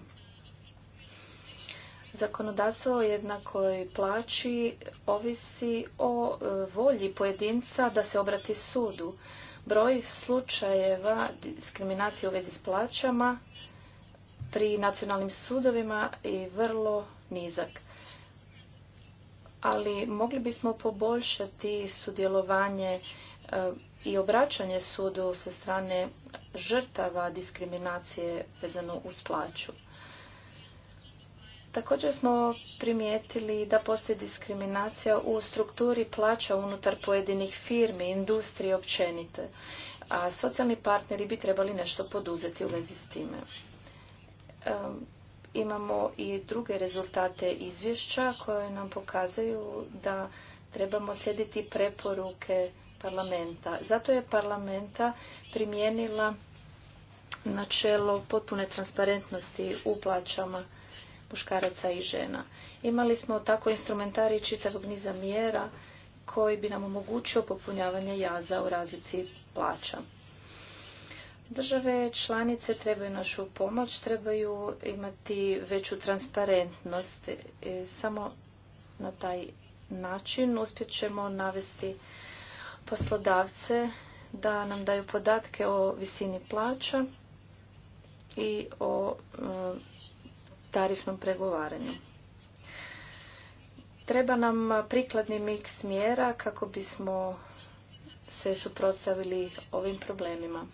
Zakonodavstvo o jednakoj plaći ovisi o e, volji pojedinca da se obrati sudu. Broj slučajeva diskriminacije u vezi s plaćama pri nacionalnim sudovima je vrlo nizak. Ali mogli bismo poboljšati sudjelovanje e, i obraćanje sudu sa strane žrtava diskriminacije vezano uz plaću. Također smo primijetili da postoji diskriminacija u strukturi plaća unutar pojedinih firmi, industrije općenite, a socijalni partneri bi trebali nešto poduzeti u vezi s time. imamo i druge rezultate izvješća koje nam pokazuju da trebamo slijediti preporuke parlamenta. Zato je parlamenta primijenila načelo potpune transparentnosti u plaćama muškaraca i žena. Imali smo tako instrumentari čitavog niza mjera koji bi nam omogućio popunjavanje jaza u razlici plaća. Države članice trebaju našu pomoć, trebaju imati veću transparentnost. E, samo na taj način uspjet ćemo navesti poslodavce da nam daju podatke o visini plaća i o e, tarifnom pregovaranju. Treba nam prikladni miks mjera kako bismo se suprotstavili ovim problemima.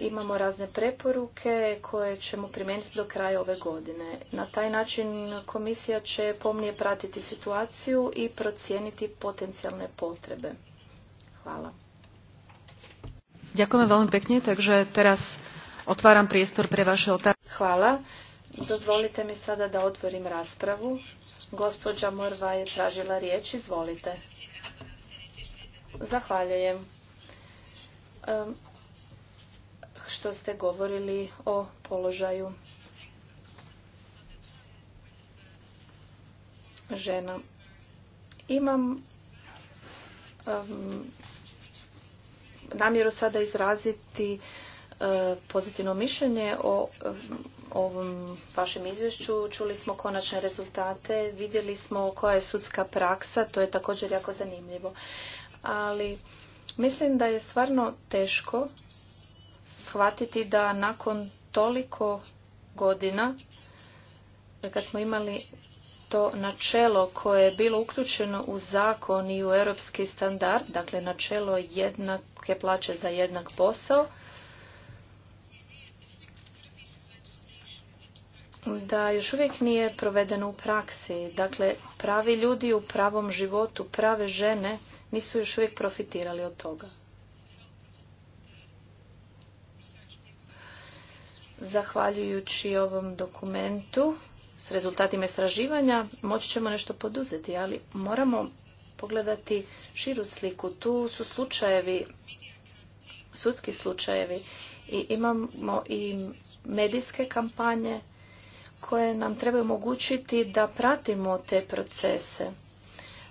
Imamo razne preporuke koje ćemo primijeniti do kraja ove godine. Na taj način komisija će pomnije pratiti situaciju i procijeniti potencijalne potrebe. Hvala. Dziękujemy teraz pre vaše Hvala. Dozvolite mi sada da otvorim raspravu. Gospođa Morva je tražila riječ. Izvolite. Zahvaljujem. što ste govorili o položaju žena. Imam namjeru sada izraziti e, pozitivno mišljenje o ovom vašem izvješću. Čuli smo konačne rezultate, vidjeli smo koja je sudska praksa, to je također jako zanimljivo. Ali mislim da je stvarno teško shvatiti da nakon toliko godina, kad smo imali to načelo koje je bilo uključeno u zakon i u europski standard, dakle načelo jednake plaće za jednak posao, da još uvijek nije provedeno u praksi. Dakle, pravi ljudi u pravom životu, prave žene nisu još uvijek profitirali od toga. Zahvaljujući ovom dokumentu s rezultatima istraživanja moći ćemo nešto poduzeti, ali moramo pogledati širu sliku. Tu su slučajevi, sudski slučajevi i imamo i medijske kampanje koje nam treba omogućiti da pratimo te procese.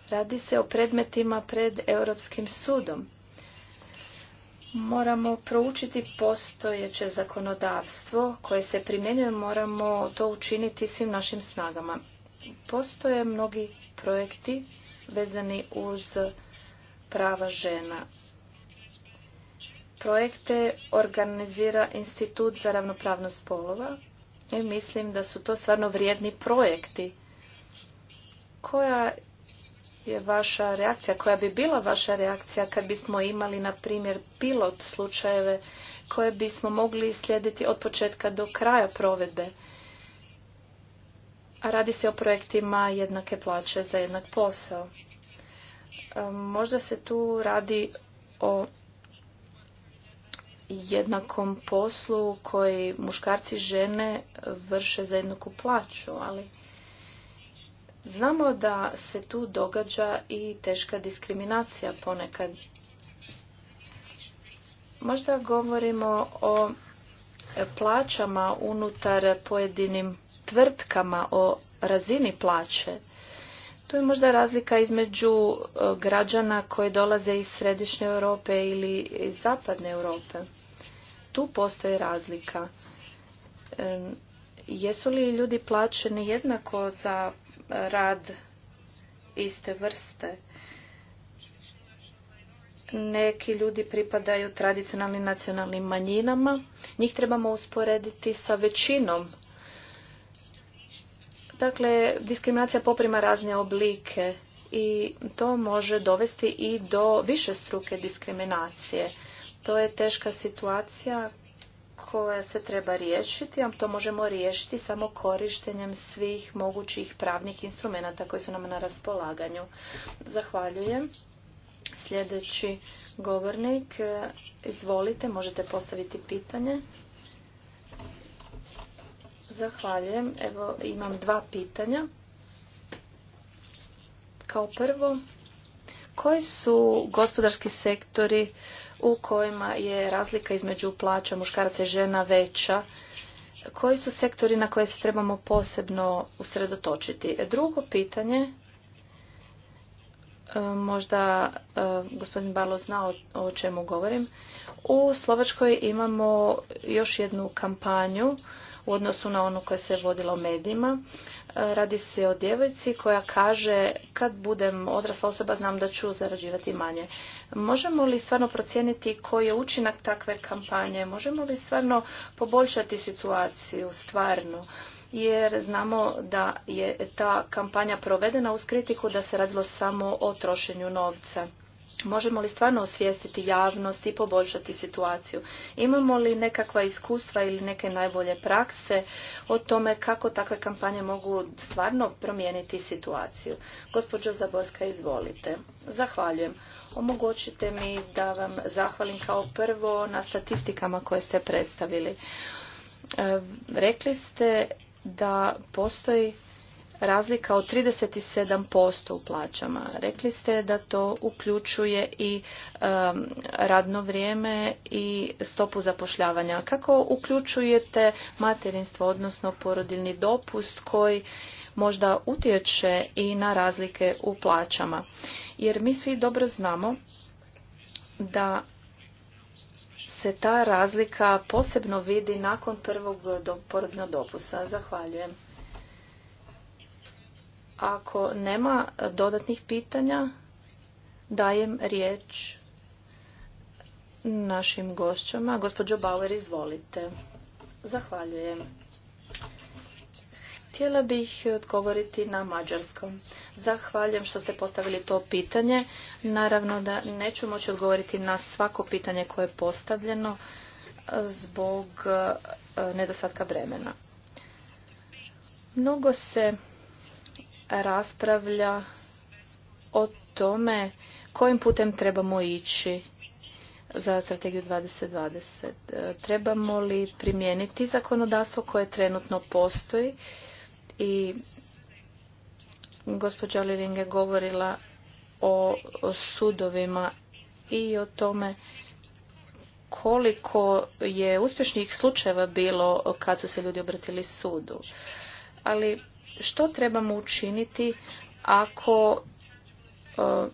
Radi se o predmetima pred Europskim sudom. Moramo proučiti postojeće zakonodavstvo koje se primjenjuje, moramo to učiniti svim našim snagama. Postoje mnogi projekti vezani uz prava žena. Projekte organizira Institut za ravnopravnost spolova i e, mislim da su to stvarno vrijedni projekti. Koja je vaša reakcija, koja bi bila vaša reakcija kad bismo imali, na primjer, pilot slučajeve koje bismo mogli slijediti od početka do kraja provedbe? A radi se o projektima jednake plaće za jednak posao. E, možda se tu radi o jednakom poslu koji muškarci i žene vrše za jednaku plaću, ali znamo da se tu događa i teška diskriminacija ponekad. Možda govorimo o plaćama unutar pojedinim tvrtkama, o razini plaće. Tu je možda razlika između e, građana koji dolaze iz Središnje Europe ili iz Zapadne Europe tu postoji razlika. Jesu li ljudi plaćeni jednako za rad iste vrste? Neki ljudi pripadaju tradicionalnim nacionalnim manjinama. Njih trebamo usporediti sa većinom. Dakle, diskriminacija poprima razne oblike i to može dovesti i do više struke diskriminacije. To je teška situacija koja se treba riješiti, a to možemo riješiti samo korištenjem svih mogućih pravnih instrumenta koji su nam na raspolaganju. Zahvaljujem. Sljedeći govornik, izvolite, možete postaviti pitanje. Zahvaljujem. Evo, imam dva pitanja. Kao prvo, koji su gospodarski sektori u kojima je razlika između plaća muškaraca i žena veća. Koji su sektori na koje se trebamo posebno usredotočiti? Drugo pitanje, e, možda e, gospodin Barlo zna o čemu govorim. U Slovačkoj imamo još jednu kampanju u odnosu na onu koja se vodila u medijima. E, radi se o djevojci koja kaže kad budem odrasla osoba znam da ću zarađivati manje. Možemo li stvarno procijeniti koji je učinak takve kampanje? Možemo li stvarno poboljšati situaciju stvarno? jer znamo da je ta kampanja provedena uz kritiku da se radilo samo o trošenju novca. Možemo li stvarno osvijestiti javnost i poboljšati situaciju? Imamo li nekakva iskustva ili neke najbolje prakse o tome kako takve kampanje mogu stvarno promijeniti situaciju? Gospođo Zaborska, izvolite. Zahvaljujem. Omogućite mi da vam zahvalim kao prvo na statistikama koje ste predstavili. E, rekli ste da postoji razlika od 37% u plaćama. Rekli ste da to uključuje i radno vrijeme i stopu zapošljavanja. Kako uključujete materinstvo, odnosno porodilni dopust koji možda utječe i na razlike u plaćama? Jer mi svi dobro znamo da se ta razlika posebno vidi nakon prvog do, porodnog dopusta. Zahvaljujem. Ako nema dodatnih pitanja, dajem riječ našim gošćama. Gospođo Bauer, izvolite. Zahvaljujem. Htjela bih odgovoriti na mađarskom. Zahvaljujem što ste postavili to pitanje. Naravno da neću moći odgovoriti na svako pitanje koje je postavljeno zbog eh, nedostatka vremena. Mnogo se raspravlja o tome kojim putem trebamo ići za strategiju 2020. Trebamo li primijeniti zakonodavstvo koje trenutno postoji i gospođa Liring je govorila o sudovima i o tome koliko je uspješnih slučajeva bilo kad su se ljudi obratili sudu. Ali što trebamo učiniti ako e,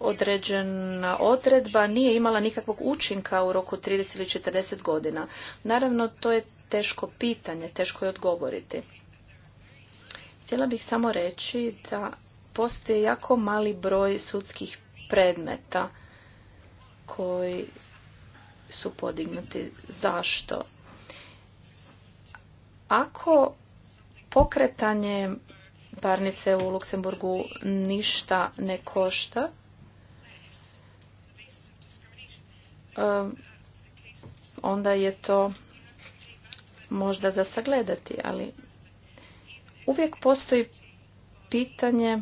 određena odredba nije imala nikakvog učinka u roku 30 ili 40 godina. Naravno, to je teško pitanje, teško je odgovoriti. Htjela bih samo reći da postoji jako mali broj sudskih predmeta koji su podignuti. Zašto? Ako Pokretanje parnice u Luksemburgu ništa ne košta. Onda je to možda za sagledati, ali uvijek postoji pitanje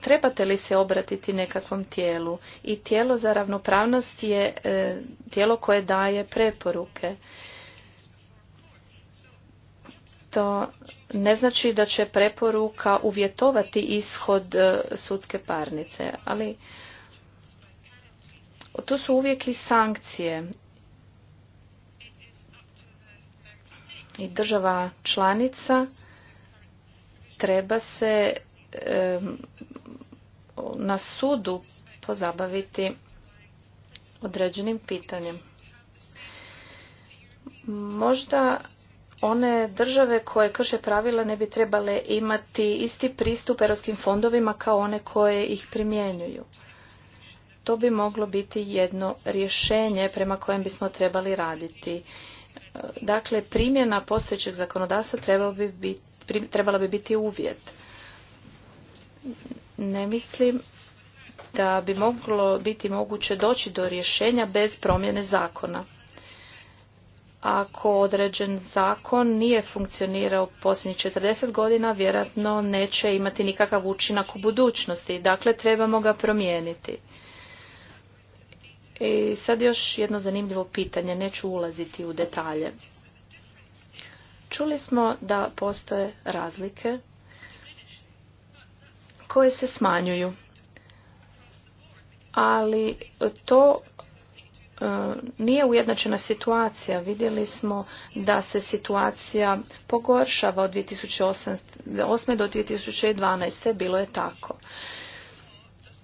trebate li se obratiti nekakvom tijelu i tijelo za ravnopravnost je e, tijelo koje daje preporuke to ne znači da će preporuka uvjetovati ishod e, sudske parnice, ali tu su uvijek i sankcije. I država članica treba se e, na sudu pozabaviti određenim pitanjem. Možda one države koje krše pravila ne bi trebale imati isti pristup europskim fondovima kao one koje ih primjenjuju. To bi moglo biti jedno rješenje prema kojem bismo trebali raditi. Dakle, primjena postojećeg zakonodavstva trebala bi biti, trebala bi biti uvjet. Ne mislim da bi moglo biti moguće doći do rješenja bez promjene zakona ako određen zakon nije funkcionirao posljednjih 40 godina, vjerojatno neće imati nikakav učinak u budućnosti. Dakle, trebamo ga promijeniti. I sad još jedno zanimljivo pitanje, neću ulaziti u detalje. Čuli smo da postoje razlike koje se smanjuju, ali to E, nije ujednačena situacija. Vidjeli smo da se situacija pogoršava od 2008. do 2012. Bilo je tako.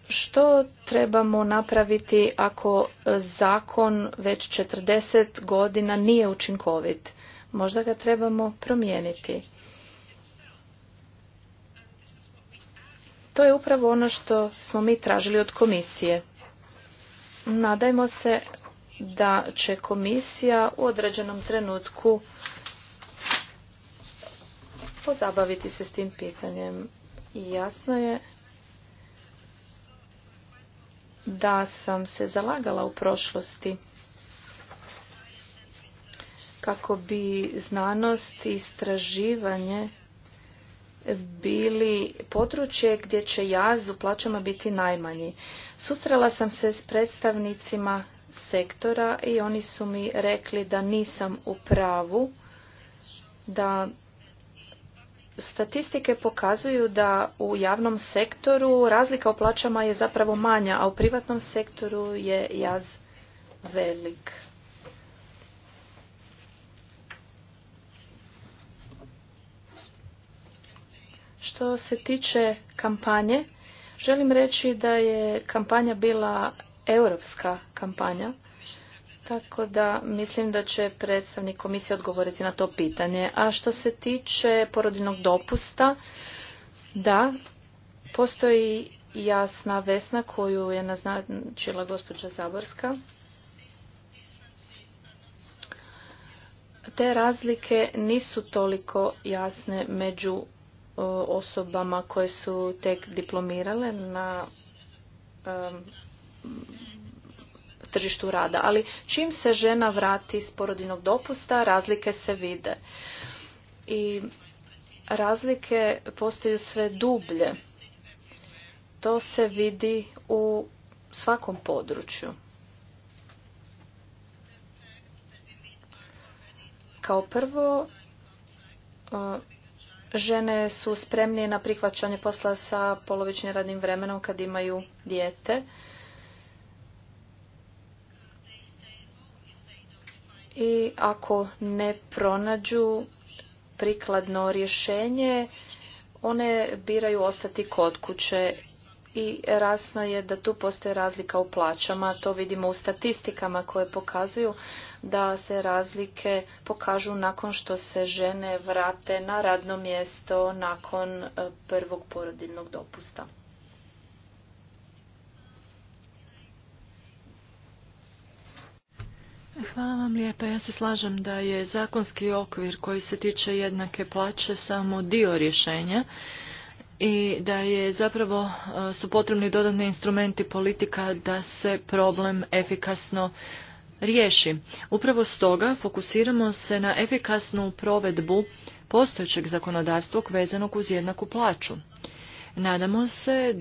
Što trebamo napraviti ako zakon već 40 godina nije učinkovit? Možda ga trebamo promijeniti. To je upravo ono što smo mi tražili od komisije. Nadajmo se da će komisija u određenom trenutku pozabaviti se s tim pitanjem. I jasno je da sam se zalagala u prošlosti kako bi znanost i istraživanje bili područje gdje će jaz u plaćama biti najmanji. Susrela sam se s predstavnicima sektora i oni su mi rekli da nisam u pravu, da statistike pokazuju da u javnom sektoru razlika u plaćama je zapravo manja, a u privatnom sektoru je jaz velik. Što se tiče kampanje, želim reći da je kampanja bila europska kampanja. Tako da mislim da će predstavnik komisije odgovoriti na to pitanje. A što se tiče porodinog dopusta, da, postoji jasna vesna koju je naznačila gospođa Zaborska. Te razlike nisu toliko jasne među osobama koje su tek diplomirale na tržištu rada. Ali čim se žena vrati s porodinog dopusta, razlike se vide. I razlike postaju sve dublje. To se vidi u svakom području. Kao prvo, e, žene su spremnije na prihvaćanje posla sa polovičnim radnim vremenom kad imaju dijete. i ako ne pronađu prikladno rješenje, one biraju ostati kod kuće i rasno je da tu postoji razlika u plaćama. To vidimo u statistikama koje pokazuju da se razlike pokažu nakon što se žene vrate na radno mjesto nakon eh, prvog porodiljnog dopusta. Hvala vam lijepa. Ja se slažem da je zakonski okvir koji se tiče jednake plaće samo dio rješenja i da je zapravo e, su potrebni dodatni instrumenti politika da se problem efikasno riješi. Upravo stoga fokusiramo se na efikasnu provedbu postojećeg zakonodavstva vezanog uz jednaku plaću. Nadamo se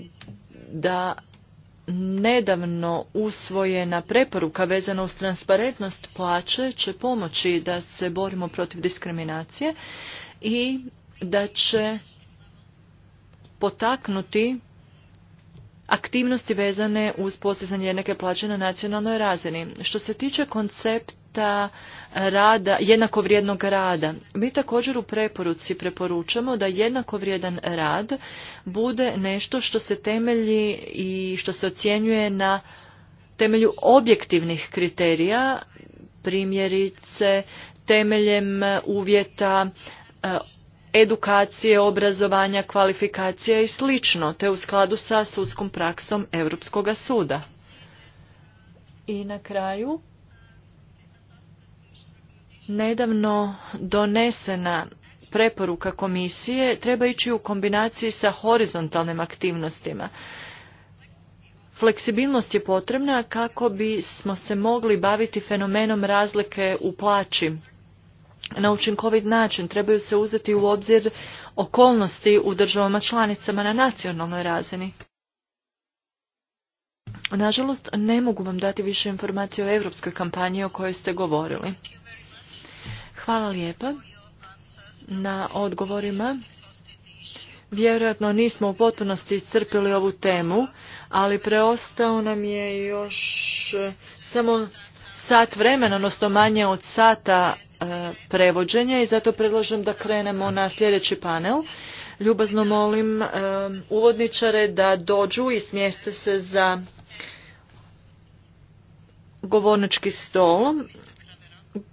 da nedavno usvojena preporuka vezana uz transparentnost plaće će pomoći da se borimo protiv diskriminacije i da će potaknuti aktivnosti vezane uz postizanje jednake plaće na nacionalnoj razini. Što se tiče koncept kvaliteta rada, jednako vrijednog rada. Mi također u preporuci preporučamo da jednako vrijedan rad bude nešto što se temelji i što se ocjenjuje na temelju objektivnih kriterija, primjerice temeljem uvjeta e, edukacije, obrazovanja, kvalifikacija i slično, te u skladu sa sudskom praksom Europskoga suda. I na kraju nedavno donesena preporuka komisije treba ići u kombinaciji sa horizontalnim aktivnostima. Fleksibilnost je potrebna kako bismo se mogli baviti fenomenom razlike u plaći. Na učinkovit način trebaju se uzeti u obzir okolnosti u državama članicama na nacionalnoj razini. Nažalost, ne mogu vam dati više informacije o europskoj kampanji o kojoj ste govorili. Hvala lijepa na odgovorima. Vjerojatno nismo u potpunosti crpili ovu temu, ali preostao nam je još e, samo sat vremena, odnosno manje od sata e, prevođenja i zato predlažem da krenemo na sljedeći panel. Ljubazno molim e, uvodničare da dođu i smjeste se za govornički stol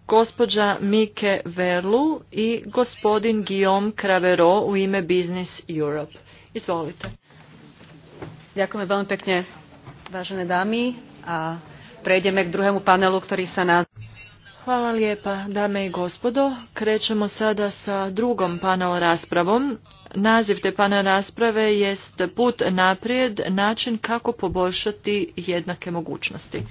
gospođa Mike Verlu i gospodin Guillaume Cravero u ime Business Europe. Izvolite. Ďakujem veľmi pekne, vážené dámy, a prejdeme k druhému panelu, ktorý sa nás... Hvala lijepa, dame i gospodo. Krećemo sada sa drugom panel raspravom. Naziv te pana rasprave jest Put naprijed, način kako poboljšati jednake mogućnosti.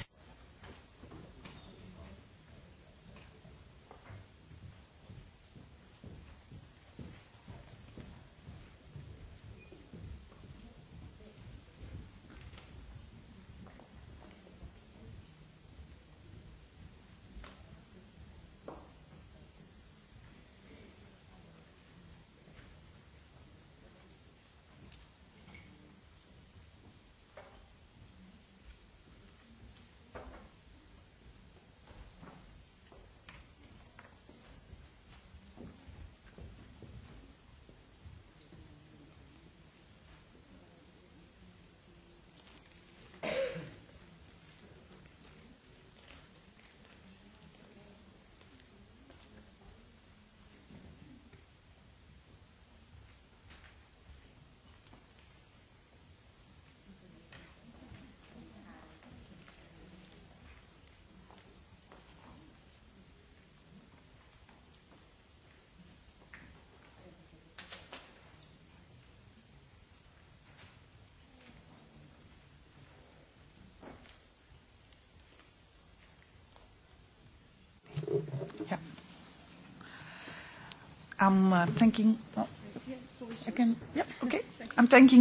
I'm uh, thanking.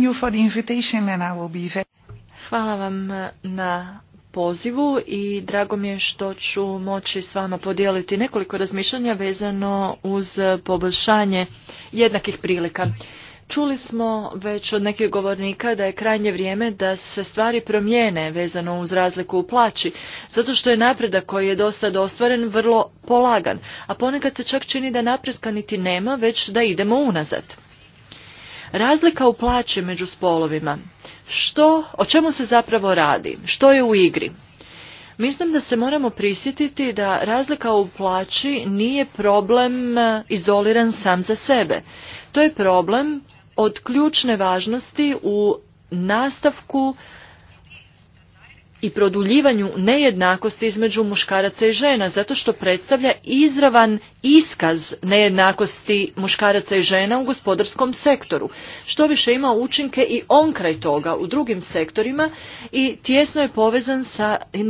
Oh, for the invitation and I will be Hvala vam uh, na pozivu i drago mi je što ću moći s vama podijeliti nekoliko razmišljanja vezano uz poboljšanje jednakih prilika. Čuli smo već od nekih govornika da je krajnje vrijeme da se stvari promijene vezano uz razliku u plaći, zato što je napredak koji je dosta ostvaren vrlo polagan, a ponekad se čak čini da napretka niti nema, već da idemo unazad. Razlika u plaći među spolovima. Što, o čemu se zapravo radi? Što je u igri? Mislim da se moramo prisjetiti da razlika u plaći nije problem e, izoliran sam za sebe. To je problem od ključne važnosti u nastavku i produljivanju nejednakosti između muškaraca i žena, zato što predstavlja izravan iskaz nejednakosti muškaraca i žena u gospodarskom sektoru, što više ima učinke i onkraj toga u drugim sektorima i tjesno je povezan sa e,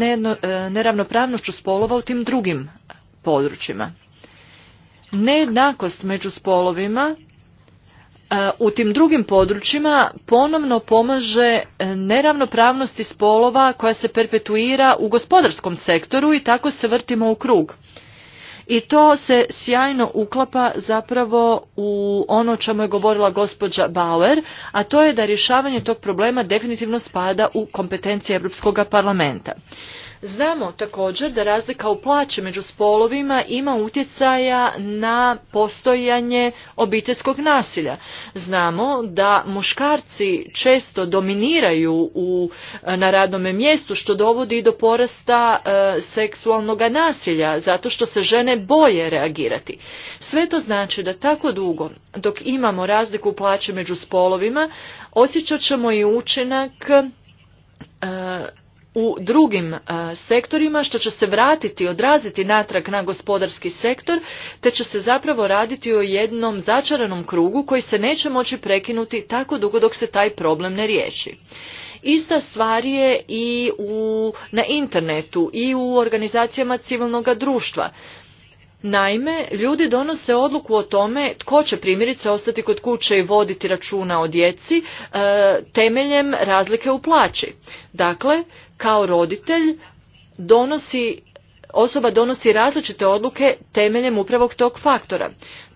neravnopravnošću spolova u tim drugim područjima. Nejednakost među spolovima E, u tim drugim područjima ponovno pomaže e, neravnopravnosti spolova koja se perpetuira u gospodarskom sektoru i tako se vrtimo u krug. I to se sjajno uklapa zapravo u ono o čemu je govorila gospođa Bauer, a to je da rješavanje tog problema definitivno spada u kompetencije Europskog parlamenta. Znamo također da razlika u plaći među spolovima ima utjecaja na postojanje obiteljskog nasilja. Znamo da muškarci često dominiraju u, e, na radnom mjestu što dovodi do porasta e, seksualnog nasilja zato što se žene boje reagirati. Sve to znači da tako dugo dok imamo razliku u plaći među spolovima osjećat ćemo i učinak e, u drugim e, sektorima što će se vratiti, odraziti natrag na gospodarski sektor, te će se zapravo raditi o jednom začaranom krugu koji se neće moći prekinuti tako dugo dok se taj problem ne riješi. Ista stvar je i u, na internetu i u organizacijama civilnog društva. Naime, ljudi donose odluku o tome tko će primjerice ostati kod kuće i voditi računa o djeci e, temeljem razlike u plaći. Dakle, kao roditelj donosi osoba donosi različite odluke temeljem upravo tog faktora.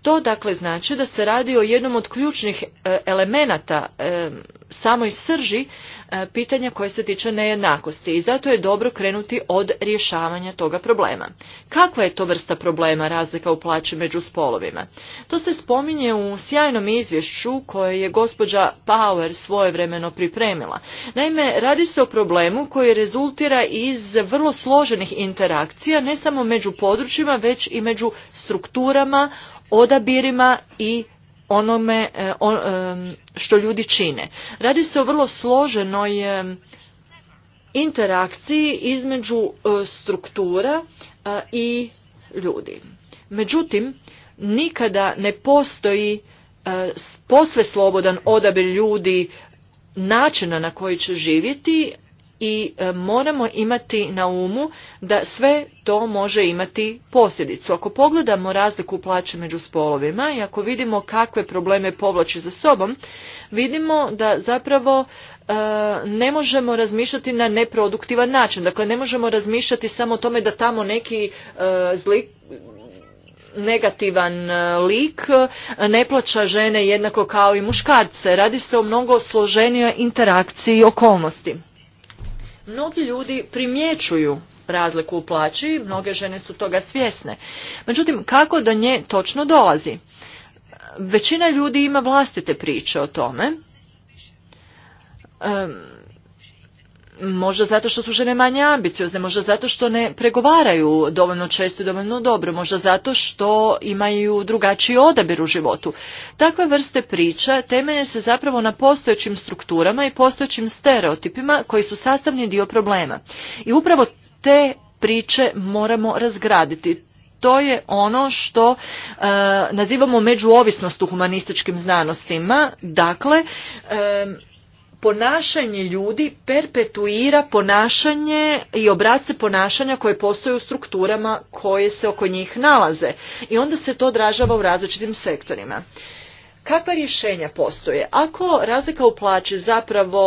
To dakle znači da se radi o jednom od ključnih e, elemenata e, samoj srži e, pitanja koje se tiče nejednakosti i zato je dobro krenuti od rješavanja toga problema. Kakva je to vrsta problema razlika u plaći među spolovima? To se spominje u sjajnom izvješću koje je gospođa Power svojevremeno pripremila. Naime, radi se o problemu koji rezultira iz vrlo složenih interakcija ne samo među područjima već i među strukturama, odabirima i onome e, e, što ljudi čine. Radi se o vrlo složenoj e, interakciji između struktura i ljudi. Međutim, nikada ne postoji posve slobodan odabir ljudi načina na koji će živjeti, i e, moramo imati na umu da sve to može imati posljedicu. Ako pogledamo razliku plaće među spolovima i ako vidimo kakve probleme povlači za sobom, vidimo da zapravo e, ne možemo razmišljati na neproduktivan način. Dakle, ne možemo razmišljati samo o tome da tamo neki e, negativan lik ne plaća žene jednako kao i muškarce. Radi se o mnogo složenijoj interakciji i okolnosti. Mnogi ljudi primjećuju razliku u plaći, mnoge žene su toga svjesne. Međutim, kako do nje točno dolazi? Većina ljudi ima vlastite priče o tome. Možda zato što su žene manje ambiciozne, možda zato što ne pregovaraju dovoljno često i dovoljno dobro, možda zato što imaju drugačiji odabir u životu. Takve vrste priča temelje se zapravo na postojećim strukturama i postojećim stereotipima koji su sastavni dio problema. I upravo te priče moramo razgraditi to je ono što e, nazivamo međuovisnost u humanističkim znanostima dakle e, ponašanje ljudi perpetuira ponašanje i obrace ponašanja koje postoje u strukturama koje se oko njih nalaze i onda se to odražava u različitim sektorima. Kakva rješenja postoje? Ako razlika u plaći zapravo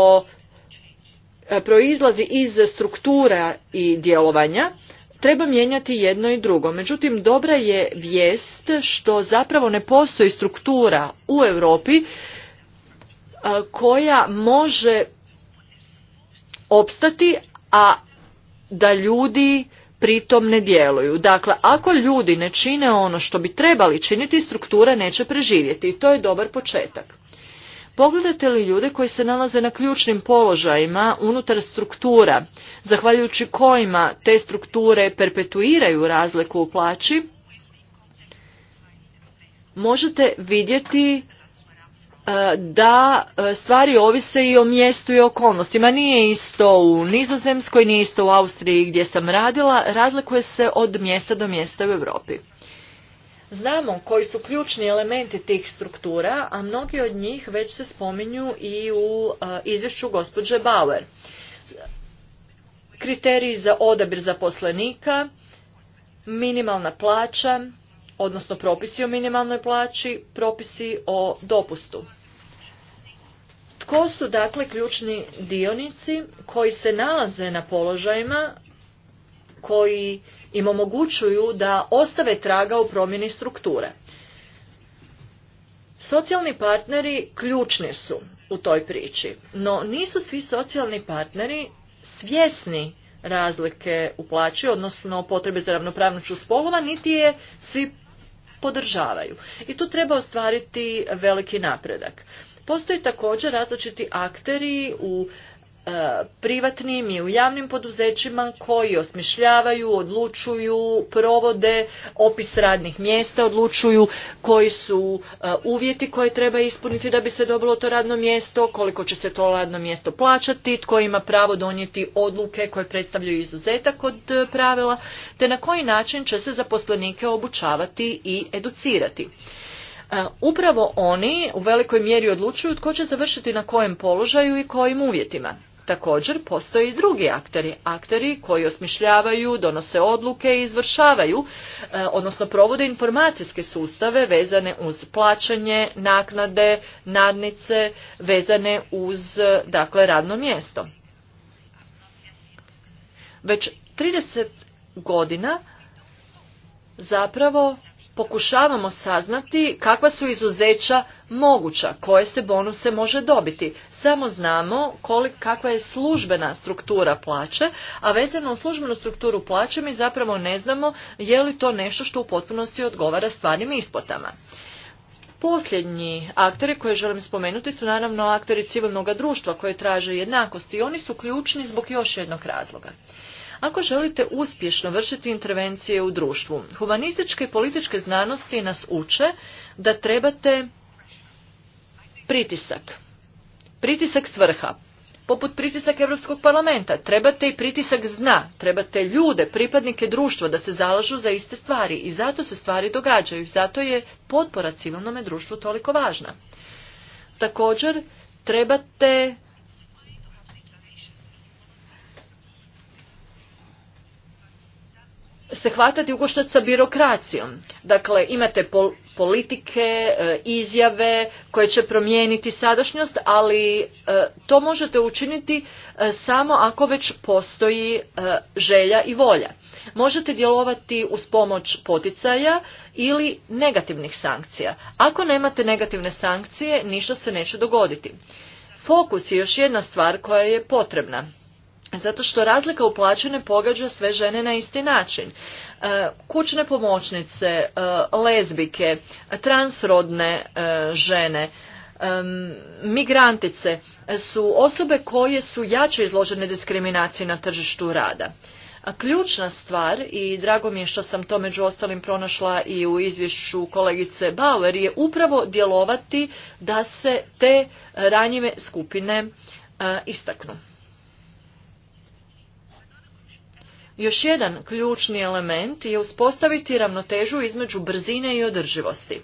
e, proizlazi iz struktura i djelovanja, treba mijenjati jedno i drugo. Međutim, dobra je vijest što zapravo ne postoji struktura u Europi koja može opstati, a da ljudi pritom ne djeluju. Dakle, ako ljudi ne čine ono što bi trebali činiti, struktura neće preživjeti i to je dobar početak. Pogledate li ljude koji se nalaze na ključnim položajima unutar struktura, zahvaljujući kojima te strukture perpetuiraju razliku u plaći, možete vidjeti E, da e, stvari ovise i o mjestu i okolnostima. Nije isto u Nizozemskoj, nije isto u Austriji gdje sam radila, razlikuje se od mjesta do mjesta u Europi. Znamo koji su ključni elementi tih struktura, a mnogi od njih već se spominju i u e, izvješću gospođe Bauer. Kriteriji za odabir zaposlenika, minimalna plaća, odnosno propisi o minimalnoj plaći, propisi o dopustu. Tko su dakle ključni dionici koji se nalaze na položajima koji im omogućuju da ostave traga u promjeni strukture? Socijalni partneri ključni su u toj priči, no nisu svi socijalni partneri svjesni razlike u plaći, odnosno potrebe za ravnopravnoću spolova, niti je svi podržavaju. I tu treba ostvariti veliki napredak. Postoje također različiti akteri u e, privatnim i u javnim poduzećima koji osmišljavaju, odlučuju, provode opis radnih mjesta, odlučuju koji su e, uvjeti koje treba ispuniti da bi se dobilo to radno mjesto, koliko će se to radno mjesto plaćati, tko ima pravo donijeti odluke koje predstavljaju izuzetak od e, pravila, te na koji način će se zaposlenike obučavati i educirati. E, upravo oni u velikoj mjeri odlučuju tko će završiti na kojem položaju i kojim uvjetima. Također postoje i drugi akteri, akteri koji osmišljavaju, donose odluke i izvršavaju, e, odnosno provode informacijske sustave vezane uz plaćanje, naknade, nadnice, vezane uz dakle, radno mjesto. Već 30 godina zapravo pokušavamo saznati kakva su izuzeća moguća, koje se bonuse može dobiti. Samo znamo kakva je službena struktura plaće, a vezano u službenu strukturu plaće mi zapravo ne znamo je li to nešto što u potpunosti odgovara stvarnim ispotama. Posljednji akteri koje želim spomenuti su naravno akteri civilnog društva koje traže jednakosti i oni su ključni zbog još jednog razloga. Ako želite uspješno vršiti intervencije u društvu, humanističke i političke znanosti nas uče da trebate pritisak. Pritisak svrha. Poput pritisak Europskog parlamenta. Trebate i pritisak zna. Trebate ljude, pripadnike društva da se zalažu za iste stvari. I zato se stvari događaju. Zato je potpora civilnome društvu toliko važna. Također, trebate se hvatati ugoštati sa birokracijom. Dakle, imate politike, e, izjave koje će promijeniti sadašnjost, ali e, to možete učiniti e, samo ako već postoji želja i volja. Možete djelovati uz pomoć poticaja ili negativnih sankcija. Ako nemate negativne sankcije, ništa se neće dogoditi. Fokus je još jedna stvar koja je potrebna. Zato što razlika u ne pogađa sve žene na isti način. E, kućne pomoćnice, e, lezbike, transrodne e, žene, migrantice su osobe koje su jače izložene diskriminaciji na tržištu rada. ključna stvar, i drago mi je što sam to među ostalim pronašla i u izvješću kolegice Bauer, je upravo djelovati da se te ranjive skupine istaknu. Još jedan ključni element je uspostaviti ravnotežu između brzine i održivosti.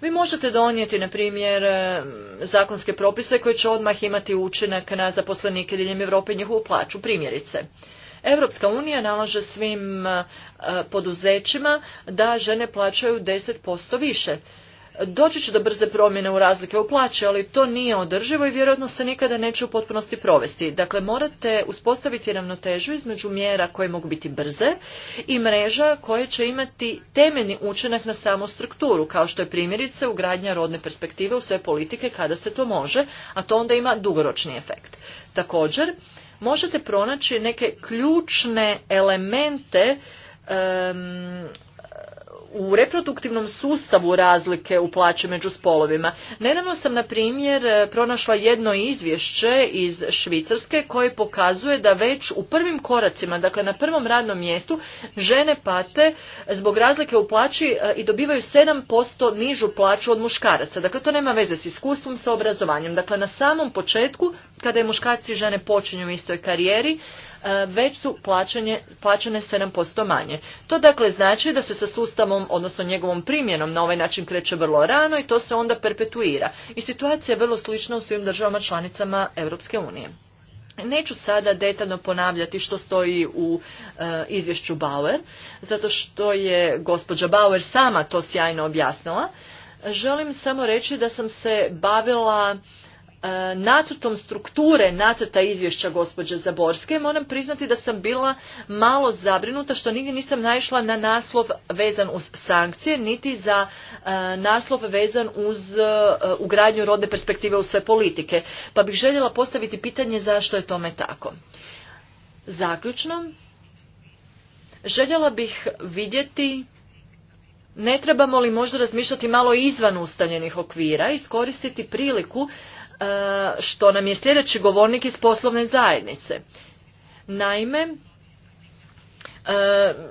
Vi možete donijeti, na primjer, e, zakonske propise koji će odmah imati učinak na zaposlenike diljem Europe i njihovu plaću, primjerice. Europska unija nalaže svim e, poduzećima da žene plaćaju 10% više doći će do brze promjene u razlike u plaće, ali to nije održivo i vjerojatno se nikada neće u potpunosti provesti. Dakle, morate uspostaviti ravnotežu između mjera koje mogu biti brze i mreža koje će imati temeljni učinak na samu strukturu, kao što je primjerice ugradnja rodne perspektive u sve politike kada se to može, a to onda ima dugoročni efekt. Također, možete pronaći neke ključne elemente u reproduktivnom sustavu razlike u plaći među spolovima. Nedavno sam, na primjer, e, pronašla jedno izvješće iz Švicarske koje pokazuje da već u prvim koracima, dakle na prvom radnom mjestu, žene pate zbog razlike u plaći e, i dobivaju 7% nižu plaću od muškaraca. Dakle, to nema veze s iskustvom, sa obrazovanjem. Dakle, na samom početku, kada je muškarci i žene počinju u istoj karijeri, E, već su plaćene plaćane 7% manje. To dakle znači da se sa sustavom, odnosno njegovom primjenom na ovaj način kreće vrlo rano i to se onda perpetuira. I situacija je vrlo slična u svim državama članicama Europske unije. Neću sada detaljno ponavljati što stoji u e, izvješću Bauer, zato što je gospođa Bauer sama to sjajno objasnila. Želim samo reći da sam se bavila E, nacrtom strukture nacrta izvješća gospođe Zaborske moram priznati da sam bila malo zabrinuta što nigdje nisam naišla na naslov vezan uz sankcije niti za e, naslov vezan uz e, ugradnju rodne perspektive u sve politike. Pa bih željela postaviti pitanje zašto je tome tako. Zaključno, željela bih vidjeti ne trebamo li možda razmišljati malo izvan ustanjenih okvira, i iskoristiti priliku E, što nam je sljedeći govornik iz poslovne zajednice. Naime, e,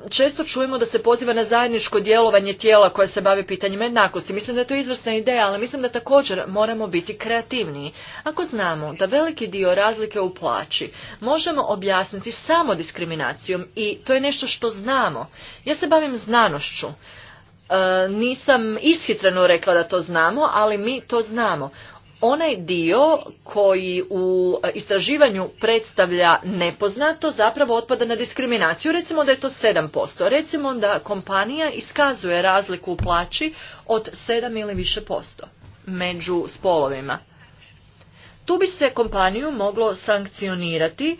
često čujemo da se poziva na zajedničko djelovanje tijela koje se bave pitanjima jednakosti. Mislim da je to izvrsna ideja, ali mislim da također moramo biti kreativniji. Ako znamo da veliki dio razlike u plaći možemo objasniti samo diskriminacijom i to je nešto što znamo. Ja se bavim znanošću. E, nisam ishitreno rekla da to znamo, ali mi to znamo onaj dio koji u istraživanju predstavlja nepoznato zapravo otpada na diskriminaciju. Recimo da je to 7%. Recimo da kompanija iskazuje razliku u plaći od 7 ili više posto među spolovima. Tu bi se kompaniju moglo sankcionirati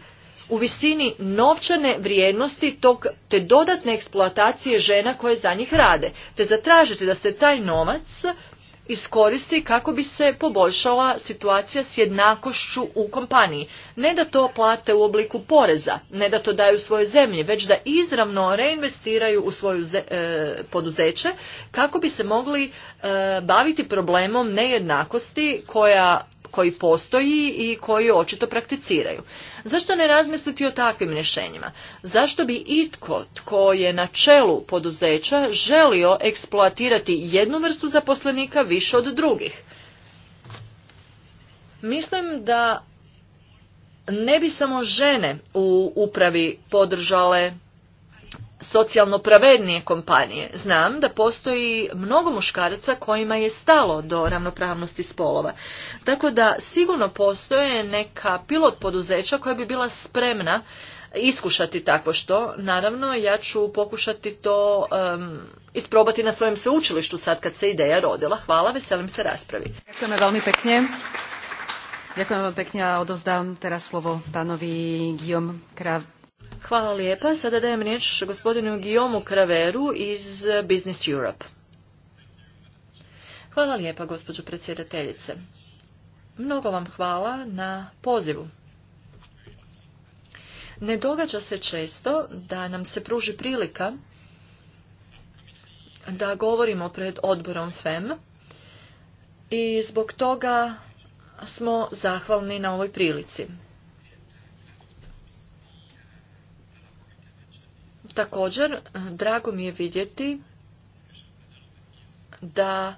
u visini novčane vrijednosti tog te dodatne eksploatacije žena koje za njih rade, te zatražiti da se taj novac iskoristi kako bi se poboljšala situacija s jednakošću u kompaniji. Ne da to plate u obliku poreza, ne da to daju svoje zemlje, već da izravno reinvestiraju u svoju e, poduzeće kako bi se mogli e, baviti problemom nejednakosti koja koji postoji i koji očito prakticiraju. Zašto ne razmisliti o takvim rješenjima? Zašto bi itko tko je na čelu poduzeća želio eksploatirati jednu vrstu zaposlenika više od drugih? Mislim da ne bi samo žene u upravi podržale socijalno pravednije kompanije. Znam da postoji mnogo muškaraca kojima je stalo do ravnopravnosti spolova. Tako da sigurno postoje neka pilot poduzeća koja bi bila spremna iskušati tako što. Naravno, ja ću pokušati to isprobati na svojem sveučilištu sad kad se ideja rodila. Hvala, veselim se raspravi. Dakle, veoma pekne. Ďakujem veľmi pekne a teraz slovo Guillaume Krav Hvala lijepa. Sada dajem riječ gospodinu Gijomu Kraveru iz Business Europe. Hvala lijepa, gospođo predsjedateljice. Mnogo vam hvala na pozivu. Ne događa se često da nam se pruži prilika da govorimo pred odborom FEM i zbog toga smo zahvalni na ovoj prilici. Također, drago mi je vidjeti da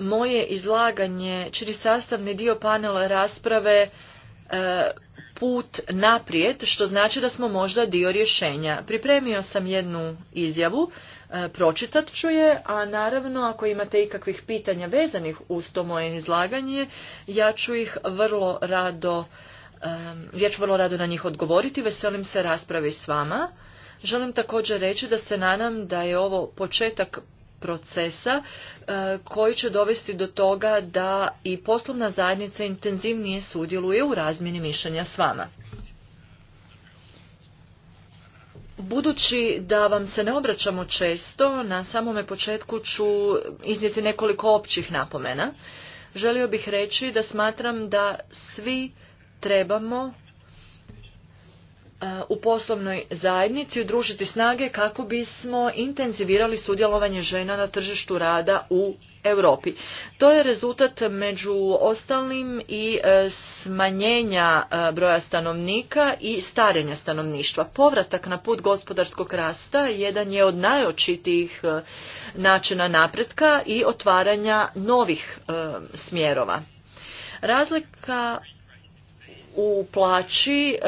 moje izlaganje čini sastavni dio panela rasprave e, put naprijed, što znači da smo možda dio rješenja. Pripremio sam jednu izjavu, e, pročitat ću je, a naravno ako imate ikakvih pitanja vezanih uz to moje izlaganje, ja ću ih vrlo rado, e, ja ću vrlo rado na njih odgovoriti, veselim se raspravi s vama. Želim također reći da se nadam da je ovo početak procesa e, koji će dovesti do toga da i poslovna zajednica intenzivnije sudjeluje u razmjeni mišljenja s vama. Budući da vam se ne obraćamo često, na samome početku ću iznijeti nekoliko općih napomena. Želio bih reći da smatram da svi trebamo u poslovnoj zajednici udružiti snage kako bismo intenzivirali sudjelovanje žena na tržištu rada u Europi. To je rezultat među ostalim i e, smanjenja e, broja stanovnika i starenja stanovništva. Povratak na put gospodarskog rasta jedan je od najočitijih e, načina napretka i otvaranja novih smjerova. Razlika u plaći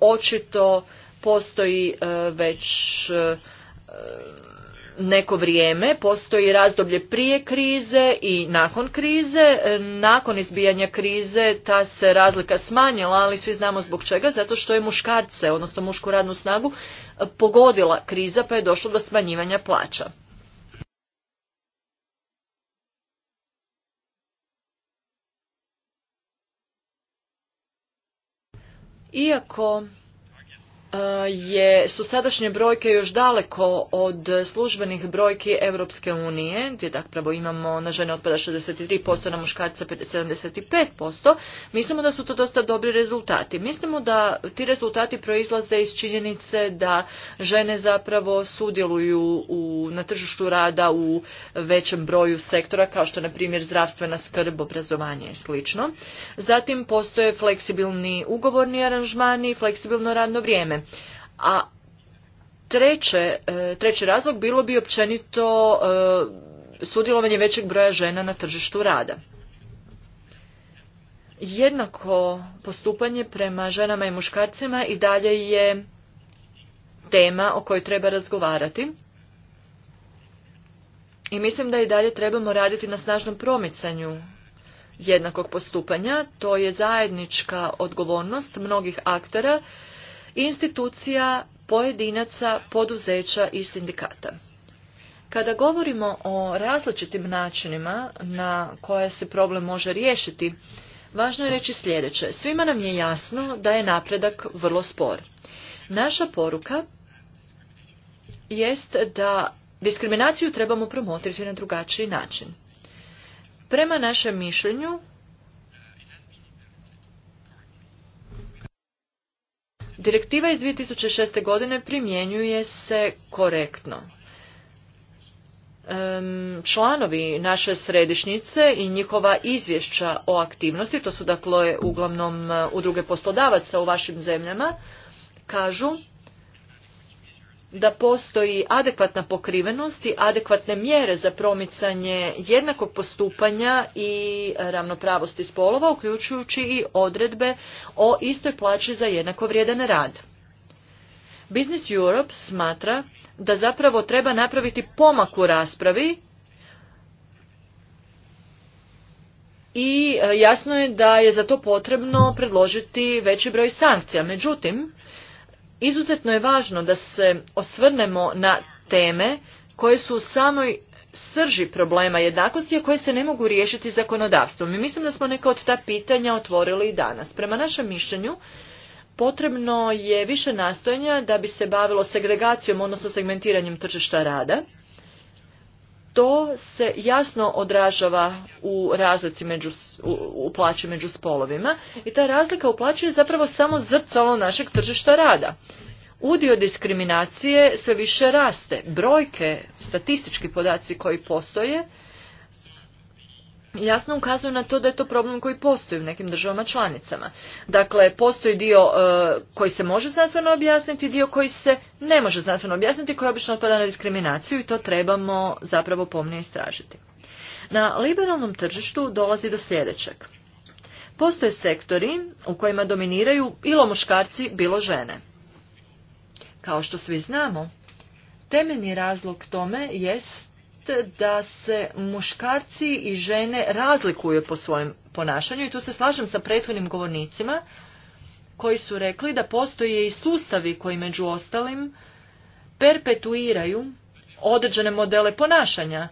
očito postoji e, već e, neko vrijeme, postoji razdoblje prije krize i nakon krize. E, nakon izbijanja krize ta se razlika smanjila, ali svi znamo zbog čega, zato što je muškarce, odnosno mušku radnu snagu, pogodila kriza pa je došlo do smanjivanja plaća. Iako E, je, su sadašnje brojke još daleko od službenih brojki Europske unije, gdje zapravo imamo na žene otpada 63%, na muškarca 75%, mislimo da su to dosta dobri rezultati. Mislimo da ti rezultati proizlaze iz činjenice da žene zapravo sudjeluju u, na tržištu rada u većem broju sektora, kao što na primjer zdravstvena skrb, obrazovanje i sl. Zatim postoje fleksibilni ugovorni aranžmani i fleksibilno radno vrijeme. A treće, e, treći razlog bilo bi općenito e, sudjelovanje većeg broja žena na tržištu rada. Jednako postupanje prema ženama i muškarcima i dalje je tema o kojoj treba razgovarati. I mislim da i dalje trebamo raditi na snažnom promicanju jednakog postupanja. To je zajednička odgovornost mnogih aktera institucija, pojedinaca, poduzeća i sindikata. Kada govorimo o različitim načinima na koje se problem može riješiti, važno je reći sljedeće. Svima nam je jasno da je napredak vrlo spor. Naša poruka jest da diskriminaciju trebamo promotriti na drugačiji način. Prema našem mišljenju, Direktiva iz 2006. godine primjenjuje se korektno. Članovi naše središnjice i njihova izvješća o aktivnosti, to su dakle uglavnom e, udruge poslodavaca u vašim zemljama, kažu da postoji adekvatna pokrivenost i adekvatne mjere za promicanje jednakog postupanja i ravnopravosti spolova, uključujući i odredbe o istoj plaći za jednako vrijedan rad. Business Europe smatra da zapravo treba napraviti pomak u raspravi i e, jasno je da je za to potrebno predložiti veći broj sankcija. Međutim, izuzetno je važno da se osvrnemo na teme koje su u samoj srži problema jednakosti, a koje se ne mogu riješiti zakonodavstvom. I mislim da smo neka od ta pitanja otvorili i danas. Prema našem mišljenju, potrebno je više nastojanja da bi se bavilo segregacijom, odnosno segmentiranjem tržišta rada, to se jasno odražava u razlici među, u, u plaći među spolovima i ta razlika u plaći je zapravo samo zrcalo našeg tržišta rada. Udio diskriminacije sve više raste. Brojke, statistički podaci koji postoje jasno ukazuju na to da je to problem koji postoji u nekim državama članicama. Dakle, postoji dio e, koji se može znanstveno objasniti, dio koji se ne može znanstveno objasniti, koji obično otpada na diskriminaciju i to trebamo zapravo pomnije istražiti. Na liberalnom tržištu dolazi do sljedećeg. Postoje sektori u kojima dominiraju bilo muškarci, bilo žene. Kao što svi znamo, temeljni razlog tome jest da se muškarci i žene razlikuju po svojem ponašanju i tu se slažem sa prethodnim govornicima koji su rekli da postoje i sustavi koji među ostalim perpetuiraju određene modele ponašanja.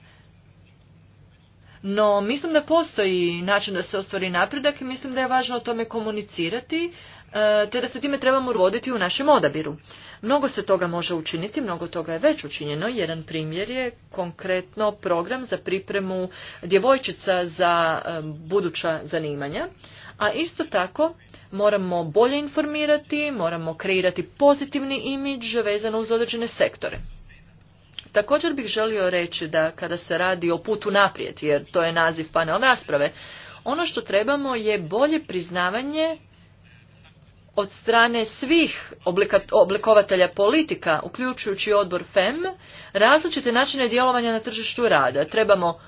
No, mislim da postoji način da se ostvari napredak i mislim da je važno o tome komunicirati, e, te da se time trebamo roditi u našem odabiru. Mnogo se toga može učiniti, mnogo toga je već učinjeno. Jedan primjer je konkretno program za pripremu djevojčica za buduća zanimanja. A isto tako moramo bolje informirati, moramo kreirati pozitivni imidž vezano uz određene sektore. Također bih želio reći da kada se radi o putu naprijed, jer to je naziv panel rasprave, ono što trebamo je bolje priznavanje od strane svih oblikovatelja politika, uključujući odbor FEM, različite načine djelovanja na tržištu rada. Trebamo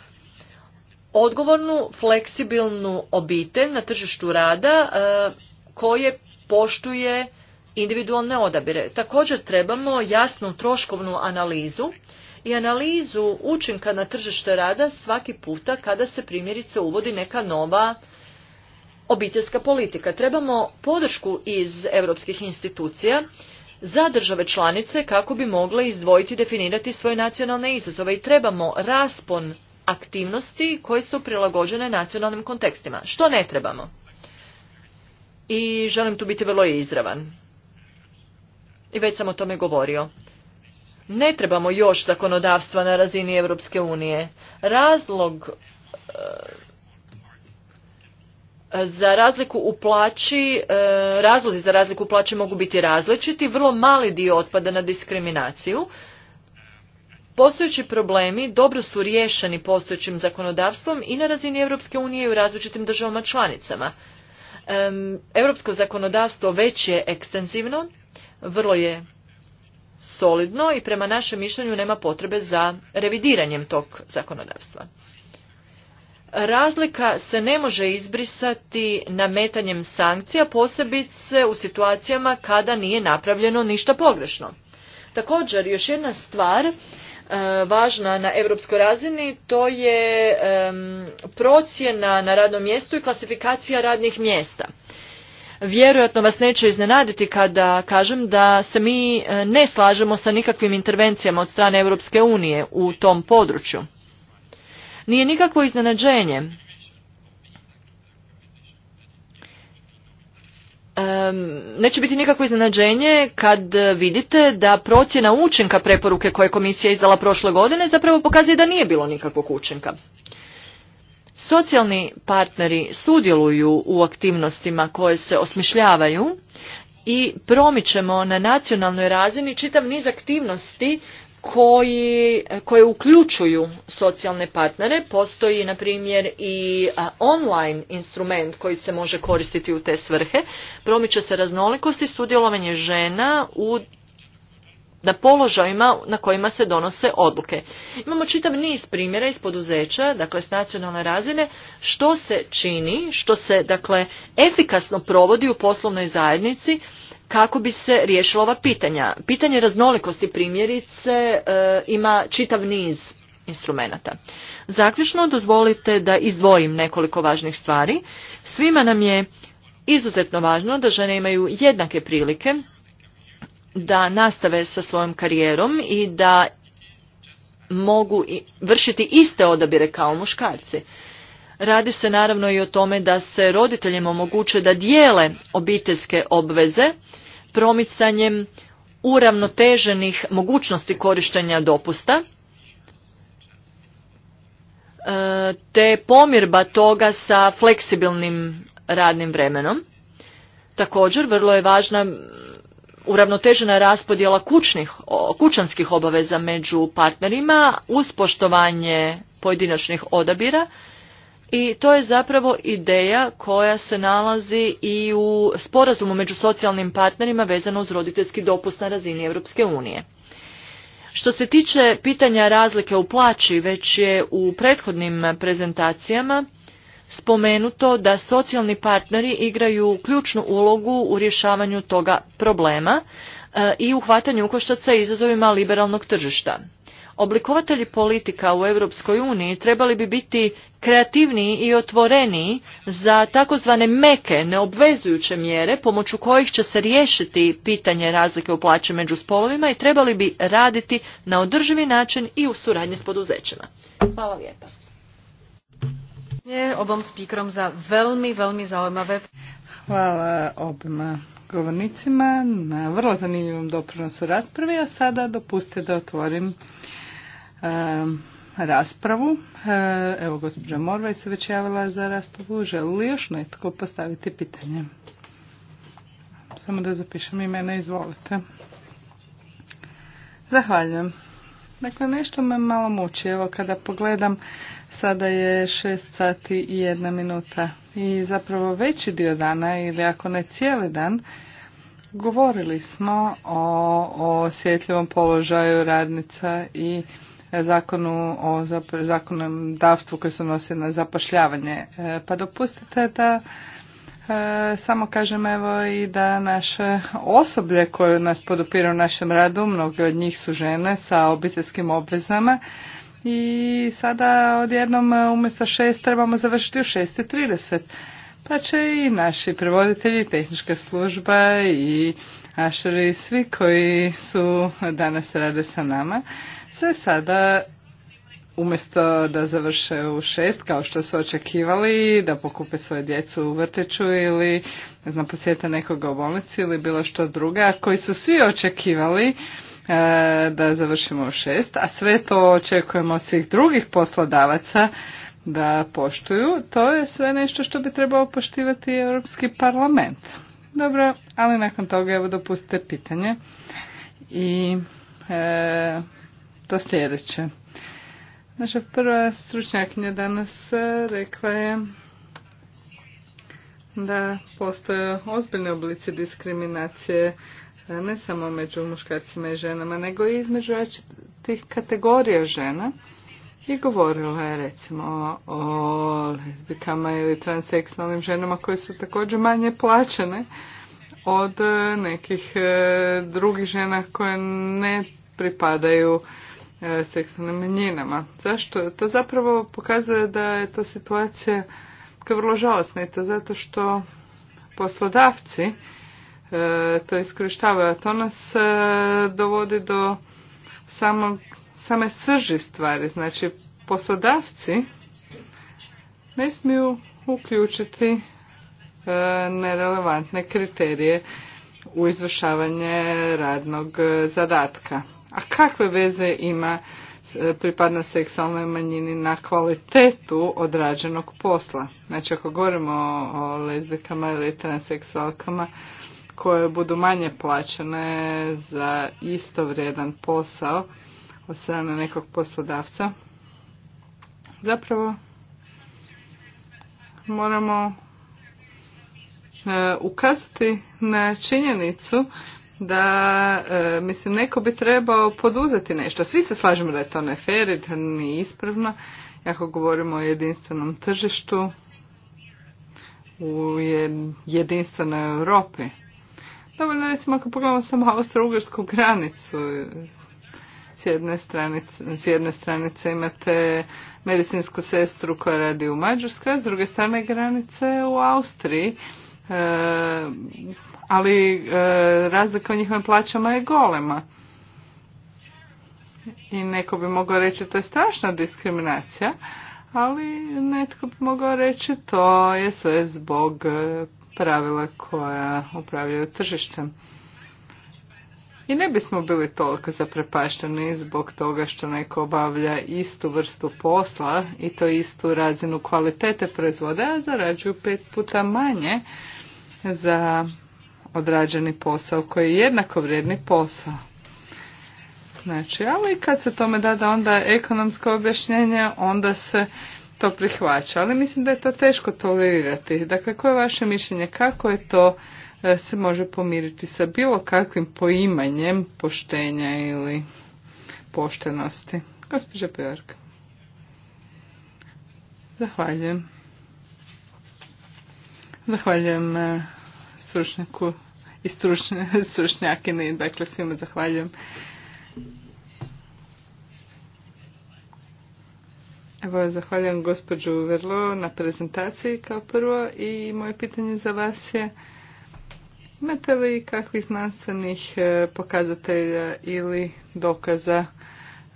odgovornu, fleksibilnu obitelj na tržištu rada e, koje poštuje individualne odabire. Također trebamo jasnu troškovnu analizu i analizu učinka na tržište rada svaki puta kada se primjerice uvodi neka nova obiteljska politika. Trebamo podršku iz europskih institucija za države članice kako bi mogle izdvojiti i definirati svoje nacionalne izazove i trebamo raspon aktivnosti koje su prilagođene nacionalnim kontekstima. Što ne trebamo? I želim tu biti vrlo izravan. I već sam o tome govorio. Ne trebamo još zakonodavstva na razini Europske unije. Razlog e, za razliku u plaći, e, razlozi za razliku u plaći mogu biti različiti, vrlo mali dio otpada na diskriminaciju. Postojeći problemi dobro su riješeni postojećim zakonodavstvom i na razini Europske unije i u različitim državama članicama. Europsko zakonodavstvo već je ekstenzivno, vrlo je solidno i prema našem mišljenju nema potrebe za revidiranjem tog zakonodavstva. Razlika se ne može izbrisati nametanjem sankcija, posebice u situacijama kada nije napravljeno ništa pogrešno. Također, još jedna stvar e, važna na europskoj razini, to je procjena na radnom mjestu i klasifikacija radnih mjesta. Vjerojatno vas neće iznenaditi kada kažem da se mi e, ne slažemo sa nikakvim intervencijama od strane Europske unije u tom području. Nije nikakvo iznenađenje neće biti nikakvo iznenađenje kad vidite da procjena učinka preporuke koje je komisija izdala prošle godine zapravo pokazuje da nije bilo nikakvog učinka. Socijalni partneri sudjeluju u aktivnostima koje se osmišljavaju i promičemo na nacionalnoj razini čitav niz aktivnosti koji, koje uključuju socijalne partnere. Postoji, na primjer, i online instrument koji se može koristiti u te svrhe. Promiče se raznolikost i sudjelovanje žena u na položajima na kojima se donose odluke. Imamo čitav niz primjera iz poduzeća, dakle s nacionalne razine, što se čini, što se dakle efikasno provodi u poslovnoj zajednici kako bi se riješila ova pitanja. Pitanje raznolikosti primjerice e, ima čitav niz instrumenata. Zaključno dozvolite da izdvojim nekoliko važnih stvari. Svima nam je izuzetno važno da žene imaju jednake prilike da nastave sa svojom karijerom i da mogu vršiti iste odabire kao muškarci. Radi se naravno i o tome da se roditeljima omoguće da dijele obiteljske obveze promicanjem uravnoteženih mogućnosti korištenja dopusta e, te pomirba toga sa fleksibilnim radnim vremenom. Također, vrlo je važna uravnotežena raspodjela kućnih, kućanskih obaveza među partnerima uz poštovanje pojedinačnih odabira i to je zapravo ideja koja se nalazi i u sporazumu među socijalnim partnerima vezano uz roditeljski dopust na razini Europske unije. Što se tiče pitanja razlike u plaći, već je u prethodnim prezentacijama spomenuto da socijalni partneri igraju ključnu ulogu u rješavanju toga problema e, i u ukoštaca izazovima liberalnog tržišta. Oblikovatelji politika u Europskoj uniji trebali bi biti kreativniji i otvoreniji za takozvane meke, neobvezujuće mjere pomoću kojih će se riješiti pitanje razlike u plaći među spolovima i trebali bi raditi na održivi način i u suradnji s poduzećima. Hvala lijepa. Obom spikrom za velmi, velmi zaujmavé. Hvala obima govornicima na vrlo zanimljivom doprinosu raspravi, a sada dopustite da otvorim raspravu. Evo, gospođa Morvaj se već javila za raspravu. Želi li još netko postaviti pitanje? Samo da zapišem imena, izvolite. Zahvaljujem. Dakle, nešto me malo muči. Evo, kada pogledam, sada je 6 sati i jedna minuta. I zapravo veći dio dana, ili ako ne cijeli dan, govorili smo o, o osjetljivom položaju radnica i zakonu o davstvu koje se nosi na zapošljavanje. E, pa dopustite da e, samo kažem evo i da naše osoblje koje nas podupira u našem radu, mnoge od njih su žene sa obiteljskim obvezama i sada odjednom e, umjesto šest trebamo završiti u 6.30. Pa će i naši prevoditelji, tehnička služba i ašeri, svi koji su danas rade sa nama, se sada umjesto da završe u šest kao što su očekivali, da pokupe svoje djecu u vrtiću ili ne znam, posjete nekoga u bolnici ili bilo što druga, koji su svi očekivali e, da završimo u šest, a sve to očekujemo od svih drugih poslodavaca da poštuju, to je sve nešto što bi trebao poštivati Europski parlament. Dobro, ali nakon toga evo dopustite pitanje i e, to sljedeće. Naša prva stručnjakinja danas e, rekla je da postoje ozbiljni oblici diskriminacije e, ne samo među muškarcima i ženama, nego i između tih kategorija žena. I govorila je recimo o lezbikama ili transseksualnim ženama koje su također manje plaćene od e, nekih drugih žena koje ne pripadaju E, seksualnim manjinama. Zašto? To zapravo pokazuje da je to situacija vrlo žalostna i to zato što poslodavci e, to iskorištavaju, a to nas e, dovodi do samog, same srži stvari. Znači, poslodavci ne smiju uključiti nerelevantne kriterije u izvršavanje radnog zadatka. A kakve veze ima e, pripadna seksualnoj manjini na kvalitetu odrađenog posla? Znači ako govorimo o lezbikama ili transseksualkama koje budu manje plaćene za isto vrijedan posao od strane nekog poslodavca, zapravo moramo e, ukazati na činjenicu da, e, mislim, neko bi trebao poduzeti nešto. Svi se slažemo da je to ne i da nije ispravno. Ako govorimo o jedinstvenom tržištu u jedinstvenoj Europi. Dobro, recimo ako pogledamo samo austro-ugarsku granicu, s jedne, stranice, s jedne stranice imate medicinsku sestru koja radi u Mađarskoj, s druge strane granice u Austriji E, ali e, razlika u njihovim plaćama je golema. I neko bi mogao reći to je strašna diskriminacija, ali netko bi mogao reći to je sve zbog e, pravila koja upravljaju tržištem. I ne bismo bili toliko zaprepašteni zbog toga što neko obavlja istu vrstu posla i to istu razinu kvalitete proizvoda, a zarađuju pet puta manje za odrađeni posao koji je jednako vrijedni posao. Znači, ali kad se tome dada onda ekonomsko objašnjenje, onda se to prihvaća. Ali mislim da je to teško tolerirati. Dakle, koje je vaše mišljenje? Kako je to e, se može pomiriti sa bilo kakvim poimanjem poštenja ili poštenosti? Gospođa Bjork. Zahvaljujem. Zahvaljujem e, stručnjaku i [laughs] stručnjakini. Dakle, svima zahvaljujem. Evo, zahvaljujem gospođu Verlo na prezentaciji kao prvo i moje pitanje za vas je imate li kakvih znanstvenih e, pokazatelja ili dokaza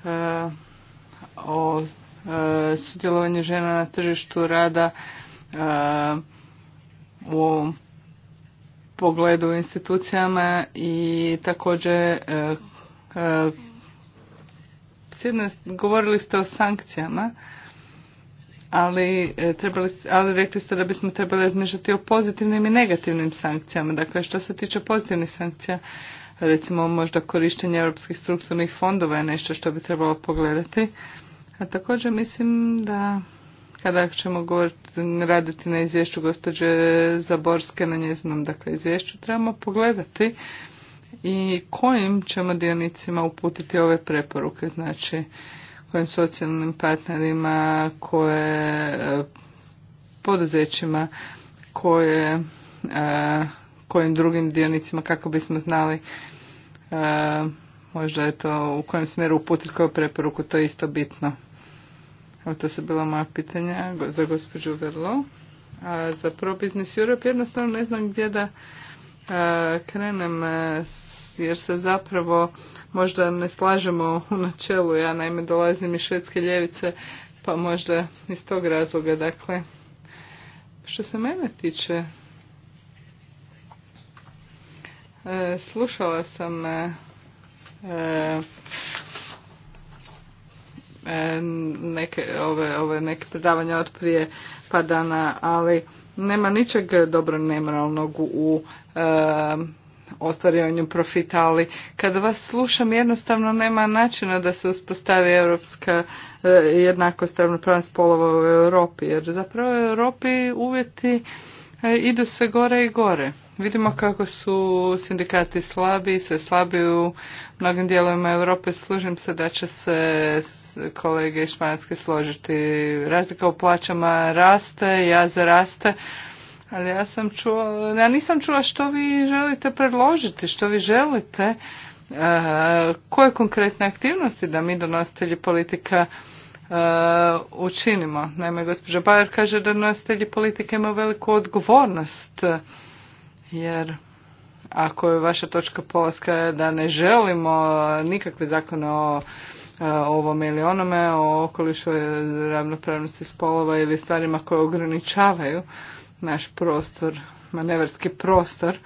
e, o e, sudjelovanju žena na tržištu rada u ovom pogledu institucijama i također e, e, govorili ste o sankcijama, ali, e, ali rekli ste da bismo trebali razmišljati o pozitivnim i negativnim sankcijama. Dakle, što se tiče pozitivnih sankcija, recimo možda korištenje europskih strukturnih fondova je nešto što bi trebalo pogledati. A također mislim da kada ćemo govoriti, raditi na izvješću gospođe Zaborske na njezinom dakle, izvješću, trebamo pogledati i kojim ćemo dionicima uputiti ove preporuke, znači kojim socijalnim partnerima, koje eh, poduzećima, koje, eh, kojim drugim dionicima kako bismo znali eh, možda je to u kojem smjeru uputiti koju preporuku, to je isto bitno. Evo, to su bila moja pitanja za gospođu Verlo. A za Pro Business Europe jednostavno ne znam gdje da krenem jer se zapravo možda ne slažemo u načelu. Ja naime dolazim iz švedske ljevice pa možda iz tog razloga. Dakle, što se mene tiče e, slušala sam e, e, E, neke, ove, ove neke predavanja od prije pa dana, ali nema ničeg dobro nemoralnog u e, ostvarivanju profita, ali kada vas slušam jednostavno nema načina da se uspostavi europska e, jednakost ravnopravnost spolova u Europi, jer zapravo u Europi uvjeti idu sve gore i gore. Vidimo kako su sindikati slabi, se slabi u mnogim dijelovima Europe. Služim se da će se kolege iz Španjolske složiti. Razlika u plaćama raste, jaza raste, ali ja sam čuo, ja nisam čula što vi želite predložiti, što vi želite, e, koje konkretne aktivnosti da mi donositelji politika e, učinimo. Naime, gospođa Bajer kaže da nositelji politike imaju veliku odgovornost, jer ako je vaša točka polaska da ne želimo nikakve zakone o ovome ili onome, o okolišu, e, ravnopravnosti spolova ili stvarima koje ograničavaju naš prostor, manevarski prostor,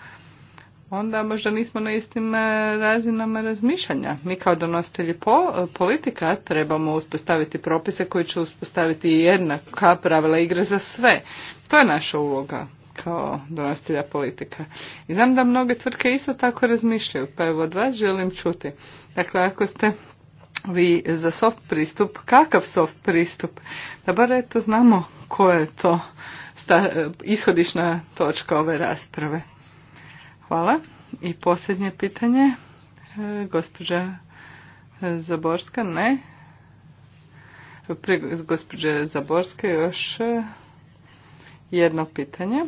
onda možda nismo na istim e, razinama razmišljanja. Mi kao donositelji po, e, politika trebamo uspostaviti propise koji će uspostaviti jednaka pravila igre za sve. To je naša uloga kao donositelja politika. I znam da mnoge tvrtke isto tako razmišljaju, pa evo od vas želim čuti. Dakle, ako ste vi za soft pristup, kakav soft pristup, da bar eto znamo koja je to sta, ishodišna točka ove rasprave. Hvala. I posljednje pitanje, e, gospođa e, Zaborska, ne. Prije gospođe Zaborske još e, jedno pitanje.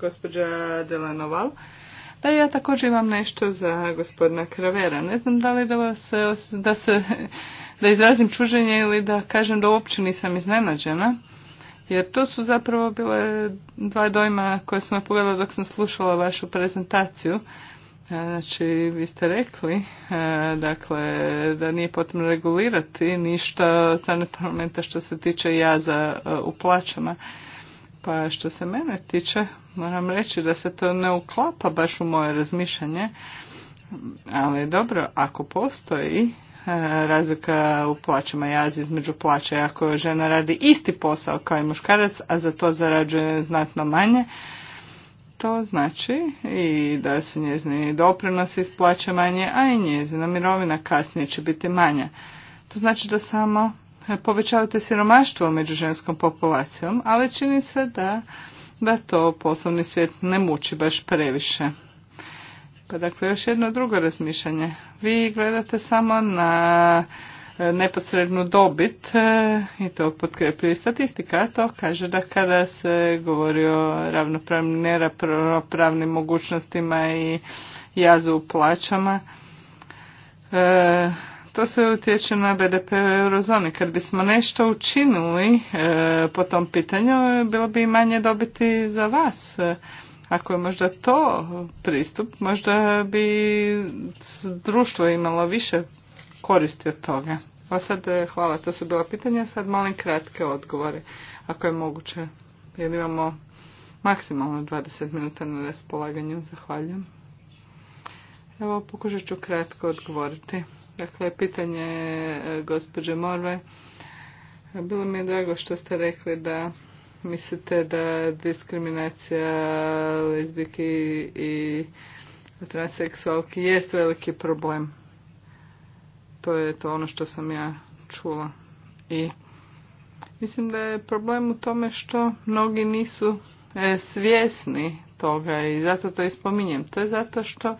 Gospođa Delanoval. Da, ja također imam nešto za gospodina Kravera. Ne znam da li da, vas, da, se, da izrazim čuženje ili da kažem da uopće nisam iznenađena. Jer to su zapravo bile dva dojma koje su me pogledala dok sam slušala vašu prezentaciju. E, znači, vi ste rekli, e, dakle, da nije potrebno regulirati ništa od strane parlamenta što se tiče jaza e, u plaćama. Pa što se mene tiče, moram reći da se to ne uklapa baš u moje razmišljanje, ali dobro, ako postoji e, razlika u plaćama, jazi između plaća, ako žena radi isti posao kao i muškarac, a za to zarađuje znatno manje, to znači i da su njezini doprinosi iz plaće manje, a i njezina mirovina kasnije će biti manja. To znači da samo povećavate siromaštvo među ženskom populacijom, ali čini se da, da to poslovni svijet ne muči baš previše. Pa dakle, još jedno drugo razmišljanje. Vi gledate samo na e, neposrednu dobit e, i to potkrepljuje statistika. To kaže da kada se govori o ravnopravnim, neravnopravnim mogućnostima i jazu u plaćama, e, to se utječe na BDP u Kad bismo nešto učinili e, po tom pitanju, bilo bi manje dobiti za vas. E, ako je možda to pristup, možda bi društvo imalo više koristi od toga. Pa sad e, hvala, to su bila pitanja, sad molim kratke odgovore, ako je moguće, jer imamo maksimalno 20 minuta na raspolaganju. Zahvaljujem. Evo, pokušat ću kratko odgovoriti. Dakle, pitanje e, gospođe Morve. Bilo mi je drago što ste rekli da mislite da diskriminacija lezbiki i transseksualki jest veliki problem. To je to ono što sam ja čula. I mislim da je problem u tome što mnogi nisu e, svjesni toga i zato to i spominjem. To je zato što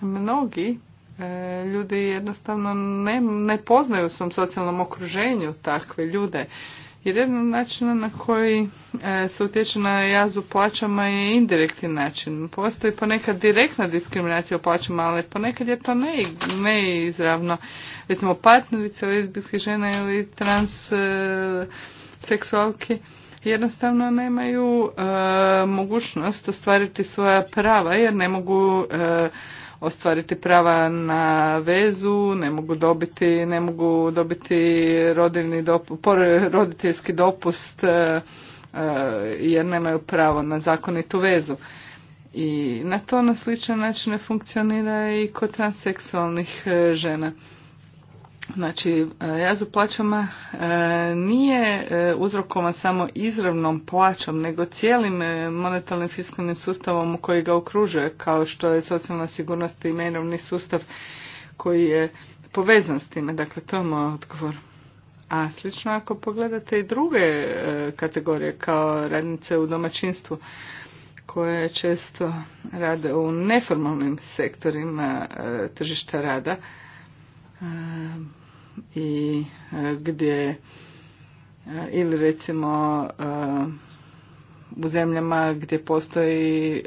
mnogi E, ljudi jednostavno ne, ne poznaju u svom socijalnom okruženju takve ljude. Jer jedan način na koji e, se utječe na jaz u plaćama je indirektni način. Postoji ponekad direktna diskriminacija u plaćama, ali ponekad je to neizravno. Ne Recimo partnerice lesbijske žene ili trans e, jednostavno nemaju mogućnost ostvariti svoja prava jer ne mogu ostvariti prava na vezu, ne mogu dobiti, ne mogu dobiti rodilni dopust, roditeljski dopust e, e, jer nemaju pravo na zakonitu vezu. I na to na sličan način ne funkcionira i kod transseksualnih e, žena. Znači, e, jaz u plaćama e, nije e, uzrokovan samo izravnom plaćom, nego cijelim monetarnim fiskalnim sustavom koji ga okružuje, kao što je socijalna sigurnost i menovni sustav koji je povezan s time. Dakle, to je moj odgovor. A slično ako pogledate i druge kategorije, kao radnice u domaćinstvu, koje često rade u neformalnim sektorima tržišta rada, i e, gdje e, ili recimo e, u zemljama gdje postoji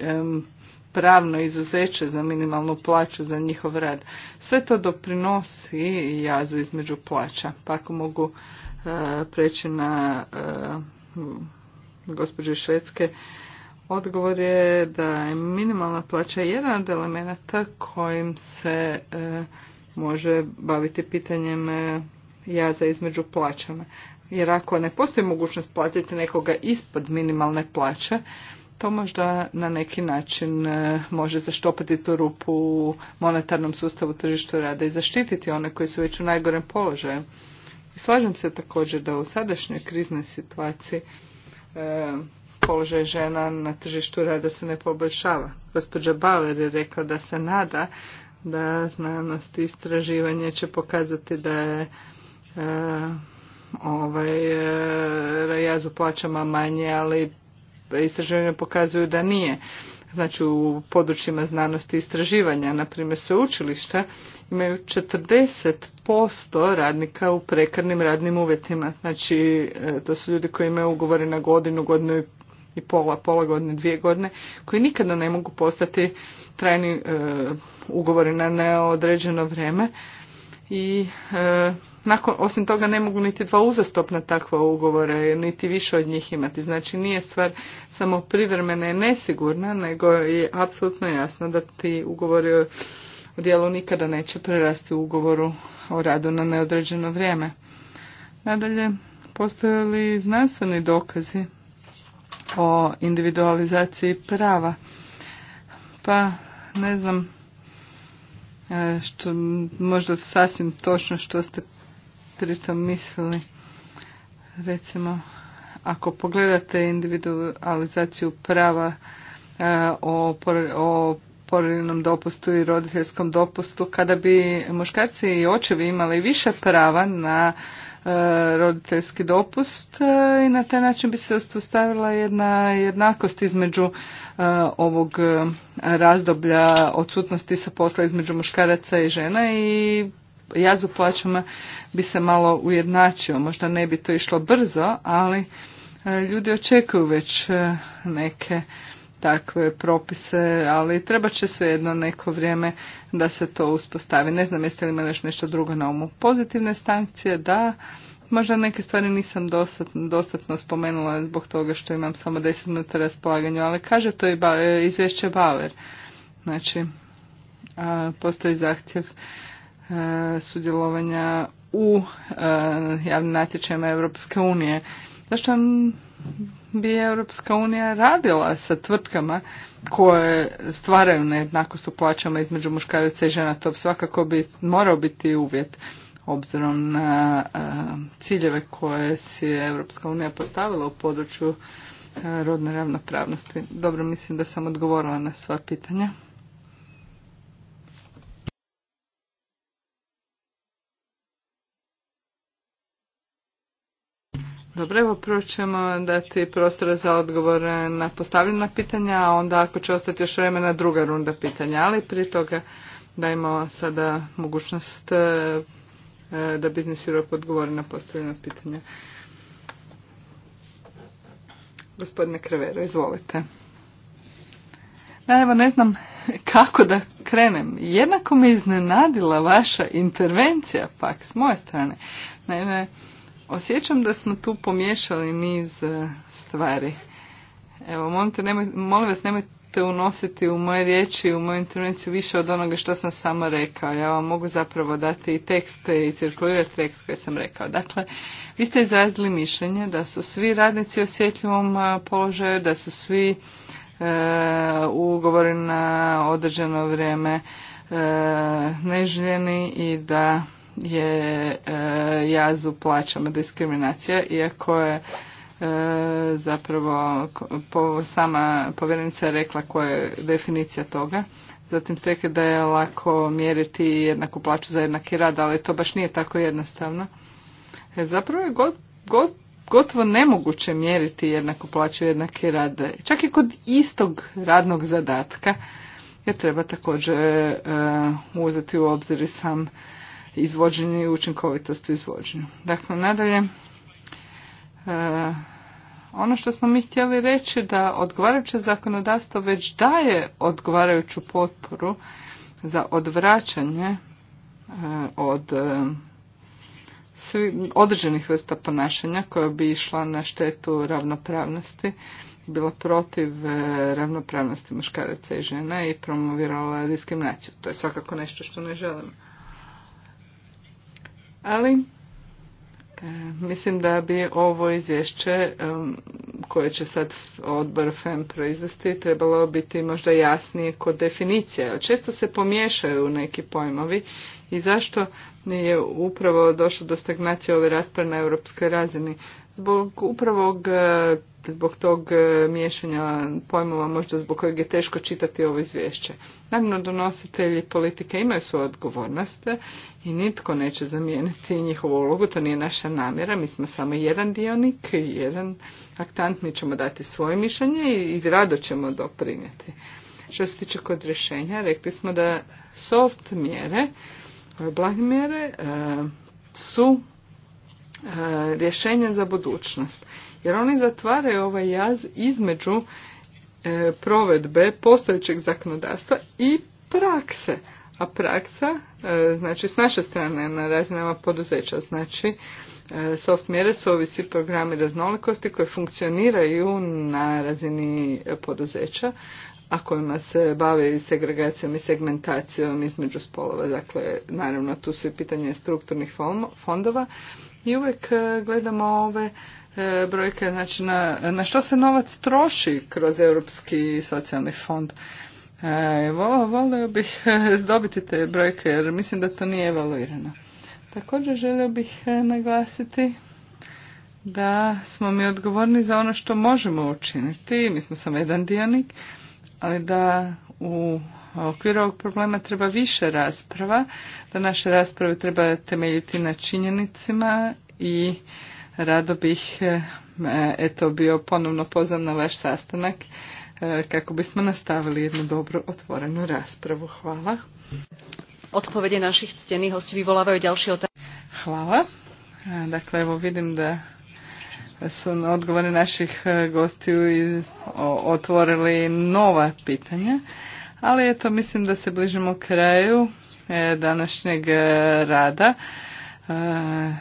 pravno izuzeće za minimalnu plaću za njihov rad. Sve to doprinosi jazu između plaća. Pa ako mogu preći na gospođe Švedske, odgovor je da je minimalna plaća jedan od elemenata kojim se može baviti pitanjem e, jaza između plaćama. Jer ako ne postoji mogućnost platiti nekoga ispod minimalne plaće, to možda na neki način e, može zaštopati tu rupu u monetarnom sustavu tržištu rada i zaštititi one koji su već u najgorem položaju. Slažem se također da u sadašnjoj kriznoj situaciji e, položaj žena na tržištu rada se ne poboljšava. Gospođa Bauer je rekla da se nada da znanost i istraživanje će pokazati da je e, ovaj, e, jaz u plaćama manje, ali istraživanja pokazuju da nije. Znači u područjima znanosti i istraživanja, na primjer sveučilišta, imaju 40% radnika u prekarnim radnim uvjetima. Znači e, to su ljudi koji imaju ugovore na godinu, godinu i i pola, pola godine, dvije godine, koji nikada ne mogu postati trajni e, ugovori na neodređeno vrijeme i e, nakon, osim toga ne mogu niti dva uzastopna takva ugovora, niti više od njih imati. Znači nije stvar samo privremena i nesigurna, nego je apsolutno jasno da ti ugovori u dijelu nikada neće prerasti u ugovoru o radu na neodređeno vrijeme. Nadalje, postoje li znanstveni dokazi o individualizaciji prava. Pa ne znam e, što možda sasvim točno što ste pritom mislili. Recimo, ako pogledate individualizaciju prava e, o, o porodiljnom dopustu i roditeljskom dopustu, kada bi muškarci i očevi imali više prava na E, roditeljski dopust e, i na taj način bi se ostavila jedna jednakost između e, ovog razdoblja odsutnosti sa posla između muškaraca i žena i jaz u plaćama bi se malo ujednačio. Možda ne bi to išlo brzo, ali ljudi očekuju već neke takve propise, ali treba će jedno neko vrijeme da se to uspostavi. Ne znam jeste li imali još nešto drugo na umu. Pozitivne sankcije, da. Možda neke stvari nisam dostatno, dostatno spomenula zbog toga što imam samo 10 minuta raspolaganju, ali kaže to i e, izvješće Bauer. Znači, postoji zahtjev e, sudjelovanja u e, javnim natječajima Europske unije zašto bi Europska unija radila sa tvrtkama koje stvaraju nejednakost u plaćama između muškaraca i žena, to svakako bi morao biti uvjet obzirom na e, ciljeve koje si je Europska unija postavila u području e, rodne ravnopravnosti. Dobro, mislim da sam odgovorila na sva pitanja. Dobro, evo prvo ćemo dati prostor za odgovor na postavljena pitanja, a onda ako će ostati još vremena druga runda pitanja, ali prije toga dajmo sada mogućnost e, e, da Biznis Europe odgovori na postavljena pitanja. Gospodine Krevero, izvolite. evo ne znam kako da krenem. Jednako me iznenadila vaša intervencija pak s moje strane. Naime, Osjećam da smo tu pomiješali niz e, stvari. Evo, molim, vas, nemojte unositi u moje riječi, u moju intervenciju više od onoga što sam sama rekao. Ja vam mogu zapravo dati i tekst i cirkulirati tekst koji sam rekao. Dakle, vi ste izrazili mišljenje da su svi radnici u osjetljivom e, položaju, da su svi e, ugovori na određeno vrijeme e, neželjeni i da je e, jazu u plaćama diskriminacija, iako je e, zapravo po, sama povjerenica je rekla koja je definicija toga. Zatim ste rekli da je lako mjeriti jednaku plaću za jednaki rad, ali to baš nije tako jednostavno. E, zapravo je gotovo nemoguće mjeriti jednaku plaću, jednaki rad. Čak i kod istog radnog zadatka, jer treba također uzeti u obzir sam izvođenju i učinkovitost u izvođenju. Dakle, nadalje, e, ono što smo mi htjeli reći da odgovarajuće zakonodavstvo već daje odgovarajuću potporu za odvraćanje e, od e, svi, određenih vrsta ponašanja koja bi išla na štetu ravnopravnosti, bila protiv ravnopravnosti muškaraca i žena i promovirala diskriminaciju. To je svakako nešto što ne želimo ali e, Mislim da bi ovo izvješće e, koje će sad odbor FEM proizvesti trebalo biti možda jasnije kod definicije. Često se pomiješaju neki pojmovi i zašto je upravo došlo do stagnacije ove rasprave na europskoj razini? Zbog upravo e, zbog tog e, miješanja pojmova možda zbog kojeg je teško čitati ovo izvješće. Naravno, donositelji politike imaju svoju odgovornost i nitko neće zamijeniti njihovu ulogu, to nije naša namjera, mi smo samo jedan dionik, jedan aktant, mi ćemo dati svoje mišljenje i rado ćemo doprinijeti. Što se tiče kod rješenja, rekli smo da soft mjere, blage mjere e, su e, rješenje za budućnost jer oni zatvaraju ovaj jaz između e, provedbe postojećeg zakonodavstva i prakse. A praksa, e, znači s naše strane na razinama poduzeća, znači e, soft mjere su ovisi programi raznolikosti koji funkcioniraju na razini poduzeća, a kojima se bave i segregacijom i segmentacijom između spolova. Dakle, naravno tu su i pitanje strukturnih fondova i uvijek gledamo ove E, brojke, znači na, što se novac troši kroz Europski socijalni fond. E, volio, bih e, dobiti te brojke jer mislim da to nije evaluirano. Također želio bih e, naglasiti da smo mi odgovorni za ono što možemo učiniti, mi smo samo jedan dionik, ali da u okviru ovog problema treba više rasprava, da naše rasprave treba temeljiti na činjenicima i Rado bih e, e, eto bio ponovno pozvan na vaš sastanak e, kako bismo nastavili jednu dobro otvorenu raspravu. Hvala. Odpovede naših hosti vyvolávajú ďalšie otázky. Hvala. Dakle, evo vidim da su na odgovore naših gostiju otvorili nova pitanja, ali eto mislim da se bližimo kraju današnjeg rada. E,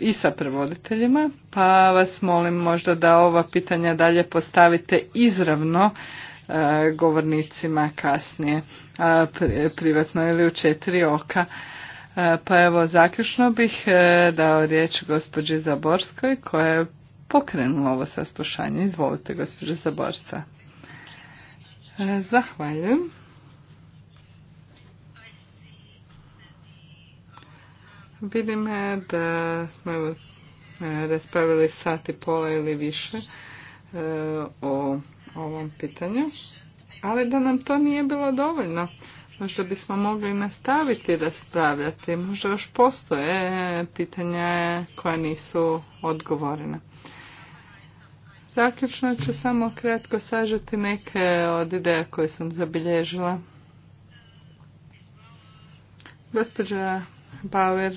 i sa prevoditeljima, pa vas molim možda da ova pitanja dalje postavite izravno e, govornicima kasnije, e, privatno ili u četiri oka. Pa evo, zaključno bih dao riječ gospođi Zaborskoj koja je pokrenula ovo saslušanje. Izvolite, gospođo Zaborca. Zahvaljujem. Vidim e, da smo e, raspravili sat i pola ili više e, o ovom pitanju, ali da nam to nije bilo dovoljno. Možda bismo mogli nastaviti raspravljati, možda još postoje pitanja koja nisu odgovorena. Zaključno ću samo kratko sažeti neke od ideja koje sam zabilježila. Gospođa Bauer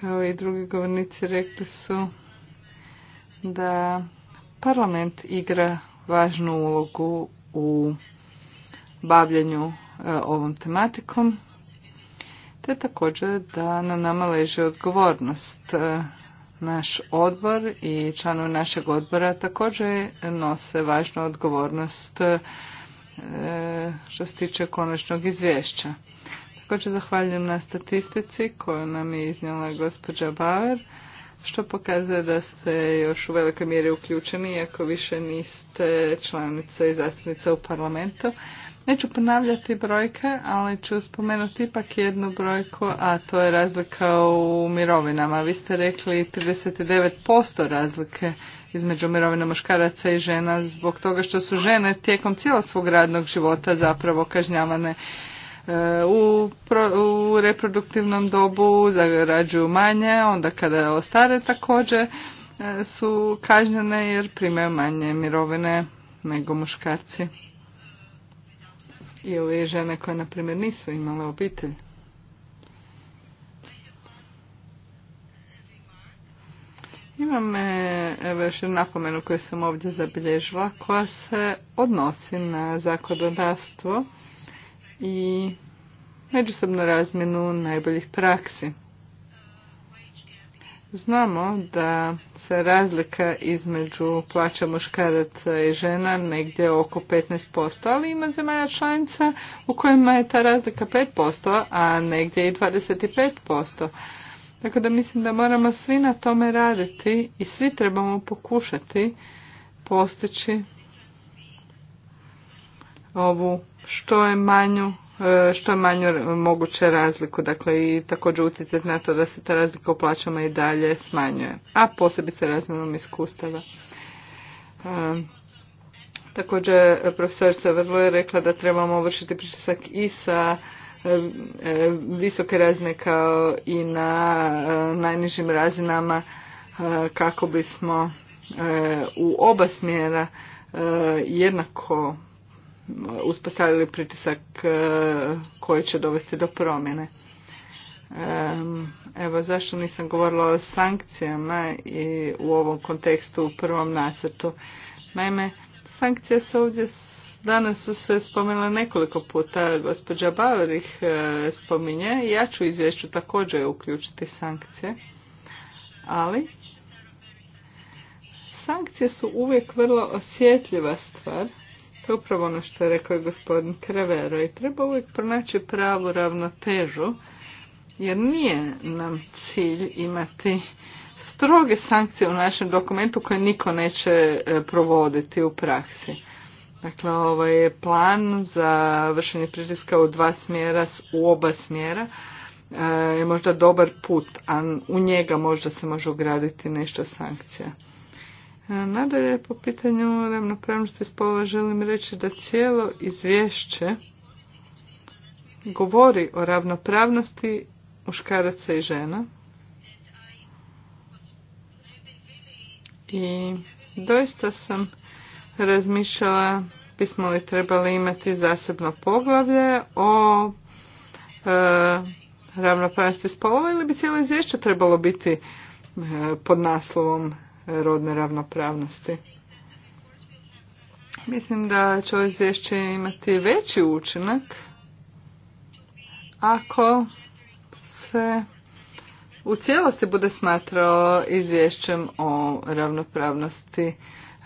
kao i drugi govornici rekli su da parlament igra važnu ulogu u bavljanju e, ovom tematikom te također da na nama leži odgovornost. E, naš odbor i članovi našeg odbora također nose važnu odgovornost e, što se tiče konačnog izvješća. Također zahvaljujem na statistici koju nam je iznijela gospođa Bauer, što pokazuje da ste još u velikoj mjeri uključeni, iako više niste članica i zastupnica u parlamentu. Neću ponavljati brojke, ali ću spomenuti ipak jednu brojku, a to je razlika u mirovinama. Vi ste rekli 39% razlike između mirovina muškaraca i žena zbog toga što su žene tijekom cijelog svog radnog života zapravo kažnjavane u, u reproduktivnom dobu, zarađuju manje, onda kada ostare također e, su kažnjene jer primaju manje mirovine nego muškarci ili žene koje, na primjer, nisu imale obitelj. Imam e, evo još jednu napomenu koju sam ovdje zabilježila koja se odnosi na zakonodavstvo i međusobnu razmjenu najboljih praksi. Znamo da se razlika između plaća muškaraca i žena negdje oko 15%, ali ima zemalja članica u kojima je ta razlika 5%, a negdje i 25%. Tako da mislim da moramo svi na tome raditi i svi trebamo pokušati postići ovu što je manju e, što je manju moguće razliku, dakle i također utjecati na to da se ta razlika u plaćama i dalje smanjuje, a posebice razmjenom iskustava. E, također profesorica Vrlo je rekla da trebamo vršiti pritisak i sa e, visoke razine kao i na najnižim razinama kako bismo u oba smjera jednako uspostavili pritisak e, koji će dovesti do promjene. Evo zašto nisam govorila o sankcijama i u ovom kontekstu u prvom nacrtu. Naime, sankcije se ovdje danas su se spomenule nekoliko puta, gospođa Bauer ih e, spominje, ja ću izvješću također uključiti sankcije, ali sankcije su uvijek vrlo osjetljiva stvar Dakle, upravo ono što je rekao gospodin Krevero i treba uvijek pronaći pravu ravnotežu jer nije nam cilj imati stroge sankcije u našem dokumentu koje niko neće e, provoditi u praksi. Dakle, ovaj je plan za vršenje pritiska u dva smjera, u oba smjera e, je možda dobar put, a u njega možda se može ugraditi nešto sankcija. E, nadalje, po pitanju ravnopravnosti spola želim reći da cijelo izvješće govori o ravnopravnosti muškaraca i žena. I doista sam razmišljala bismo li trebali imati zasebno poglavlje o e, ravnopravnosti spolova ili bi cijelo izvješće trebalo biti e, pod naslovom rodne ravnopravnosti. Mislim da će ovo izvješće imati veći učinak ako se u cijelosti bude smatrao izvješćem o ravnopravnosti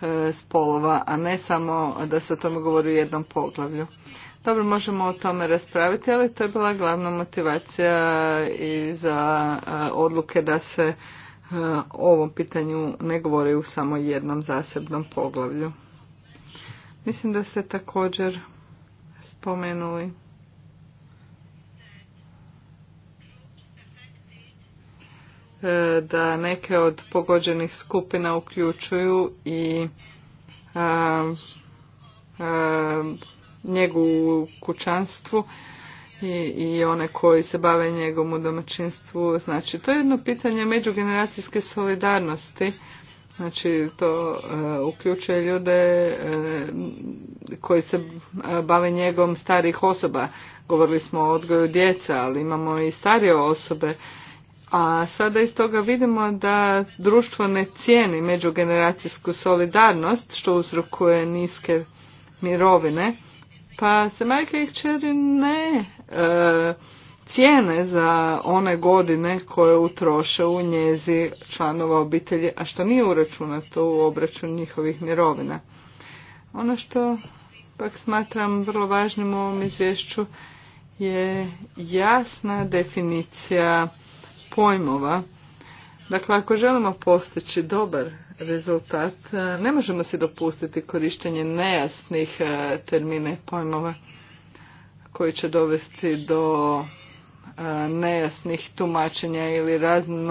e, spolova, a ne samo da se o tome govori u jednom poglavlju. Dobro, možemo o tome raspraviti, ali to je bila glavna motivacija i za e, odluke da se E, o ovom pitanju ne govori u samo jednom zasebnom poglavlju. Mislim da ste također spomenuli e, da neke od pogođenih skupina uključuju i njegu kućanstvu i, i one koji se bave njegom u domaćinstvu. Znači, to je jedno pitanje međugeneracijske solidarnosti. Znači, to e, uključuje ljude e, koji se e, bave njegom starih osoba. Govorili smo o odgoju djeca, ali imamo i starije osobe. A sada iz toga vidimo da društvo ne cijeni međugeneracijsku solidarnost, što uzrokuje niske mirovine pa se majke i kćeri ne e, cijene za one godine koje utroše u njezi članova obitelji, a što nije uračunato u obračun njihovih mirovina. Ono što pak smatram vrlo važnim u ovom izvješću je jasna definicija pojmova. Dakle, ako želimo postići dobar rezultat. Ne možemo se dopustiti korištenje nejasnih e, termina i pojmova koji će dovesti do e, nejasnih tumačenja ili razno